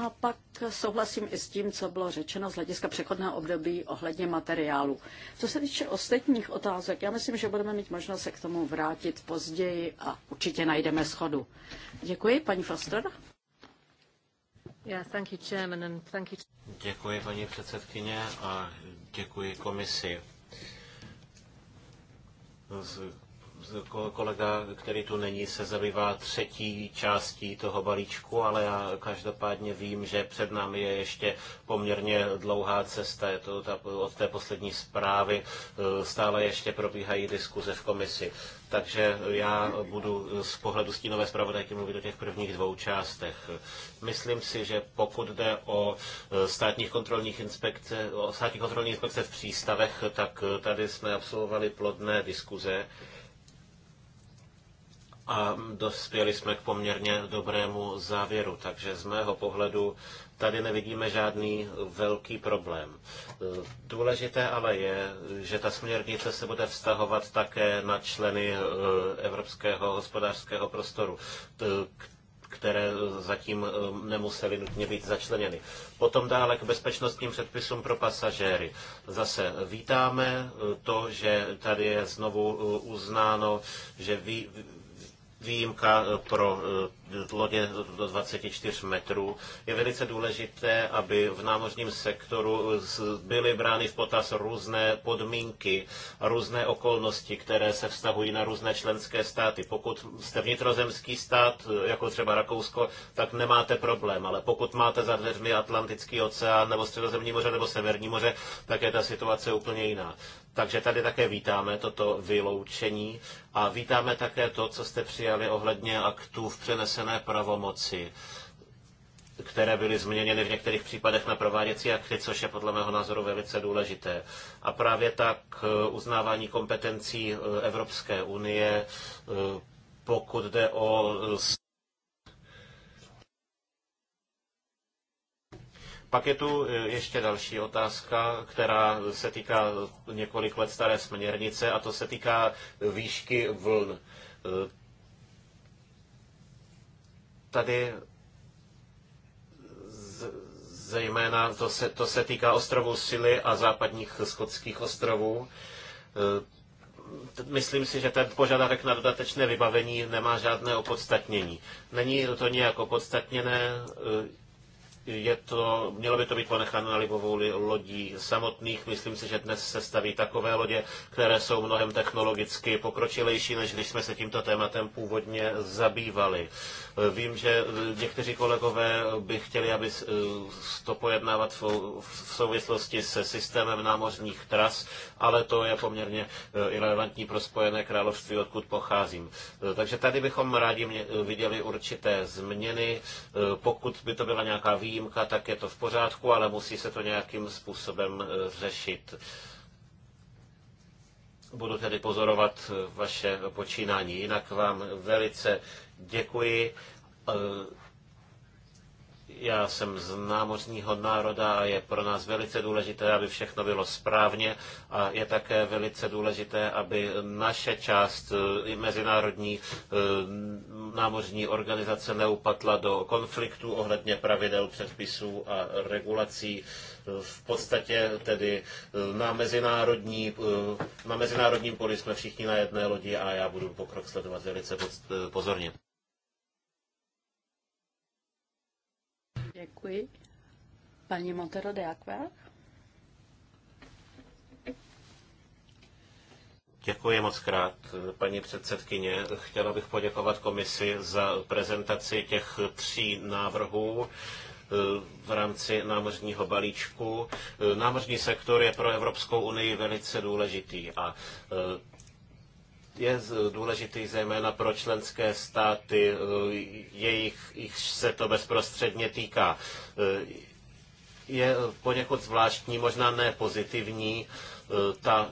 [SPEAKER 1] A pak souhlasím i s tím, co bylo řečeno z hlediska přechodného období ohledně materiálu. Co se týče ostatních otázek, já myslím, že budeme mít možnost se k tomu vrátit později a určitě najdeme schodu. Děkuji, paní Foster. thank you, Chairman, and thank you.
[SPEAKER 3] Děkuji, paní předsedkyně, a děkuji komisi kolega, který tu není, se zabývá třetí částí toho balíčku, ale já každopádně vím, že před námi je ještě poměrně dlouhá cesta. Je to ta, od té poslední zprávy eh, stále ještě probíhají diskuze v komisi. Takže já budu z pohledu stínové zpravodajky mluvit o těch prvních dvou částech. Myslím si, že pokud jde o eh, státních kontrolních inspekce, o státní kontrolní inspekce v přístavech, tak eh, tady jsme absolvovali plodné diskuze a dospěli jsme k poměrně dobrému závěru. Takže z mého pohledu tady nevidíme žádný velký problém. Důležité ale je, že ta směrnice se bude vztahovat také na členy eh, Evropského hospodářského prostoru, které zatím eh, nemusely nutně být začleněny. Potom dále k bezpečnostním předpisům pro pasažéry. Zase vítáme eh, to, že tady je znovu uznáno, že vý, výjimka eh, pro eh, lodě do 24 metrů. Je velice důležité, aby v námořním sektoru eh, byly brány v potaz různé podmínky, různé okolnosti, které se vztahují na různé členské státy. Pokud jste vnitrozemský stát, jako třeba Rakousko, tak nemáte problém, ale pokud máte za dveřmi Atlantický oceán nebo Středozemní moře nebo Severní moře, tak je ta situace úplně jiná. Takže tady také vítáme toto vyloučení a vítáme také to, co jste přijali ohledně aktů v přenesené pravomoci které byly změněny v některých případech na prováděcí akty, což je podle mého názoru velice důležité. A právě tak eh, uznávání kompetencí eh, Evropské unie, eh, pokud jde o Pak je tu e, ještě další otázka, která se týká několik let staré směrnice a to se týká výšky vln. E, tady zejména to se, to se týká ostrovů Sily a západních skotských ostrovů. E, myslím si, že ten požadavek na dodatečné vybavení nemá žádné opodstatnění. Není to nějak opodstatněné, je to, mělo by to být ponecháno na libovou lodí samotných. Myslím si, že dnes se staví takové lodě, které jsou mnohem technologicky pokročilejší, než když jsme se tímto tématem původně zabývali. Vím, že někteří kolegové by chtěli, aby to pojednávat v souvislosti se systémem námořních tras, ale to je poměrně eh, irrelevantní pro Spojené království, odkud pocházím. Eh, takže tady bychom rádi eh, viděli určité změny. Pokud by to byla nějaká výjimka, tak je to v pořádku, ale musí se to nějakým způsobem řešit budu tedy pozorovat vaše počínání. Jinak vám velice Děkuji. E, já jsem z námořního národa a je pro nás velice důležité, aby všechno bylo správně a je také velice důležité, aby naše část e, i mezinárodní e, námořní organizace neupatla do konfliktu ohledně pravidel, předpisů a regulací v podstatě tedy eh, na, mezinárodní, eh, na mezinárodním poli jsme všichni na jedné lodi a já budu pokrok sledovat velice eh, pozorně.
[SPEAKER 1] Děkuji. Paní Montero de Aqua.
[SPEAKER 3] Děkuji moc krát, paní předsedkyně. Chtěla bych poděkovat komisi za prezentaci těch tří návrhů v rámci námořního balíčku. E, Námořní sektor je pro Evropskou unii velice důležitý a e, je důležitý zejména pro členské státy, e, jejich, jich se to bezprostředně týká. Je poněkud zvláštní, možná ne pozitivní, ta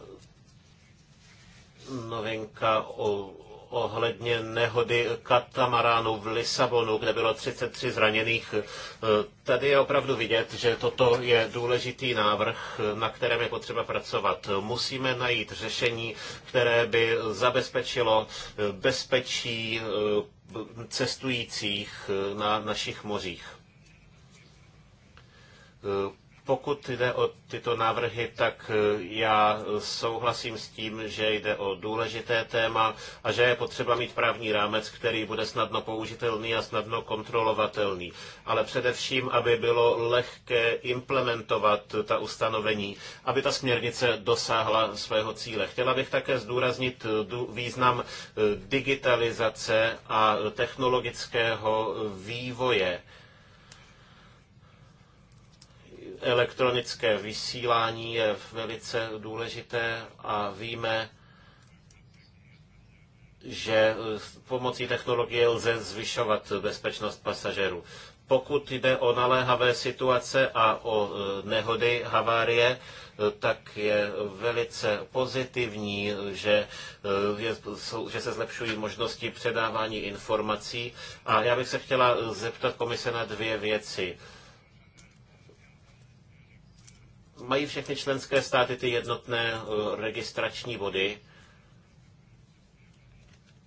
[SPEAKER 3] novinka o ohledně nehody katamaránu v Lisabonu, kde bylo 33 zraněných. E, tady je opravdu vidět, že toto je důležitý návrh, na kterém je potřeba pracovat. Musíme najít řešení, které by zabezpečilo e, bezpečí e, cestujících na našich mořích pokud jde o tyto návrhy, tak e, já souhlasím s tím, že jde o důležité téma a že je potřeba mít právní rámec, který bude snadno použitelný a snadno kontrolovatelný. Ale především, aby bylo lehké implementovat ta ustanovení, aby ta směrnice dosáhla svého cíle. Chtěla bych také zdůraznit e, význam e, digitalizace a technologického vývoje elektronické vysílání je velice důležité a víme, že pomocí technologie lze zvyšovat bezpečnost pasažerů. Pokud jde o naléhavé situace a o e, nehody, havárie, e, tak je velice pozitivní, že, e, je, že se zlepšují možnosti předávání informací. A já bych se chtěla zeptat komise na dvě věci. Mají všechny členské státy ty jednotné eh, registrační body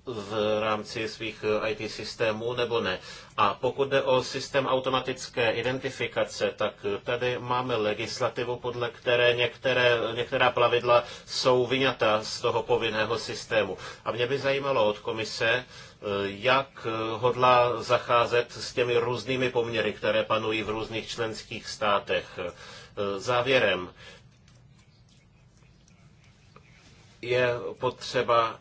[SPEAKER 3] v rámci svých eh, IT systémů nebo ne. A pokud jde o systém automatické identifikace, tak eh, tady máme legislativu, podle které některé, některá plavidla jsou vyňata z toho povinného systému. A mě by zajímalo od komise, jak hodlá zacházet s těmi různými poměry, které panují v různých členských státech Eh, závěrem je potřeba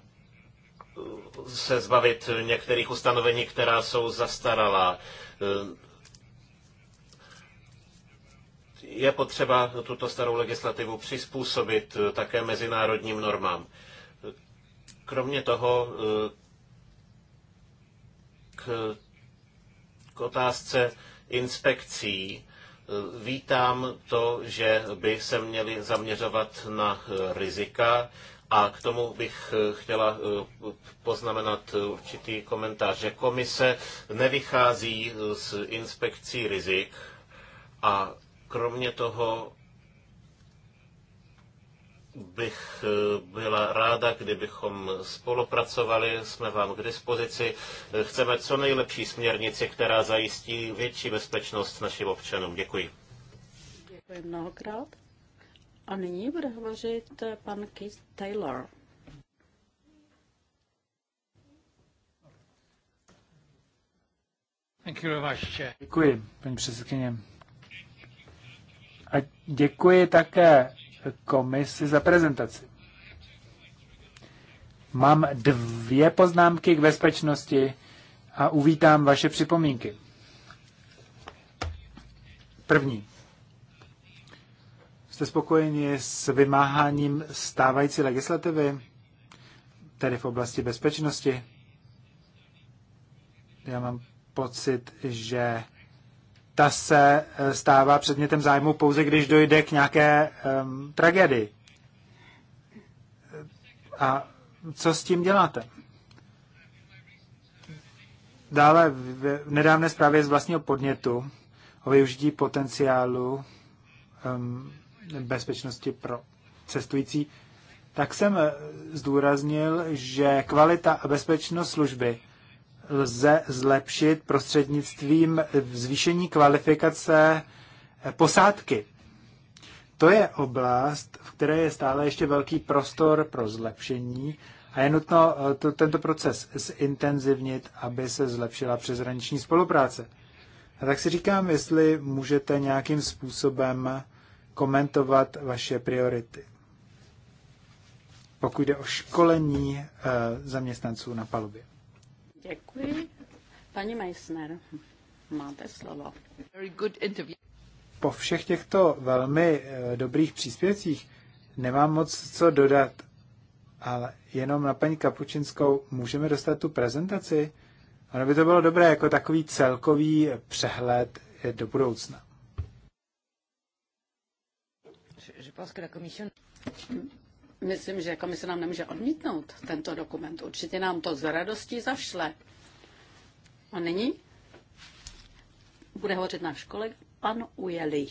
[SPEAKER 3] eh, se zbavit některých ustanovení, která jsou zastaralá. Eh, je potřeba tuto starou legislativu přizpůsobit také mezinárodním normám. Kromě toho k, k otázce inspekcí Vítám to, že by se měli zaměřovat na rizika a k tomu bych chtěla eh, poznamenat určitý komentář, že komise nevychází z inspekcí rizik a kromě toho bych eh, byla ráda, kdybychom spolupracovali, jsme vám k dispozici. Eh, chceme co nejlepší směrnici, která zajistí větší bezpečnost našim občanům. Děkuji.
[SPEAKER 1] Děkuji mnohokrát. A nyní bude hovořit eh, pan Keith Taylor.
[SPEAKER 2] Děkuji, paní předsedkyně. A děkuji také komisi za prezentaci. Mám dvě poznámky k bezpečnosti a uvítám vaše připomínky. První. Jste spokojeni s vymáháním stávající legislativy, tedy v oblasti bezpečnosti? Já mám pocit, že ta se eh, stává předmětem zájmu pouze, když dojde k nějaké um, tragédii. A co s tím děláte? Dále v nedávné zprávě z vlastního podnětu o využití potenciálu um, bezpečnosti pro cestující, tak jsem eh, zdůraznil, že kvalita a bezpečnost služby lze zlepšit prostřednictvím zvýšení kvalifikace posádky. To je oblast, v které je stále ještě velký prostor pro zlepšení a je nutno eh, to, tento proces zintenzivnit, aby se zlepšila přeshraniční spolupráce. A tak si říkám, jestli můžete nějakým způsobem komentovat vaše priority. Pokud jde o školení eh, zaměstnanců na palubě.
[SPEAKER 1] Děkuji. Paní Meissner, máte slovo. Very good interview.
[SPEAKER 2] Po všech těchto velmi eh, dobrých příspěvcích nemám moc co dodat, ale jenom na paní Kapučinskou můžeme dostat tu prezentaci. Ono by to bylo dobré jako takový celkový přehled eh, do budoucna
[SPEAKER 1] myslím, že komise nám nemůže odmítnout tento dokument. Určitě nám to z radostí zašle. A nyní bude hovořit náš kolega pan Ujeli.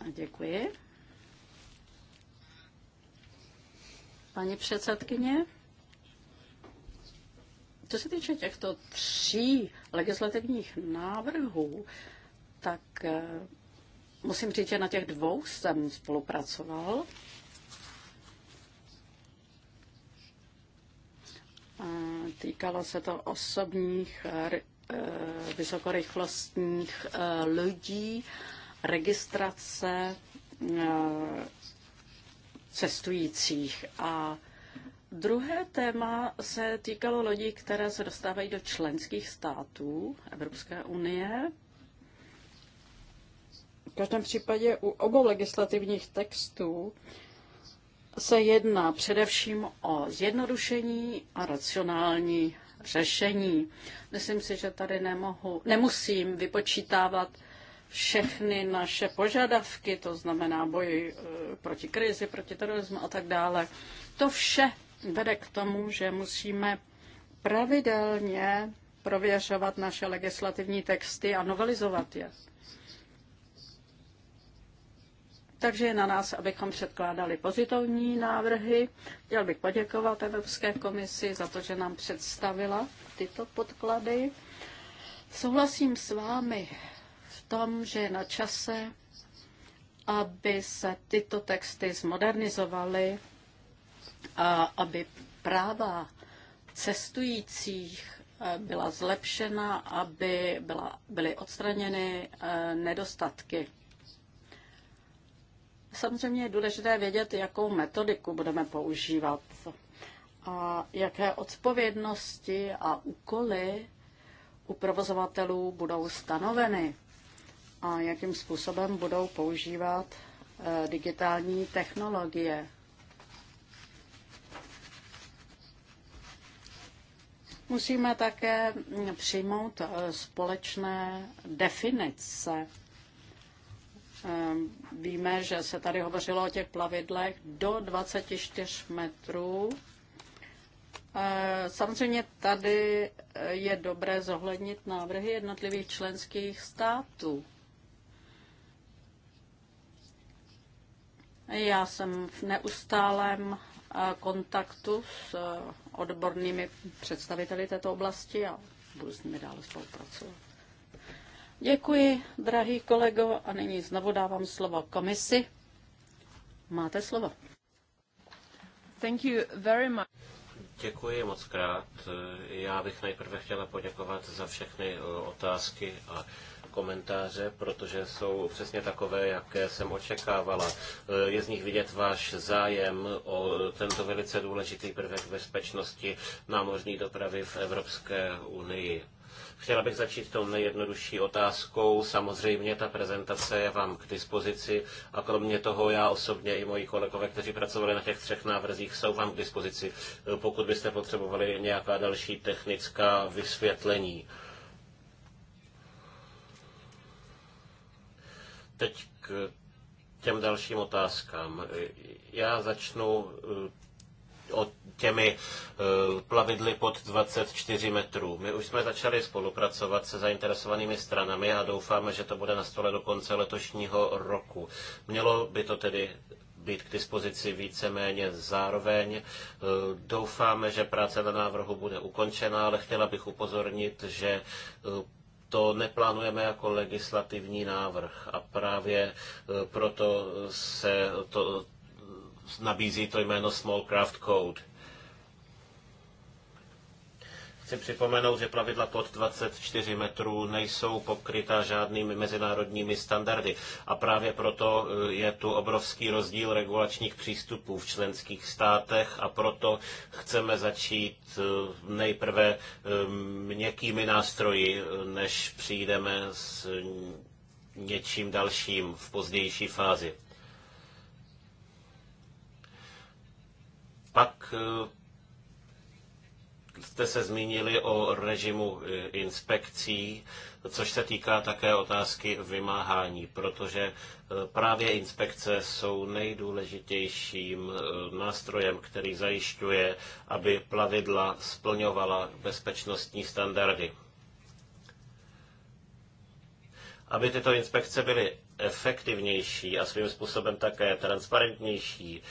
[SPEAKER 1] A děkuji. Paní předsedkyně, co se týče těchto tří legislativních návrhů, tak eh, musím říct, že na těch dvou jsem spolupracoval. Týkalo se to osobních eh, vysokorychlostních eh, lidí, registrace eh, cestujících. A druhé téma se týkalo lodí, které se dostávají do členských států Evropské unie v každém případě u obou legislativních textů se jedná především o zjednodušení a racionální řešení. Myslím si, že tady nemohu, nemusím vypočítávat všechny naše požadavky, to znamená boj e, proti krizi, proti terorismu a tak dále. To vše vede k tomu, že musíme pravidelně prověřovat naše legislativní texty a novelizovat je. Takže je na nás, abychom předkládali pozitivní návrhy. Chtěl bych poděkovat Evropské komisi za to, že nám představila tyto podklady. Souhlasím s vámi v tom, že je na čase, aby se tyto texty zmodernizovaly a aby práva cestujících eh, byla zlepšena, aby byla, byly odstraněny eh, nedostatky. Samozřejmě je důležité vědět, jakou metodiku budeme používat a jaké odpovědnosti a úkoly u provozovatelů budou stanoveny a jakým způsobem budou používat eh, digitální technologie. Musíme také mm, přijmout eh, společné definice Ehm, víme, že se tady hovořilo o těch plavidlech do 24 metrů. Ehm, samozřejmě tady eh, je dobré zohlednit návrhy jednotlivých členských států. Já jsem v neustálém eh, kontaktu s eh, odbornými představiteli této oblasti a budu s nimi dále spolupracovat. Děkuji, drahý kolego, a nyní znovu dávám slovo komisi. Máte slovo. Thank you very much.
[SPEAKER 3] Děkuji moc krát. Já bych nejprve chtěla poděkovat za všechny eh, otázky a komentáře, protože jsou přesně takové, jaké jsem očekávala. Eh, je z nich vidět váš zájem o tento velice důležitý prvek bezpečnosti námořní dopravy v Evropské unii. Chtěla bych začít tou nejjednodušší otázkou. Samozřejmě ta prezentace je vám k dispozici a kromě toho já osobně i moji kolegové, kteří pracovali na těch třech návrzích, jsou vám k dispozici, pokud byste potřebovali nějaká další technická vysvětlení. Teď k těm dalším otázkám. Já začnu eh, o těmi e, plavidly pod 24 metrů. My už jsme začali spolupracovat se zainteresovanými stranami a doufáme, že to bude na stole do konce letošního roku. Mělo by to tedy být k dispozici víceméně zároveň. E, doufáme, že práce na návrhu bude ukončena, ale chtěla bych upozornit, že e, to neplánujeme jako legislativní návrh a právě proto se to, nabízí to jméno craft Code. Chci připomenout, že plavidla pod 24 metrů nejsou pokryta žádnými mezinárodními standardy a právě proto eh, je tu obrovský rozdíl regulačních přístupů v členských státech a proto chceme začít eh, nejprve eh, měkkými nástroji, než přijdeme s něčím dalším v pozdější fázi. Pak eh, jste se zmínili o režimu eh, inspekcí, což se týká také otázky vymáhání, protože eh, právě inspekce jsou nejdůležitějším nástrojem, který zajišťuje, aby plavidla splňovala bezpečnostní standardy. Aby tyto inspekce byly efektivnější a svým způsobem také transparentnější,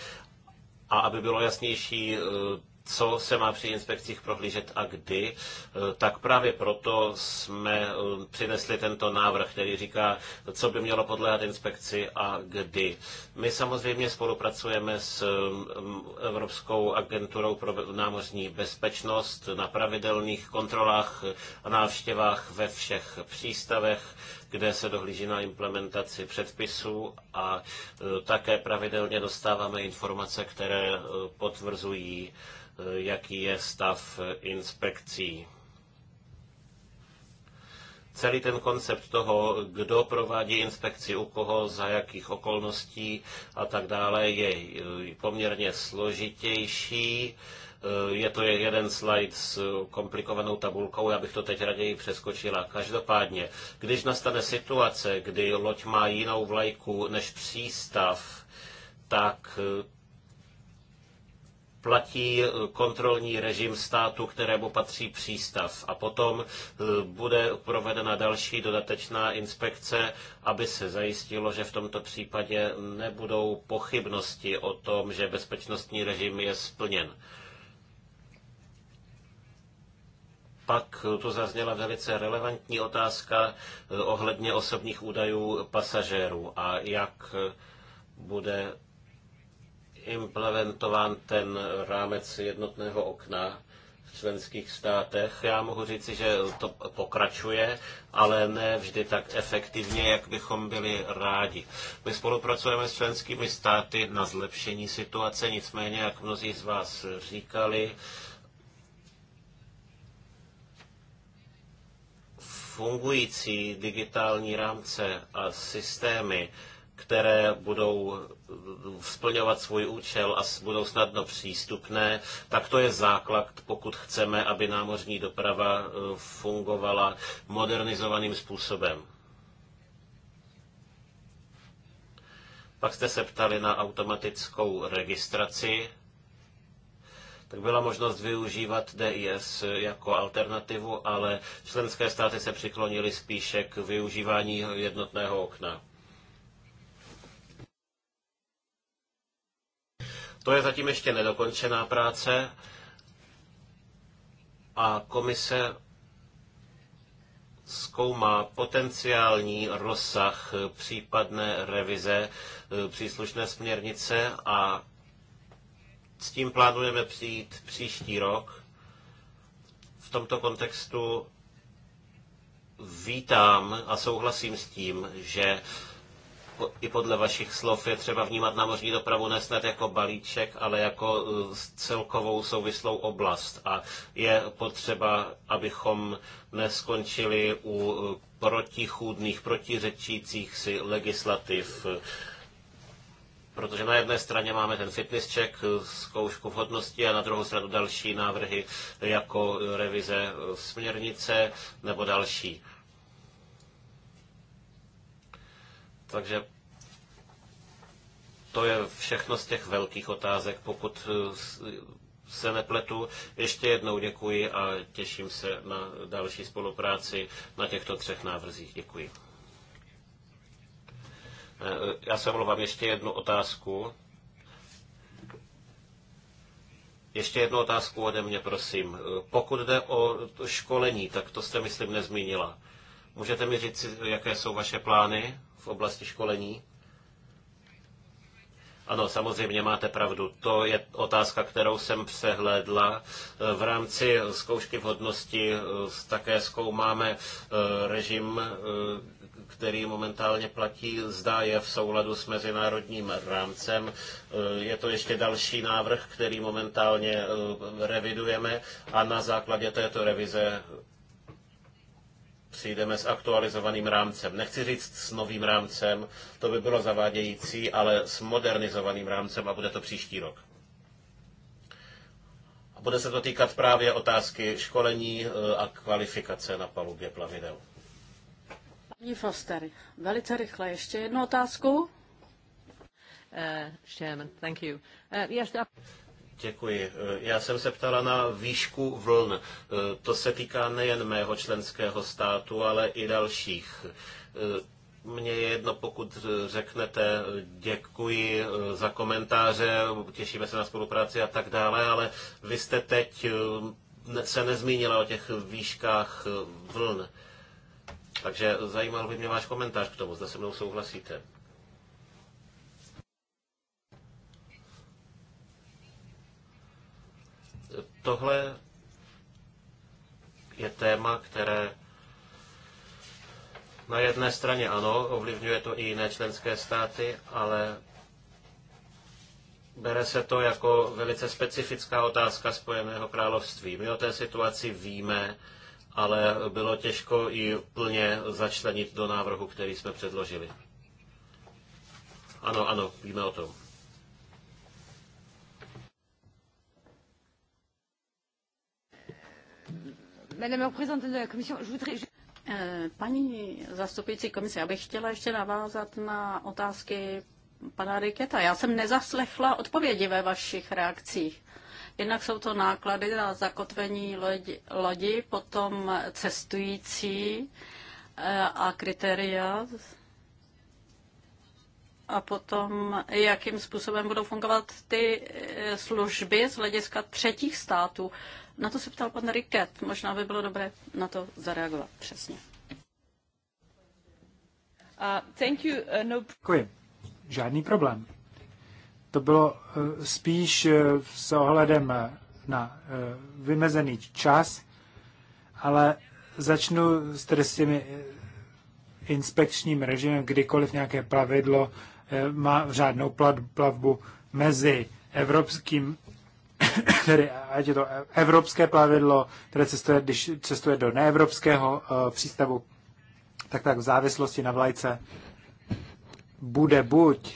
[SPEAKER 3] a aby bylo jasnější, eh, co se má při inspekcích prohlížet a kdy, eh, tak právě proto jsme eh, přinesli tento návrh, který říká, co by mělo podléhat inspekci a kdy. My samozřejmě spolupracujeme s eh, Evropskou agenturou pro námořní bezpečnost na pravidelných kontrolách a návštěvách ve všech přístavech, kde se dohlíží na implementaci předpisů a také pravidelně dostáváme informace, které potvrzují, Eh, jaký je stav eh, inspekcí. Celý ten koncept toho, kdo provádí inspekci u koho, za jakých okolností a tak dále, je eh, poměrně složitější. Je to jeden slide s komplikovanou tabulkou, já bych to teď raději přeskočila. Každopádně, když nastane situace, kdy loď má jinou vlajku než přístav, tak platí eh, kontrolní režim státu, kterému patří přístav. A potom eh, bude provedena další dodatečná inspekce, aby se zajistilo, že v tomto případě nebudou pochybnosti o tom, že bezpečnostní režim je splněn. Pak eh, tu zazněla velice relevantní otázka ohledně osobních údajů pasažérů a jak bude implementován ten rámec jednotného okna v členských státech. Já mohu říci, že to pokračuje, ale ne vždy tak efektivně, jak bychom byli rádi. My spolupracujeme s členskými státy na zlepšení situace, nicméně, jak mnozí z vás říkali, fungující digitální rámce a systémy které budou eh, splňovat svůj účel a budou snadno přístupné, tak to je základ, pokud chceme, aby námořní doprava eh, fungovala modernizovaným způsobem. Pak jste se ptali na automatickou registraci. Tak byla možnost využívat DIS jako alternativu, ale členské státy se přiklonily spíše k využívání jednotného okna. To je zatím ještě nedokončená práce a komise zkoumá potenciální rozsah případné revize eh, příslušné směrnice a s tím plánujeme přijít příští rok. V tomto kontextu vítám a souhlasím s tím, že i podle vašich slov je třeba vnímat námořní dopravu snad jako balíček, ale jako eh, celkovou souvislou oblast. A je potřeba, abychom neskončili u eh, protichůdných, protiřečících si legislativ protože na jedné straně máme ten fitness check, eh, zkoušku vhodnosti a na druhou stranu další návrhy jako revize směrnice nebo další. Takže to je všechno z těch velkých otázek. Pokud eh, se nepletu, ještě jednou děkuji a těším se na další spolupráci na těchto třech návrzích. Děkuji. Eh, já se omlouvám, ještě jednu otázku. Ještě jednu otázku ode mě, prosím. Pokud jde o školení, tak to jste, myslím, nezmínila. Můžete mi říct, jaké jsou vaše plány? v oblasti školení? Ano, samozřejmě máte pravdu. To je otázka, kterou jsem přehlédla. V rámci zkoušky vhodnosti eh, také zkoumáme eh, režim, eh, který momentálně platí, zdá je v souladu s mezinárodním rámcem. Je to ještě další návrh, který momentálně revidujeme a na základě této revize přijdeme s aktualizovaným rámcem. Nechci říct s novým rámcem, to by bylo zavádějící, ale s modernizovaným rámcem a bude to příští rok. A bude se to týkat právě otázky školení e, a kvalifikace na palubě plavidel.
[SPEAKER 1] Paní Foster, velice rychle ještě jednu otázku. Uh, chairman, thank you. Uh, yes, that...
[SPEAKER 3] Děkuji. E, já jsem se ptala na výšku vln. E, to se týká nejen mého členského státu, ale i dalších. E, mně je jedno, pokud řeknete děkuji za komentáře, těšíme se na spolupráci a tak dále, ale vy jste teď se nezmínila o těch výškách vln. Takže zajímal by mě váš komentář k tomu, zda se mnou souhlasíte. Tohle je téma, které na jedné straně ano, ovlivňuje to i jiné členské státy, ale bere se to jako velice specifická otázka Spojeného království. My o té situaci víme, ale bylo těžko ji plně začlenit do návrhu, který jsme předložili. Ano, ano, víme o tom.
[SPEAKER 1] Eh, paní zastupující komise, já bych chtěla ještě navázat na otázky pana Riketa. Já jsem nezaslechla odpovědi ve vašich reakcích. Jednak jsou to náklady na zakotvení lodi, lodi potom cestující eh, a kritéria a potom, jakým způsobem budou fungovat ty eh, služby z hlediska třetích států. Na to se ptal pan Riket. Možná by bylo dobré na to zareagovat přesně. Uh, thank you, uh, no...
[SPEAKER 2] Děkuji. Žádný problém. To bylo uh, spíš uh, s ohledem uh, na uh, vymezený čas, ale začnu s, tedy s těmi uh, inspekčním režimem, kdykoliv nějaké plavidlo uh, má řádnou plavbu mezi Evropským tedy ať je to evropské plavidlo, které cestuje, když cestuje do neevropského uh, přístavu, tak tak v závislosti na vlajce bude buď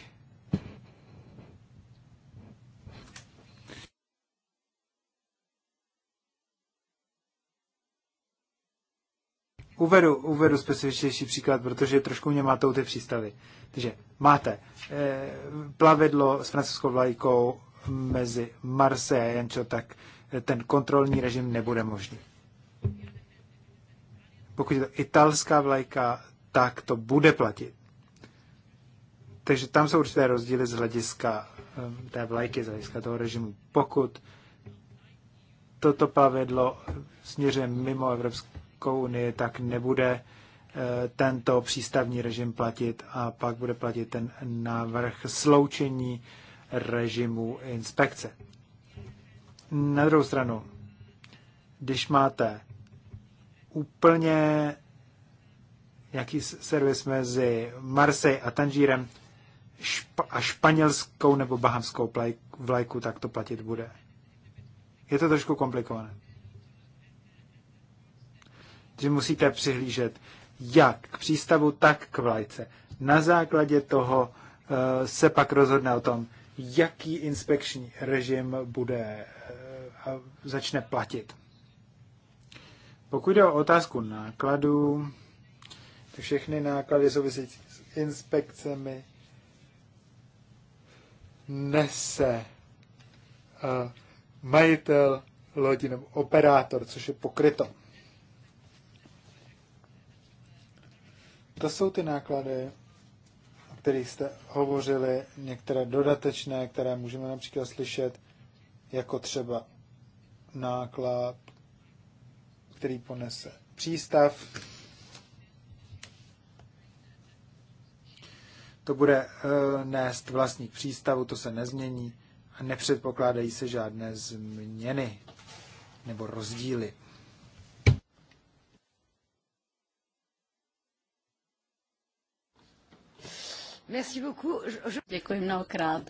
[SPEAKER 2] Uvedu, uvedu specifičnější příklad, protože trošku mě matou ty přístavy. Takže máte e, plavidlo s francouzskou vlajkou mezi Marseille, a co tak ten kontrolní režim nebude možný. Pokud je to italská vlajka, tak to bude platit. Takže tam jsou určité rozdíly z hlediska ehm, té vlajky, z hlediska toho režimu. Pokud toto pavidlo směřuje mimo Evropskou unii, tak nebude eh, tento přístavní režim platit a pak bude platit ten návrh sloučení režimu inspekce. Na druhou stranu, když máte úplně nějaký servis mezi Marseille a Tanžírem a španělskou nebo bahamskou vlajku, tak to platit bude. Je to trošku komplikované. Že musíte přihlížet jak k přístavu, tak k vlajce. Na základě toho eh, se pak rozhodne o tom, jaký inspekční režim bude eh, a začne platit. Pokud jde o otázku nákladů, všechny náklady související s inspekcemi nese eh, majitel lodi nebo operátor, což je pokryto. To jsou ty náklady, kterých jste hovořili, některé dodatečné, které můžeme například slyšet, jako třeba náklad, který ponese přístav. To bude eh, nést vlastník přístavu, to se nezmění a nepředpokládají se žádné změny nebo rozdíly.
[SPEAKER 1] Děkuji mnohokrát.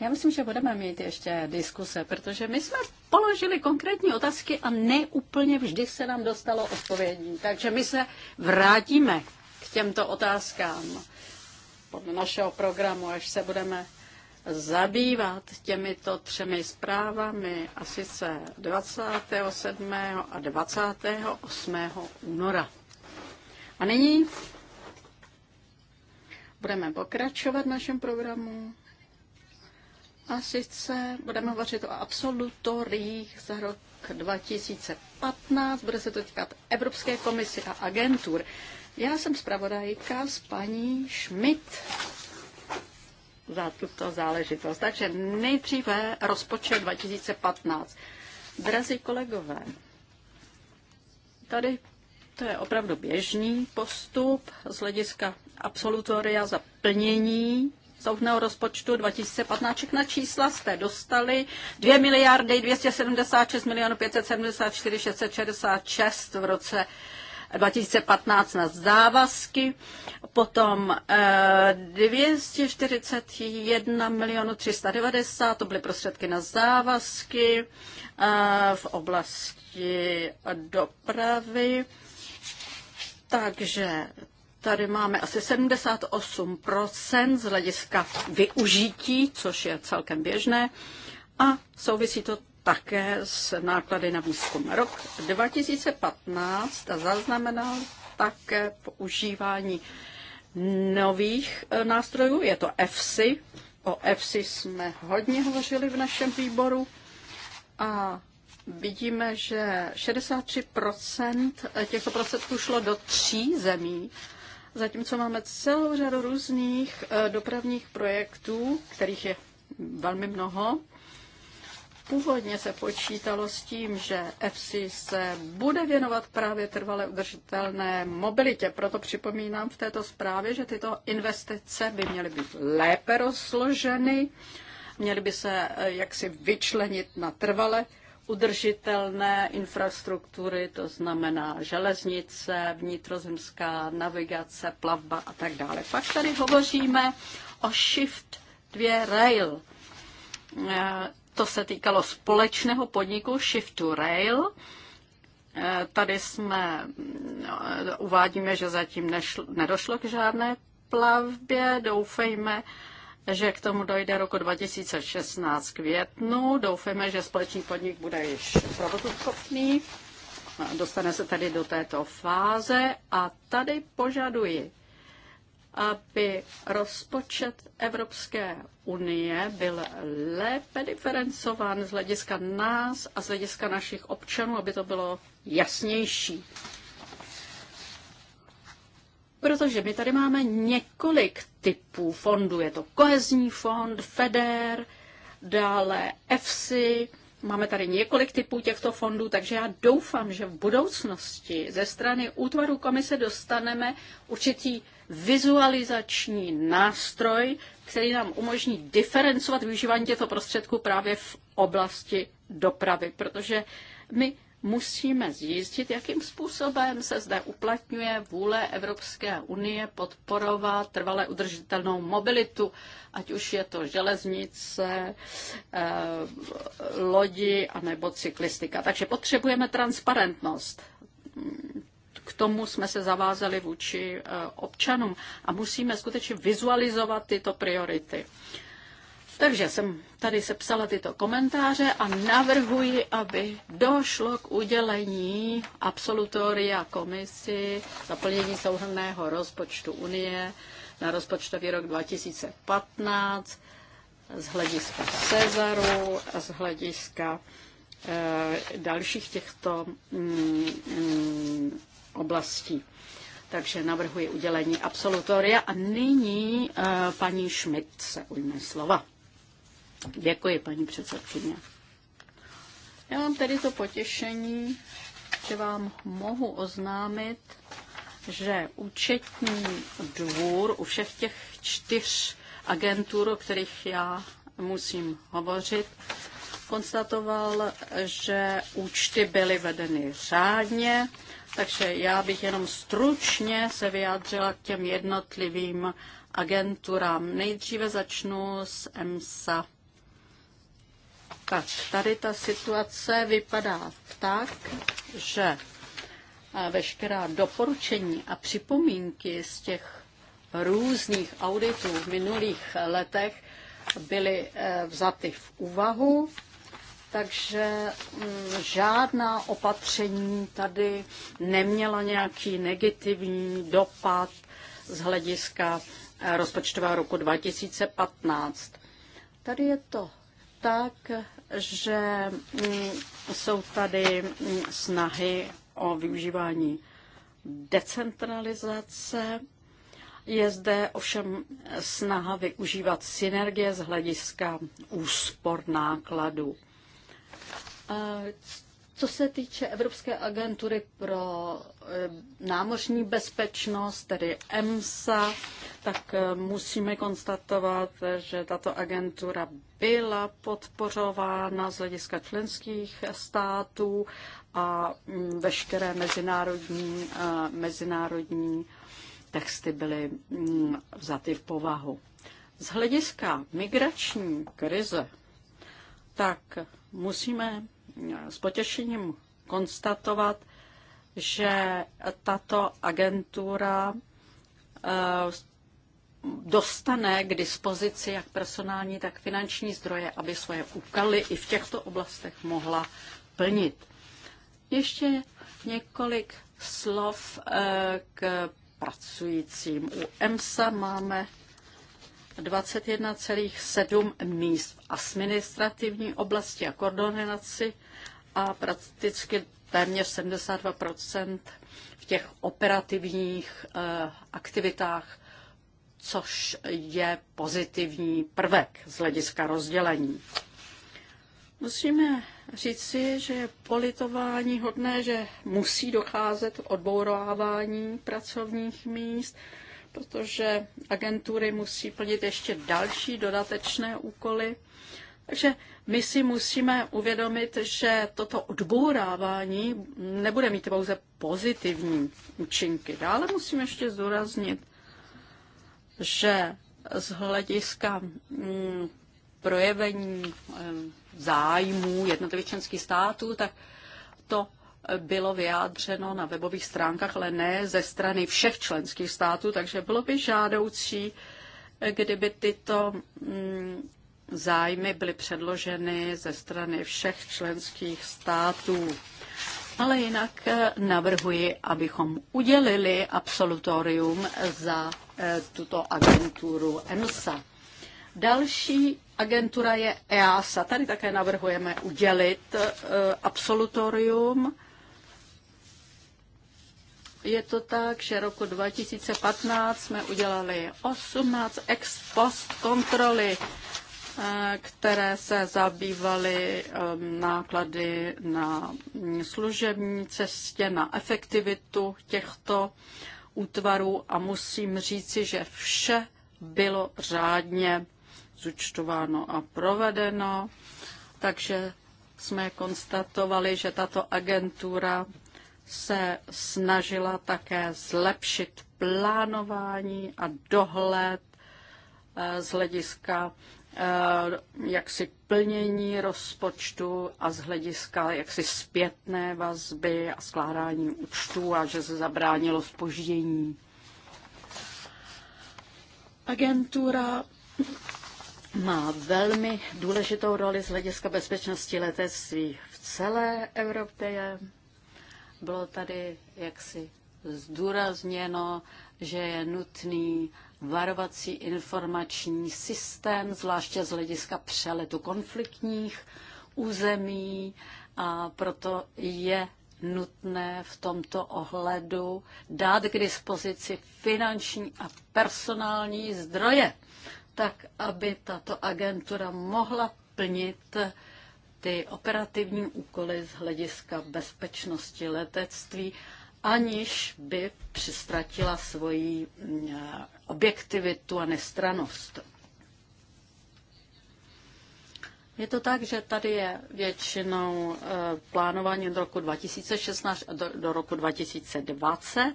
[SPEAKER 1] Já myslím, že budeme mít ještě diskuse, protože my jsme položili konkrétní otázky a neúplně vždy se nám dostalo odpovědí. Takže my se vrátíme k těmto otázkám podle našeho programu, až se budeme zabývat těmito třemi zprávami a sice 27. a 28. února. A nyní Budeme pokračovat v našem programu. A sice budeme hovořit o absolutorích za rok 2015. Bude se to týkat Evropské komisi a agentur. Já jsem zpravodajka s paní Schmidt za tuto záležitost. Takže nejdříve rozpočet 2015. Drazí kolegové, tady to je opravdu běžný postup z hlediska absolutoria za plnění soudného rozpočtu 2015. Všechna čísla jste dostali 2 miliardy 276 milionů 574 666 v roce 2015 na závazky, potom 241 eh, milionů 390, to byly prostředky na závazky eh, v oblasti dopravy. Takže Tady máme asi 78% z hlediska využití, což je celkem běžné. A souvisí to také s náklady na výzkum. Rok 2015 zaznamenal také používání nových e, nástrojů, je to EFSI. O EFSI jsme hodně hovořili v našem výboru a vidíme, že 63% těchto prostředků šlo do tří zemí Zatímco máme celou řadu různých eh, dopravních projektů, kterých je velmi mnoho, Původně se počítalo s tím, že FC se bude věnovat právě trvale udržitelné mobilitě. Proto připomínám v této zprávě, že tyto investice by měly být lépe rozloženy, měly by se eh, jaksi vyčlenit na trvale udržitelné infrastruktury, to znamená železnice, vnitrozemská navigace, plavba a tak dále. Pak tady hovoříme o Shift 2 Rail. Eh, to se týkalo společného podniku Shift 2 Rail. Eh, tady jsme, eh, uvádíme, že zatím nešlo, nedošlo k žádné plavbě. Doufejme, že k tomu dojde roku 2016 květnu. doufáme, že společný podnik bude již provozuschopný. Dostane se tady do této fáze a tady požaduji, aby rozpočet Evropské unie byl lépe diferencován z hlediska nás a z hlediska našich občanů, aby to bylo jasnější. Protože my tady máme několik typů fondů. Je to kohezní fond, FEDER, dále EFSI. Máme tady několik typů těchto fondů, takže já doufám, že v budoucnosti ze strany útvaru komise dostaneme určitý vizualizační nástroj, který nám umožní diferencovat využívání těchto prostředků právě v oblasti dopravy, protože my musíme zjistit, jakým způsobem se zde uplatňuje vůle Evropské unie podporovat trvale udržitelnou mobilitu, ať už je to železnice, eh, lodi anebo cyklistika. Takže potřebujeme transparentnost k tomu jsme se zavázali vůči eh, občanům a musíme skutečně vizualizovat tyto priority. Takže jsem tady sepsala tyto komentáře a navrhuji, aby došlo k udělení absolutoria komisi zaplnění plnění souhrnného rozpočtu Unie na rozpočtový rok 2015 z hlediska Cezaru a z hlediska e, dalších těchto mm, mm, oblastí. Takže navrhuji udělení absolutoria a nyní e, paní Schmidt se ujme slova. Děkuji, paní předsedkyně. Já mám tady to potěšení, že vám mohu oznámit, že účetní dvůr u všech těch čtyř agentur, o kterých já musím hovořit, konstatoval, že účty byly vedeny řádně, takže já bych jenom stručně se vyjádřila k těm jednotlivým agenturám. Nejdříve začnu s EMSA tak tady ta situace vypadá tak, že veškerá doporučení a připomínky z těch různých auditů v minulých letech byly eh, vzaty v úvahu, takže mm, žádná opatření tady neměla nějaký negativní dopad z hlediska eh, rozpočtového roku 2015. Tady je to tak, že mm, jsou tady mm, snahy o využívání decentralizace. Je zde ovšem snaha využívat synergie z hlediska úspor nákladů. Co se týče Evropské agentury pro eh, námořní bezpečnost, tedy EMSA, tak eh, musíme konstatovat, že tato agentura byla podporována z hlediska členských států a mm, veškeré mezinárodní, eh, mezinárodní texty byly mm, vzaty v povahu. Z hlediska migrační krize, tak musíme s potěšením konstatovat, že tato agentura eh, dostane k dispozici jak personální, tak finanční zdroje, aby svoje úkaly i v těchto oblastech mohla plnit. Ještě několik slov eh, k pracujícím. U EMSA máme 21,7 míst v administrativní oblasti a koordinaci a prakticky téměř 72 v těch operativních eh, aktivitách, což je pozitivní prvek z hlediska rozdělení. Musíme říci, že je politování hodné, že musí docházet k odbourávání pracovních míst, protože agentury musí plnit ještě další dodatečné úkoly. Takže my si musíme uvědomit, že toto odbourávání nebude mít pouze pozitivní účinky. Dále musím ještě zdůraznit, že z hlediska mm, projevení zájmů jednotlivých členských států, tak to bylo vyjádřeno na webových stránkách, ale ne ze strany všech členských států, takže bylo by žádoucí, kdyby tyto mm, zájmy byly předloženy ze strany všech členských států. Ale jinak eh, navrhuji, abychom udělili absolutorium za eh, tuto agenturu EMSA. Další agentura je EASA. Tady také navrhujeme udělit eh, absolutorium je to tak, že roku 2015 jsme udělali 18 ex post kontroly, eh, které se zabývaly eh, náklady na mm, služební cestě, na efektivitu těchto útvarů a musím říci, že vše bylo řádně zúčtováno a provedeno, takže jsme konstatovali, že tato agentura se snažila také zlepšit plánování a dohled eh, z hlediska eh, jaksi plnění rozpočtu a z hlediska jaksi zpětné vazby a skládání účtů a že se zabránilo spoždění. Agentura má velmi důležitou roli z hlediska bezpečnosti letectví v celé Evropě. Bylo tady jaksi zdůrazněno, že je nutný varovací informační systém, zvláště z hlediska přeletu konfliktních území a proto je nutné v tomto ohledu dát k dispozici finanční a personální zdroje, tak aby tato agentura mohla plnit ty operativní úkoly z hlediska bezpečnosti letectví, aniž by přistratila svoji mm, objektivitu a nestranost. Je to tak, že tady je většinou e, plánování do roku 2016 a do, do roku 2020.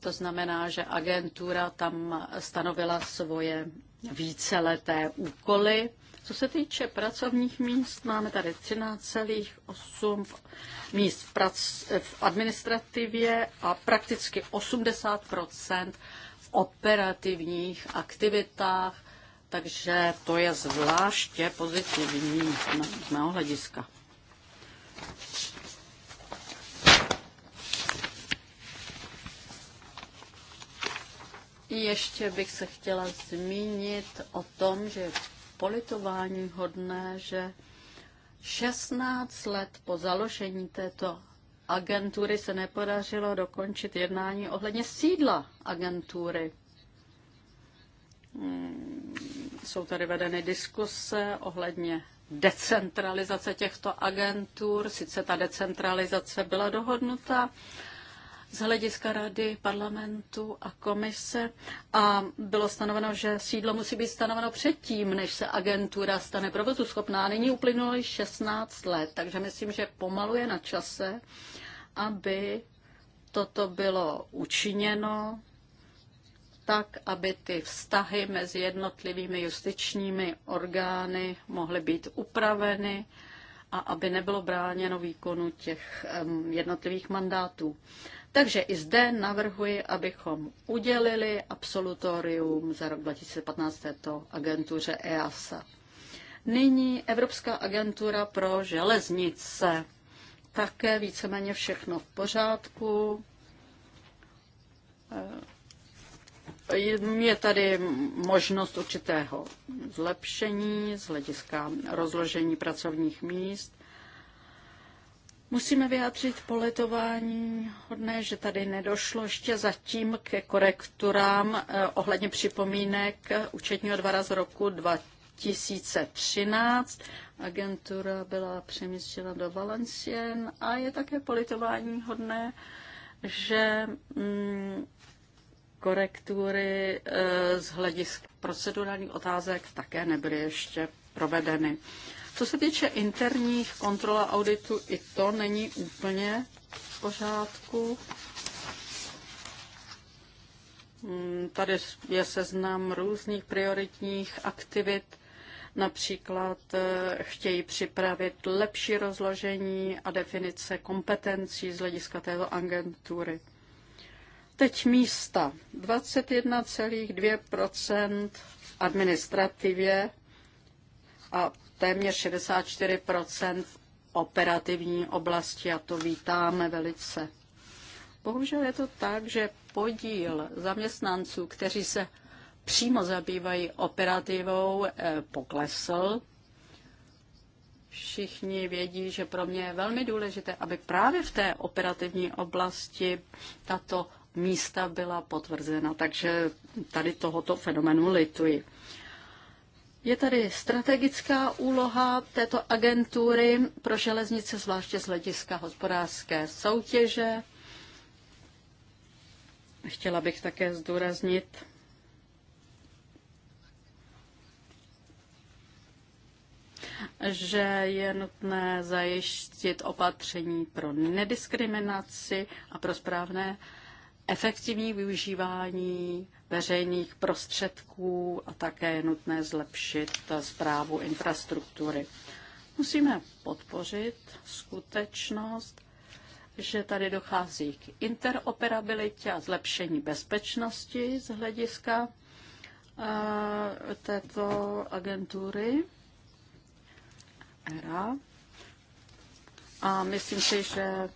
[SPEAKER 1] To znamená, že agentura tam stanovila svoje víceleté úkoly co se týče pracovních míst, máme tady 13,8 míst v, prac, v administrativě a prakticky 80 v operativních aktivitách, takže to je zvláště pozitivní z mého hlediska. Ještě bych se chtěla zmínit o tom, že v politování hodné, že 16 let po založení této agentury se nepodařilo dokončit jednání ohledně sídla agentury. Hmm, jsou tady vedeny diskuse ohledně decentralizace těchto agentur. Sice ta decentralizace byla dohodnuta, z hlediska rady, parlamentu a komise a bylo stanoveno, že sídlo musí být stanoveno předtím, než se agentura stane provozu schopná. Nyní uplynulo již 16 let, takže myslím, že pomalu je na čase, aby toto bylo učiněno tak, aby ty vztahy mezi jednotlivými justičními orgány mohly být upraveny a aby nebylo bráněno výkonu těch jednotlivých mandátů. Takže i zde navrhuji, abychom udělili absolutorium za rok 2015 této agentuře EASA. Nyní Evropská agentura pro železnice. Také víceméně všechno v pořádku. Eh, je tady možnost určitého zlepšení z hlediska rozložení pracovních míst. Musíme vyjádřit poletování hodné, že tady nedošlo ještě zatím ke korekturám eh, ohledně připomínek účetního dvora z roku 2013. Agentura byla přemístěna do Valencien a je také politování hodné, že mm, korektury eh, z hlediska procedurálních otázek také nebyly ještě provedeny. Co se týče interních kontrol a auditu, i to není úplně v pořádku. Hmm, tady je seznam různých prioritních aktivit. Například eh, chtějí připravit lepší rozložení a definice kompetencí z hlediska této agentury. Teď místa. 21,2 administrativě a téměř 64 operativní oblasti a to vítáme velice. Bohužel je to tak, že podíl zaměstnanců, kteří se přímo zabývají operativou, eh, poklesl. Všichni vědí, že pro mě je velmi důležité, aby právě v té operativní oblasti tato místa byla potvrzena. Takže tady tohoto fenomenu lituji. Je tady strategická úloha této agentury pro železnice, zvláště z hlediska hospodářské soutěže. Chtěla bych také zdůraznit, že je nutné zajistit opatření pro nediskriminaci a pro správné efektivní využívání veřejných prostředků a také je nutné zlepšit zprávu infrastruktury. Musíme podpořit skutečnost, že tady dochází k interoperabilitě a zlepšení bezpečnosti z hlediska eh, této agentury ERA. A myslím si, že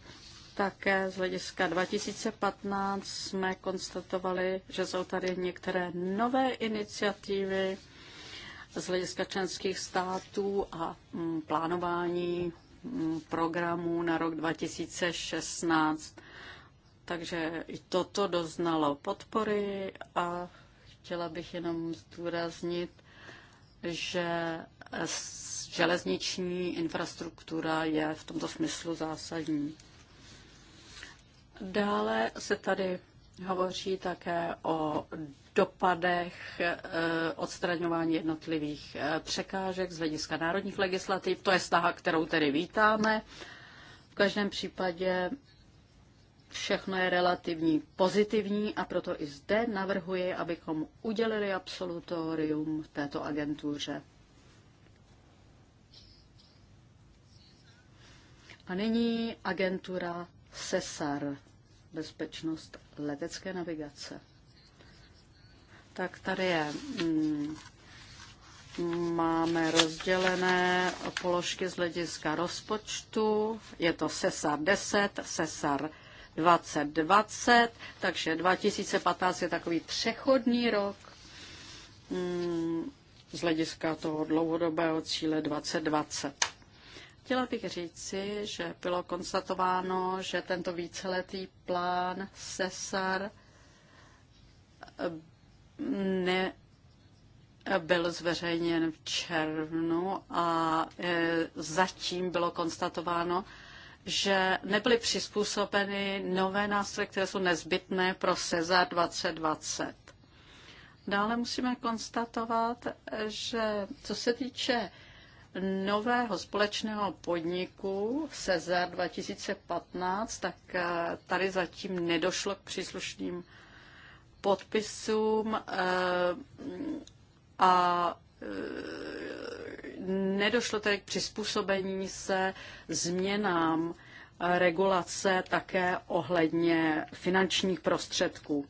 [SPEAKER 1] také z hlediska 2015 jsme konstatovali, že jsou tady některé nové iniciativy z hlediska členských států a mm, plánování mm, programů na rok 2016. Takže i toto doznalo podpory a chtěla bych jenom zdůraznit, že železniční infrastruktura je v tomto smyslu zásadní. Dále se tady hovoří také o dopadech eh, odstraňování jednotlivých eh, překážek z hlediska národních legislativ. To je snaha, kterou tedy vítáme. V každém případě všechno je relativní pozitivní a proto i zde navrhuji, abychom udělili absolutorium této agentuře. A nyní agentura Cesar bezpečnost letecké navigace. Tak tady je. Mm, máme rozdělené položky z hlediska rozpočtu. Je to SESAR 10, SESAR 2020, takže 2015 je takový přechodní rok mm, z hlediska toho dlouhodobého cíle 2020. Chtěla bych říci, že bylo konstatováno, že tento víceletý plán SESAR eh, ne, byl zveřejněn v červnu a eh, zatím bylo konstatováno, že nebyly přizpůsobeny nové nástroje, které jsou nezbytné pro SEZAR 2020. Dále musíme konstatovat, eh, že co se týče nového společného podniku se za 2015, tak eh, tady zatím nedošlo k příslušným podpisům eh, a eh, nedošlo tedy k přizpůsobení se změnám regulace také ohledně finančních prostředků.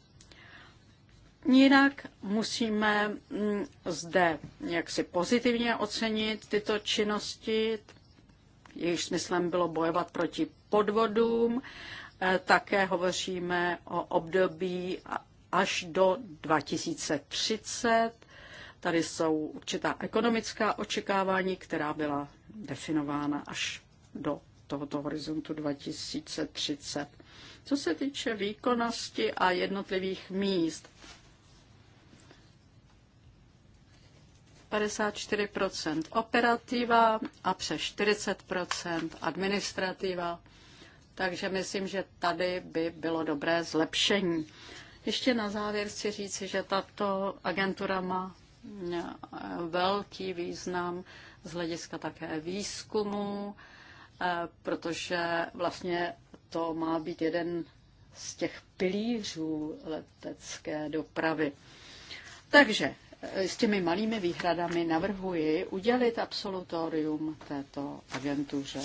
[SPEAKER 1] Jinak musíme mm, zde jaksi pozitivně ocenit tyto činnosti, jejich smyslem bylo bojovat proti podvodům. Eh, také hovoříme o období až do 2030. Tady jsou určitá ekonomická očekávání, která byla definována až do tohoto horizontu 2030. Co se týče výkonnosti a jednotlivých míst, 54 operativa a přes 40 administrativa. Takže myslím, že tady by bylo dobré zlepšení. Ještě na závěr chci říci, že tato agentura má e, velký význam z hlediska také výzkumu, e, protože vlastně to má být jeden z těch pilířů letecké dopravy. Takže Eh, s těmi malými výhradami navrhuji udělit absolutorium této agentuře.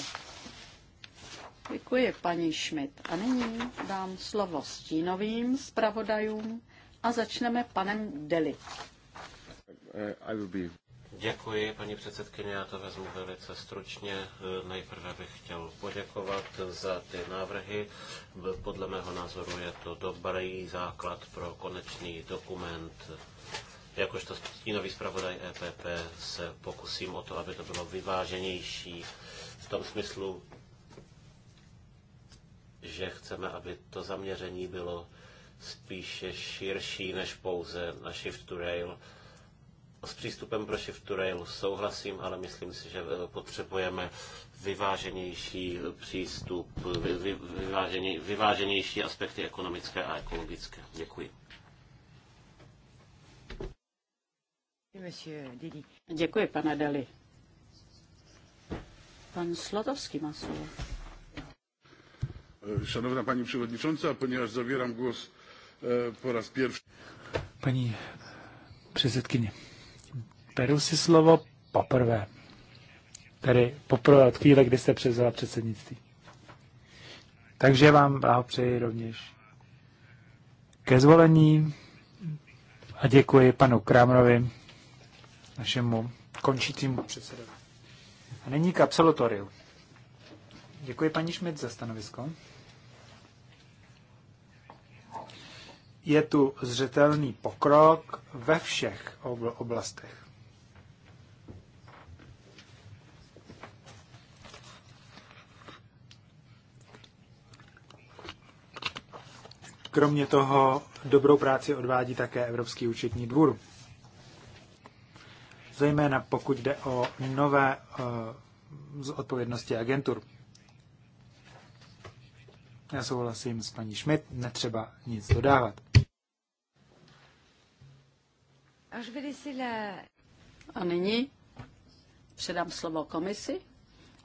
[SPEAKER 1] Děkuji, paní Schmidt. A nyní dám slovo stínovým zpravodajům a začneme panem Deli. Eh,
[SPEAKER 3] Děkuji, paní předsedkyně, já to vezmu velice stručně. Eh, nejprve bych chtěl poděkovat za ty návrhy. Podle mého názoru je to dobrý základ pro konečný dokument Jakožto stínový zpravodaj EPP se pokusím o to, aby to bylo vyváženější v tom smyslu, že chceme, aby to zaměření bylo spíše širší než pouze na Shift to Rail. S přístupem pro Shift to Rail souhlasím, ale myslím si, že potřebujeme vyváženější přístup, vy, vy, vyváženější aspekty ekonomické a ekologické. Děkuji.
[SPEAKER 1] Děkuji, pane Deli. Pan Slotowski má slovo.
[SPEAKER 3] Szanowna Pani Przewodnicząca, ponieważ zabieram głos e, po
[SPEAKER 1] raz pierwszy.
[SPEAKER 2] Pani předsedkyně, beru si slovo poprvé. Tedy poprvé od chvíle, kdy jste převzala předsednictví. Takže vám blahopřeji rovněž ke zvolení a děkuji panu Kramrovi našemu končícímu předsedovi. A není k absolutoriu. Děkuji paní Šmit za stanovisko. Je tu zřetelný pokrok ve všech oblastech. Kromě toho dobrou práci odvádí také Evropský účetní dvůr zejména pokud jde o nové eh, z odpovědnosti agentur. Já souhlasím s paní Schmidt, netřeba nic dodávat.
[SPEAKER 1] A nyní předám slovo komisi,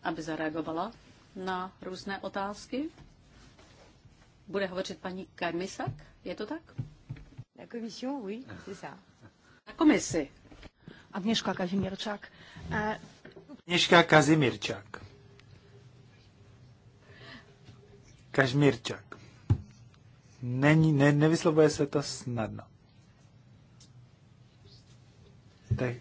[SPEAKER 1] aby zareagovala na různé otázky. Bude hovořit paní Karmisak, je to tak? La commission, oui, c'est ça. Na komisi, Agnieszka Kazimírčák. E,
[SPEAKER 2] Agnieszka Kazimírčák. Kazimierczak. Není, ne, nevyslovuje se to snadno. Tak.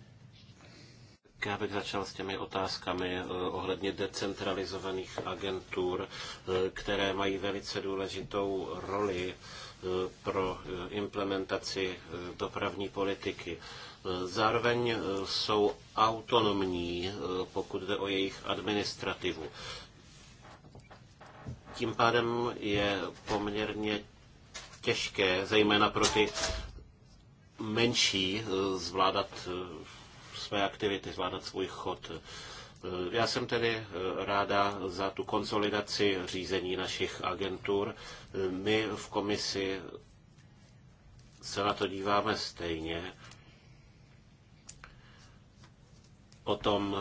[SPEAKER 3] Já bych začal s těmi otázkami eh, ohledně decentralizovaných agentur, eh, které mají velice důležitou roli Eh, pro eh, implementaci eh, dopravní politiky. Zároveň jsou autonomní, pokud jde o jejich administrativu. Tím pádem je poměrně těžké, zejména pro ty menší, zvládat své aktivity, zvládat svůj chod. Eh, já jsem tedy eh, ráda za tu konsolidaci řízení našich agentur. Eh, my v komisi se na to díváme stejně. O tom,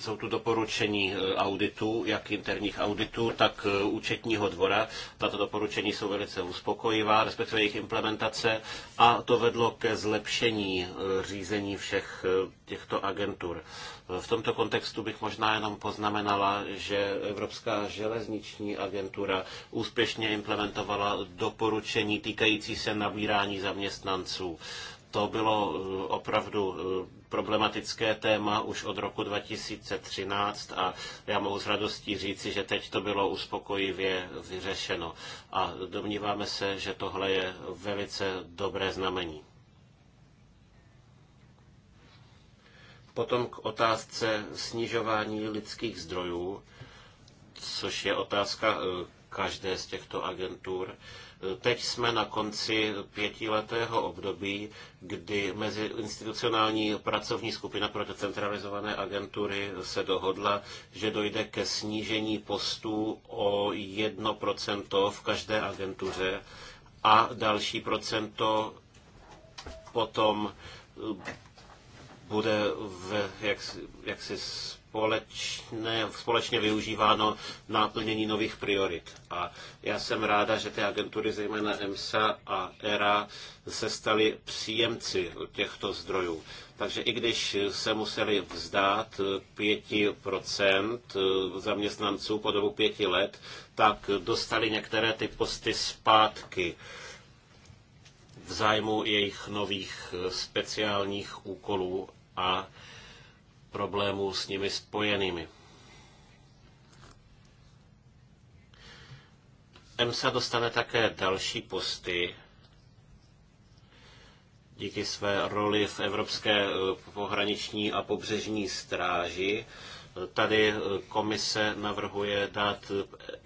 [SPEAKER 3] jsou tu doporučení e, auditů, jak interních auditů, tak e, účetního dvora. Tato doporučení jsou velice uspokojivá, respektive jejich implementace a to vedlo ke zlepšení e, řízení všech těchto agentur. V tomto kontextu bych možná jenom poznamenala, že Evropská železniční agentura úspěšně implementovala doporučení týkající se nabírání zaměstnanců to bylo opravdu problematické téma už od roku 2013 a já mohu s radostí říci, že teď to bylo uspokojivě vyřešeno. A domníváme se, že tohle je velice dobré znamení. Potom k otázce snižování lidských zdrojů, což je otázka eh, každé z těchto agentur. Teď jsme na konci pětiletého období, kdy mezi institucionální pracovní skupina pro decentralizované agentury se dohodla, že dojde ke snížení postů o 1% v každé agentuře a další procento potom eh, bude v, jak, jaksi společné, společně využíváno na plnění nových priorit. A já jsem ráda, že ty agentury, zejména EMSA a ERA, se staly příjemci těchto zdrojů. Takže i když se museli vzdát 5% zaměstnanců po dobu pěti let, tak dostali některé ty posty zpátky v zájmu jejich nových speciálních úkolů a problémů s nimi spojenými. EMSA dostane také další posty díky své roli v Evropské eh, pohraniční a pobřežní stráži. Tady eh, komise navrhuje dát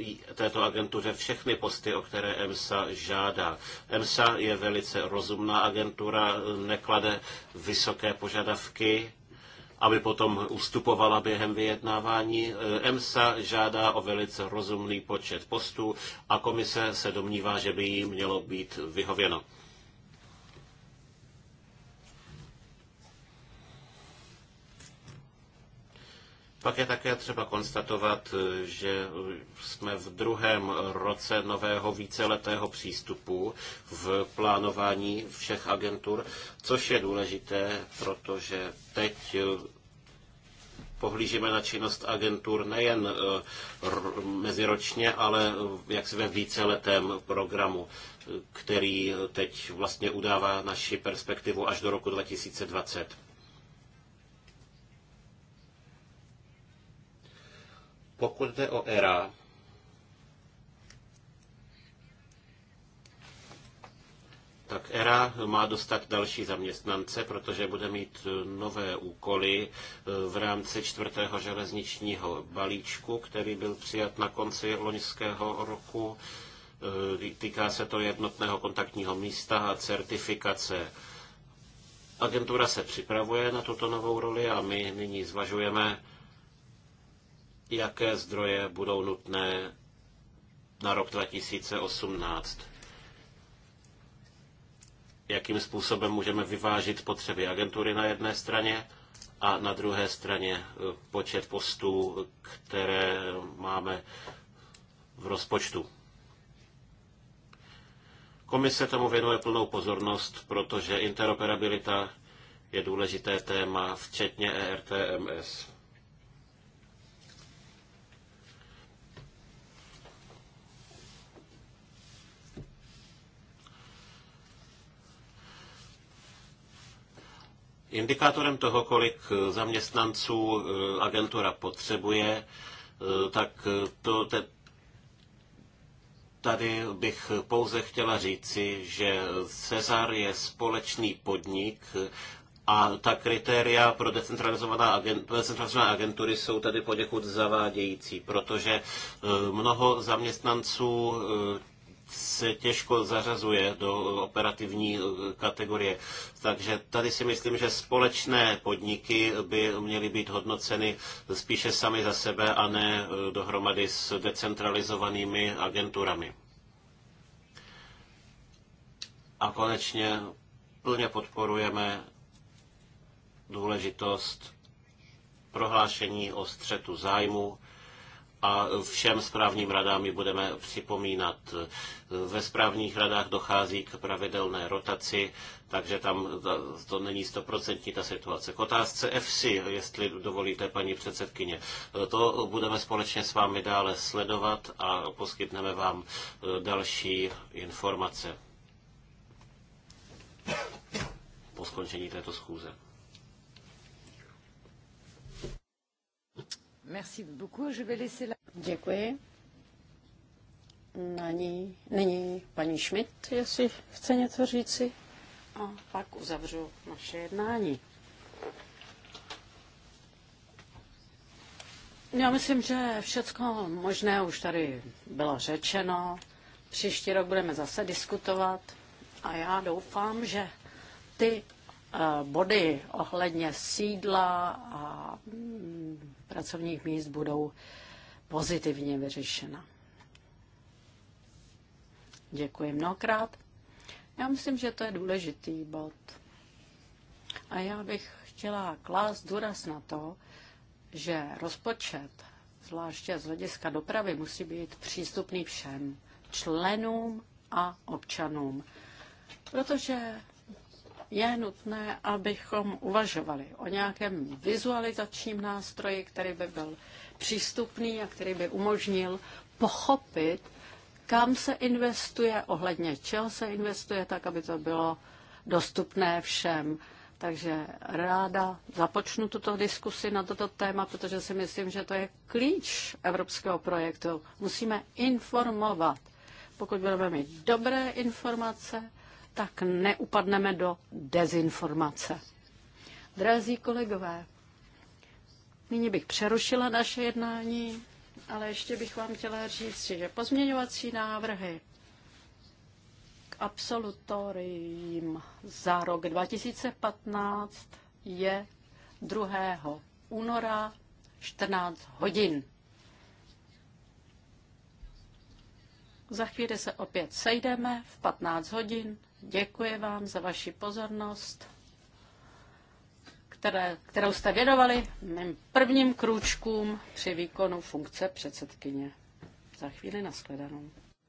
[SPEAKER 3] eh, této agentuře všechny posty, o které EMSA žádá. EMSA je velice rozumná agentura, neklade vysoké požadavky aby potom ustupovala během vyjednávání. EMSA žádá o velice rozumný počet postů a komise se domnívá, že by jí mělo být vyhověno. Pak je také třeba konstatovat, že jsme v druhém roce nového víceletého přístupu v plánování všech agentur, což je důležité, protože teď pohlížíme na činnost agentur nejen eh, meziročně, ale eh, jak se ve víceletém programu, eh, který teď vlastně udává naši perspektivu až do roku 2020. Pokud jde o ERA, Tak ERA má dostat další zaměstnance, protože bude mít nové úkoly eh, v rámci čtvrtého železničního balíčku, který byl přijat na konci loňského roku. Eh, týká se to jednotného kontaktního místa a certifikace. Agentura se připravuje na tuto novou roli a my nyní zvažujeme, jaké zdroje budou nutné na rok 2018. Jakým způsobem můžeme vyvážit potřeby agentury na jedné straně a na druhé straně eh, počet postů, které máme v rozpočtu. Komise tomu věnuje plnou pozornost, protože interoperabilita je důležité téma, včetně ERTMS. Indikátorem toho, kolik eh, zaměstnanců eh, agentura potřebuje, eh, tak to, te, tady bych pouze chtěla říci, že Cezar je společný podnik a ta kritéria pro decentralizovaná agent, agentury jsou tady poděkud zavádějící, protože mnoho zaměstnanců se těžko zařazuje do operativní eh, kategorie. Takže tady si myslím, že společné podniky by měly být hodnoceny spíše sami za sebe a ne eh, dohromady s decentralizovanými agenturami. A konečně plně podporujeme důležitost prohlášení o střetu zájmu a všem správním radám ji budeme připomínat. Ve správních radách dochází k pravidelné rotaci, takže tam to není stoprocentní ta situace. K otázce FC, jestli dovolíte, paní předsedkyně, to budeme společně s vámi dále sledovat a poskytneme vám eh, další informace po skončení této schůze.
[SPEAKER 1] Merci beaucoup. Je vais laisser la... Děkuji. Nyní, nyní paní Schmidt, jestli chce něco říci. A pak uzavřu naše jednání. Já myslím, že všechno možné už tady bylo řečeno. Příští rok budeme zase diskutovat a já doufám, že ty eh, body ohledně sídla a mm, pracovních míst budou pozitivně vyřešena. Děkuji mnohokrát. Já myslím, že to je důležitý bod. A já bych chtěla klást důraz na to, že rozpočet, zvláště z hlediska dopravy, musí být přístupný všem členům a občanům. Protože je nutné, abychom uvažovali o nějakém vizualizačním nástroji, který by byl přístupný a který by umožnil pochopit, kam se investuje, ohledně čeho se investuje, tak aby to bylo dostupné všem. Takže ráda započnu tuto diskusi na toto téma, protože si myslím, že to je klíč evropského projektu. Musíme informovat. Pokud budeme mít dobré informace, tak neupadneme do dezinformace. Drazí kolegové, nyní bych přerušila naše jednání, ale ještě bych vám chtěla říct, že pozměňovací návrhy k absolutorium za rok 2015 je 2. února 14 hodin. Za chvíli se opět sejdeme v 15 hodin Děkuji vám za vaši pozornost, které, kterou jste věnovali mým prvním krůčkům při výkonu funkce předsedkyně. Za chvíli nashledanou.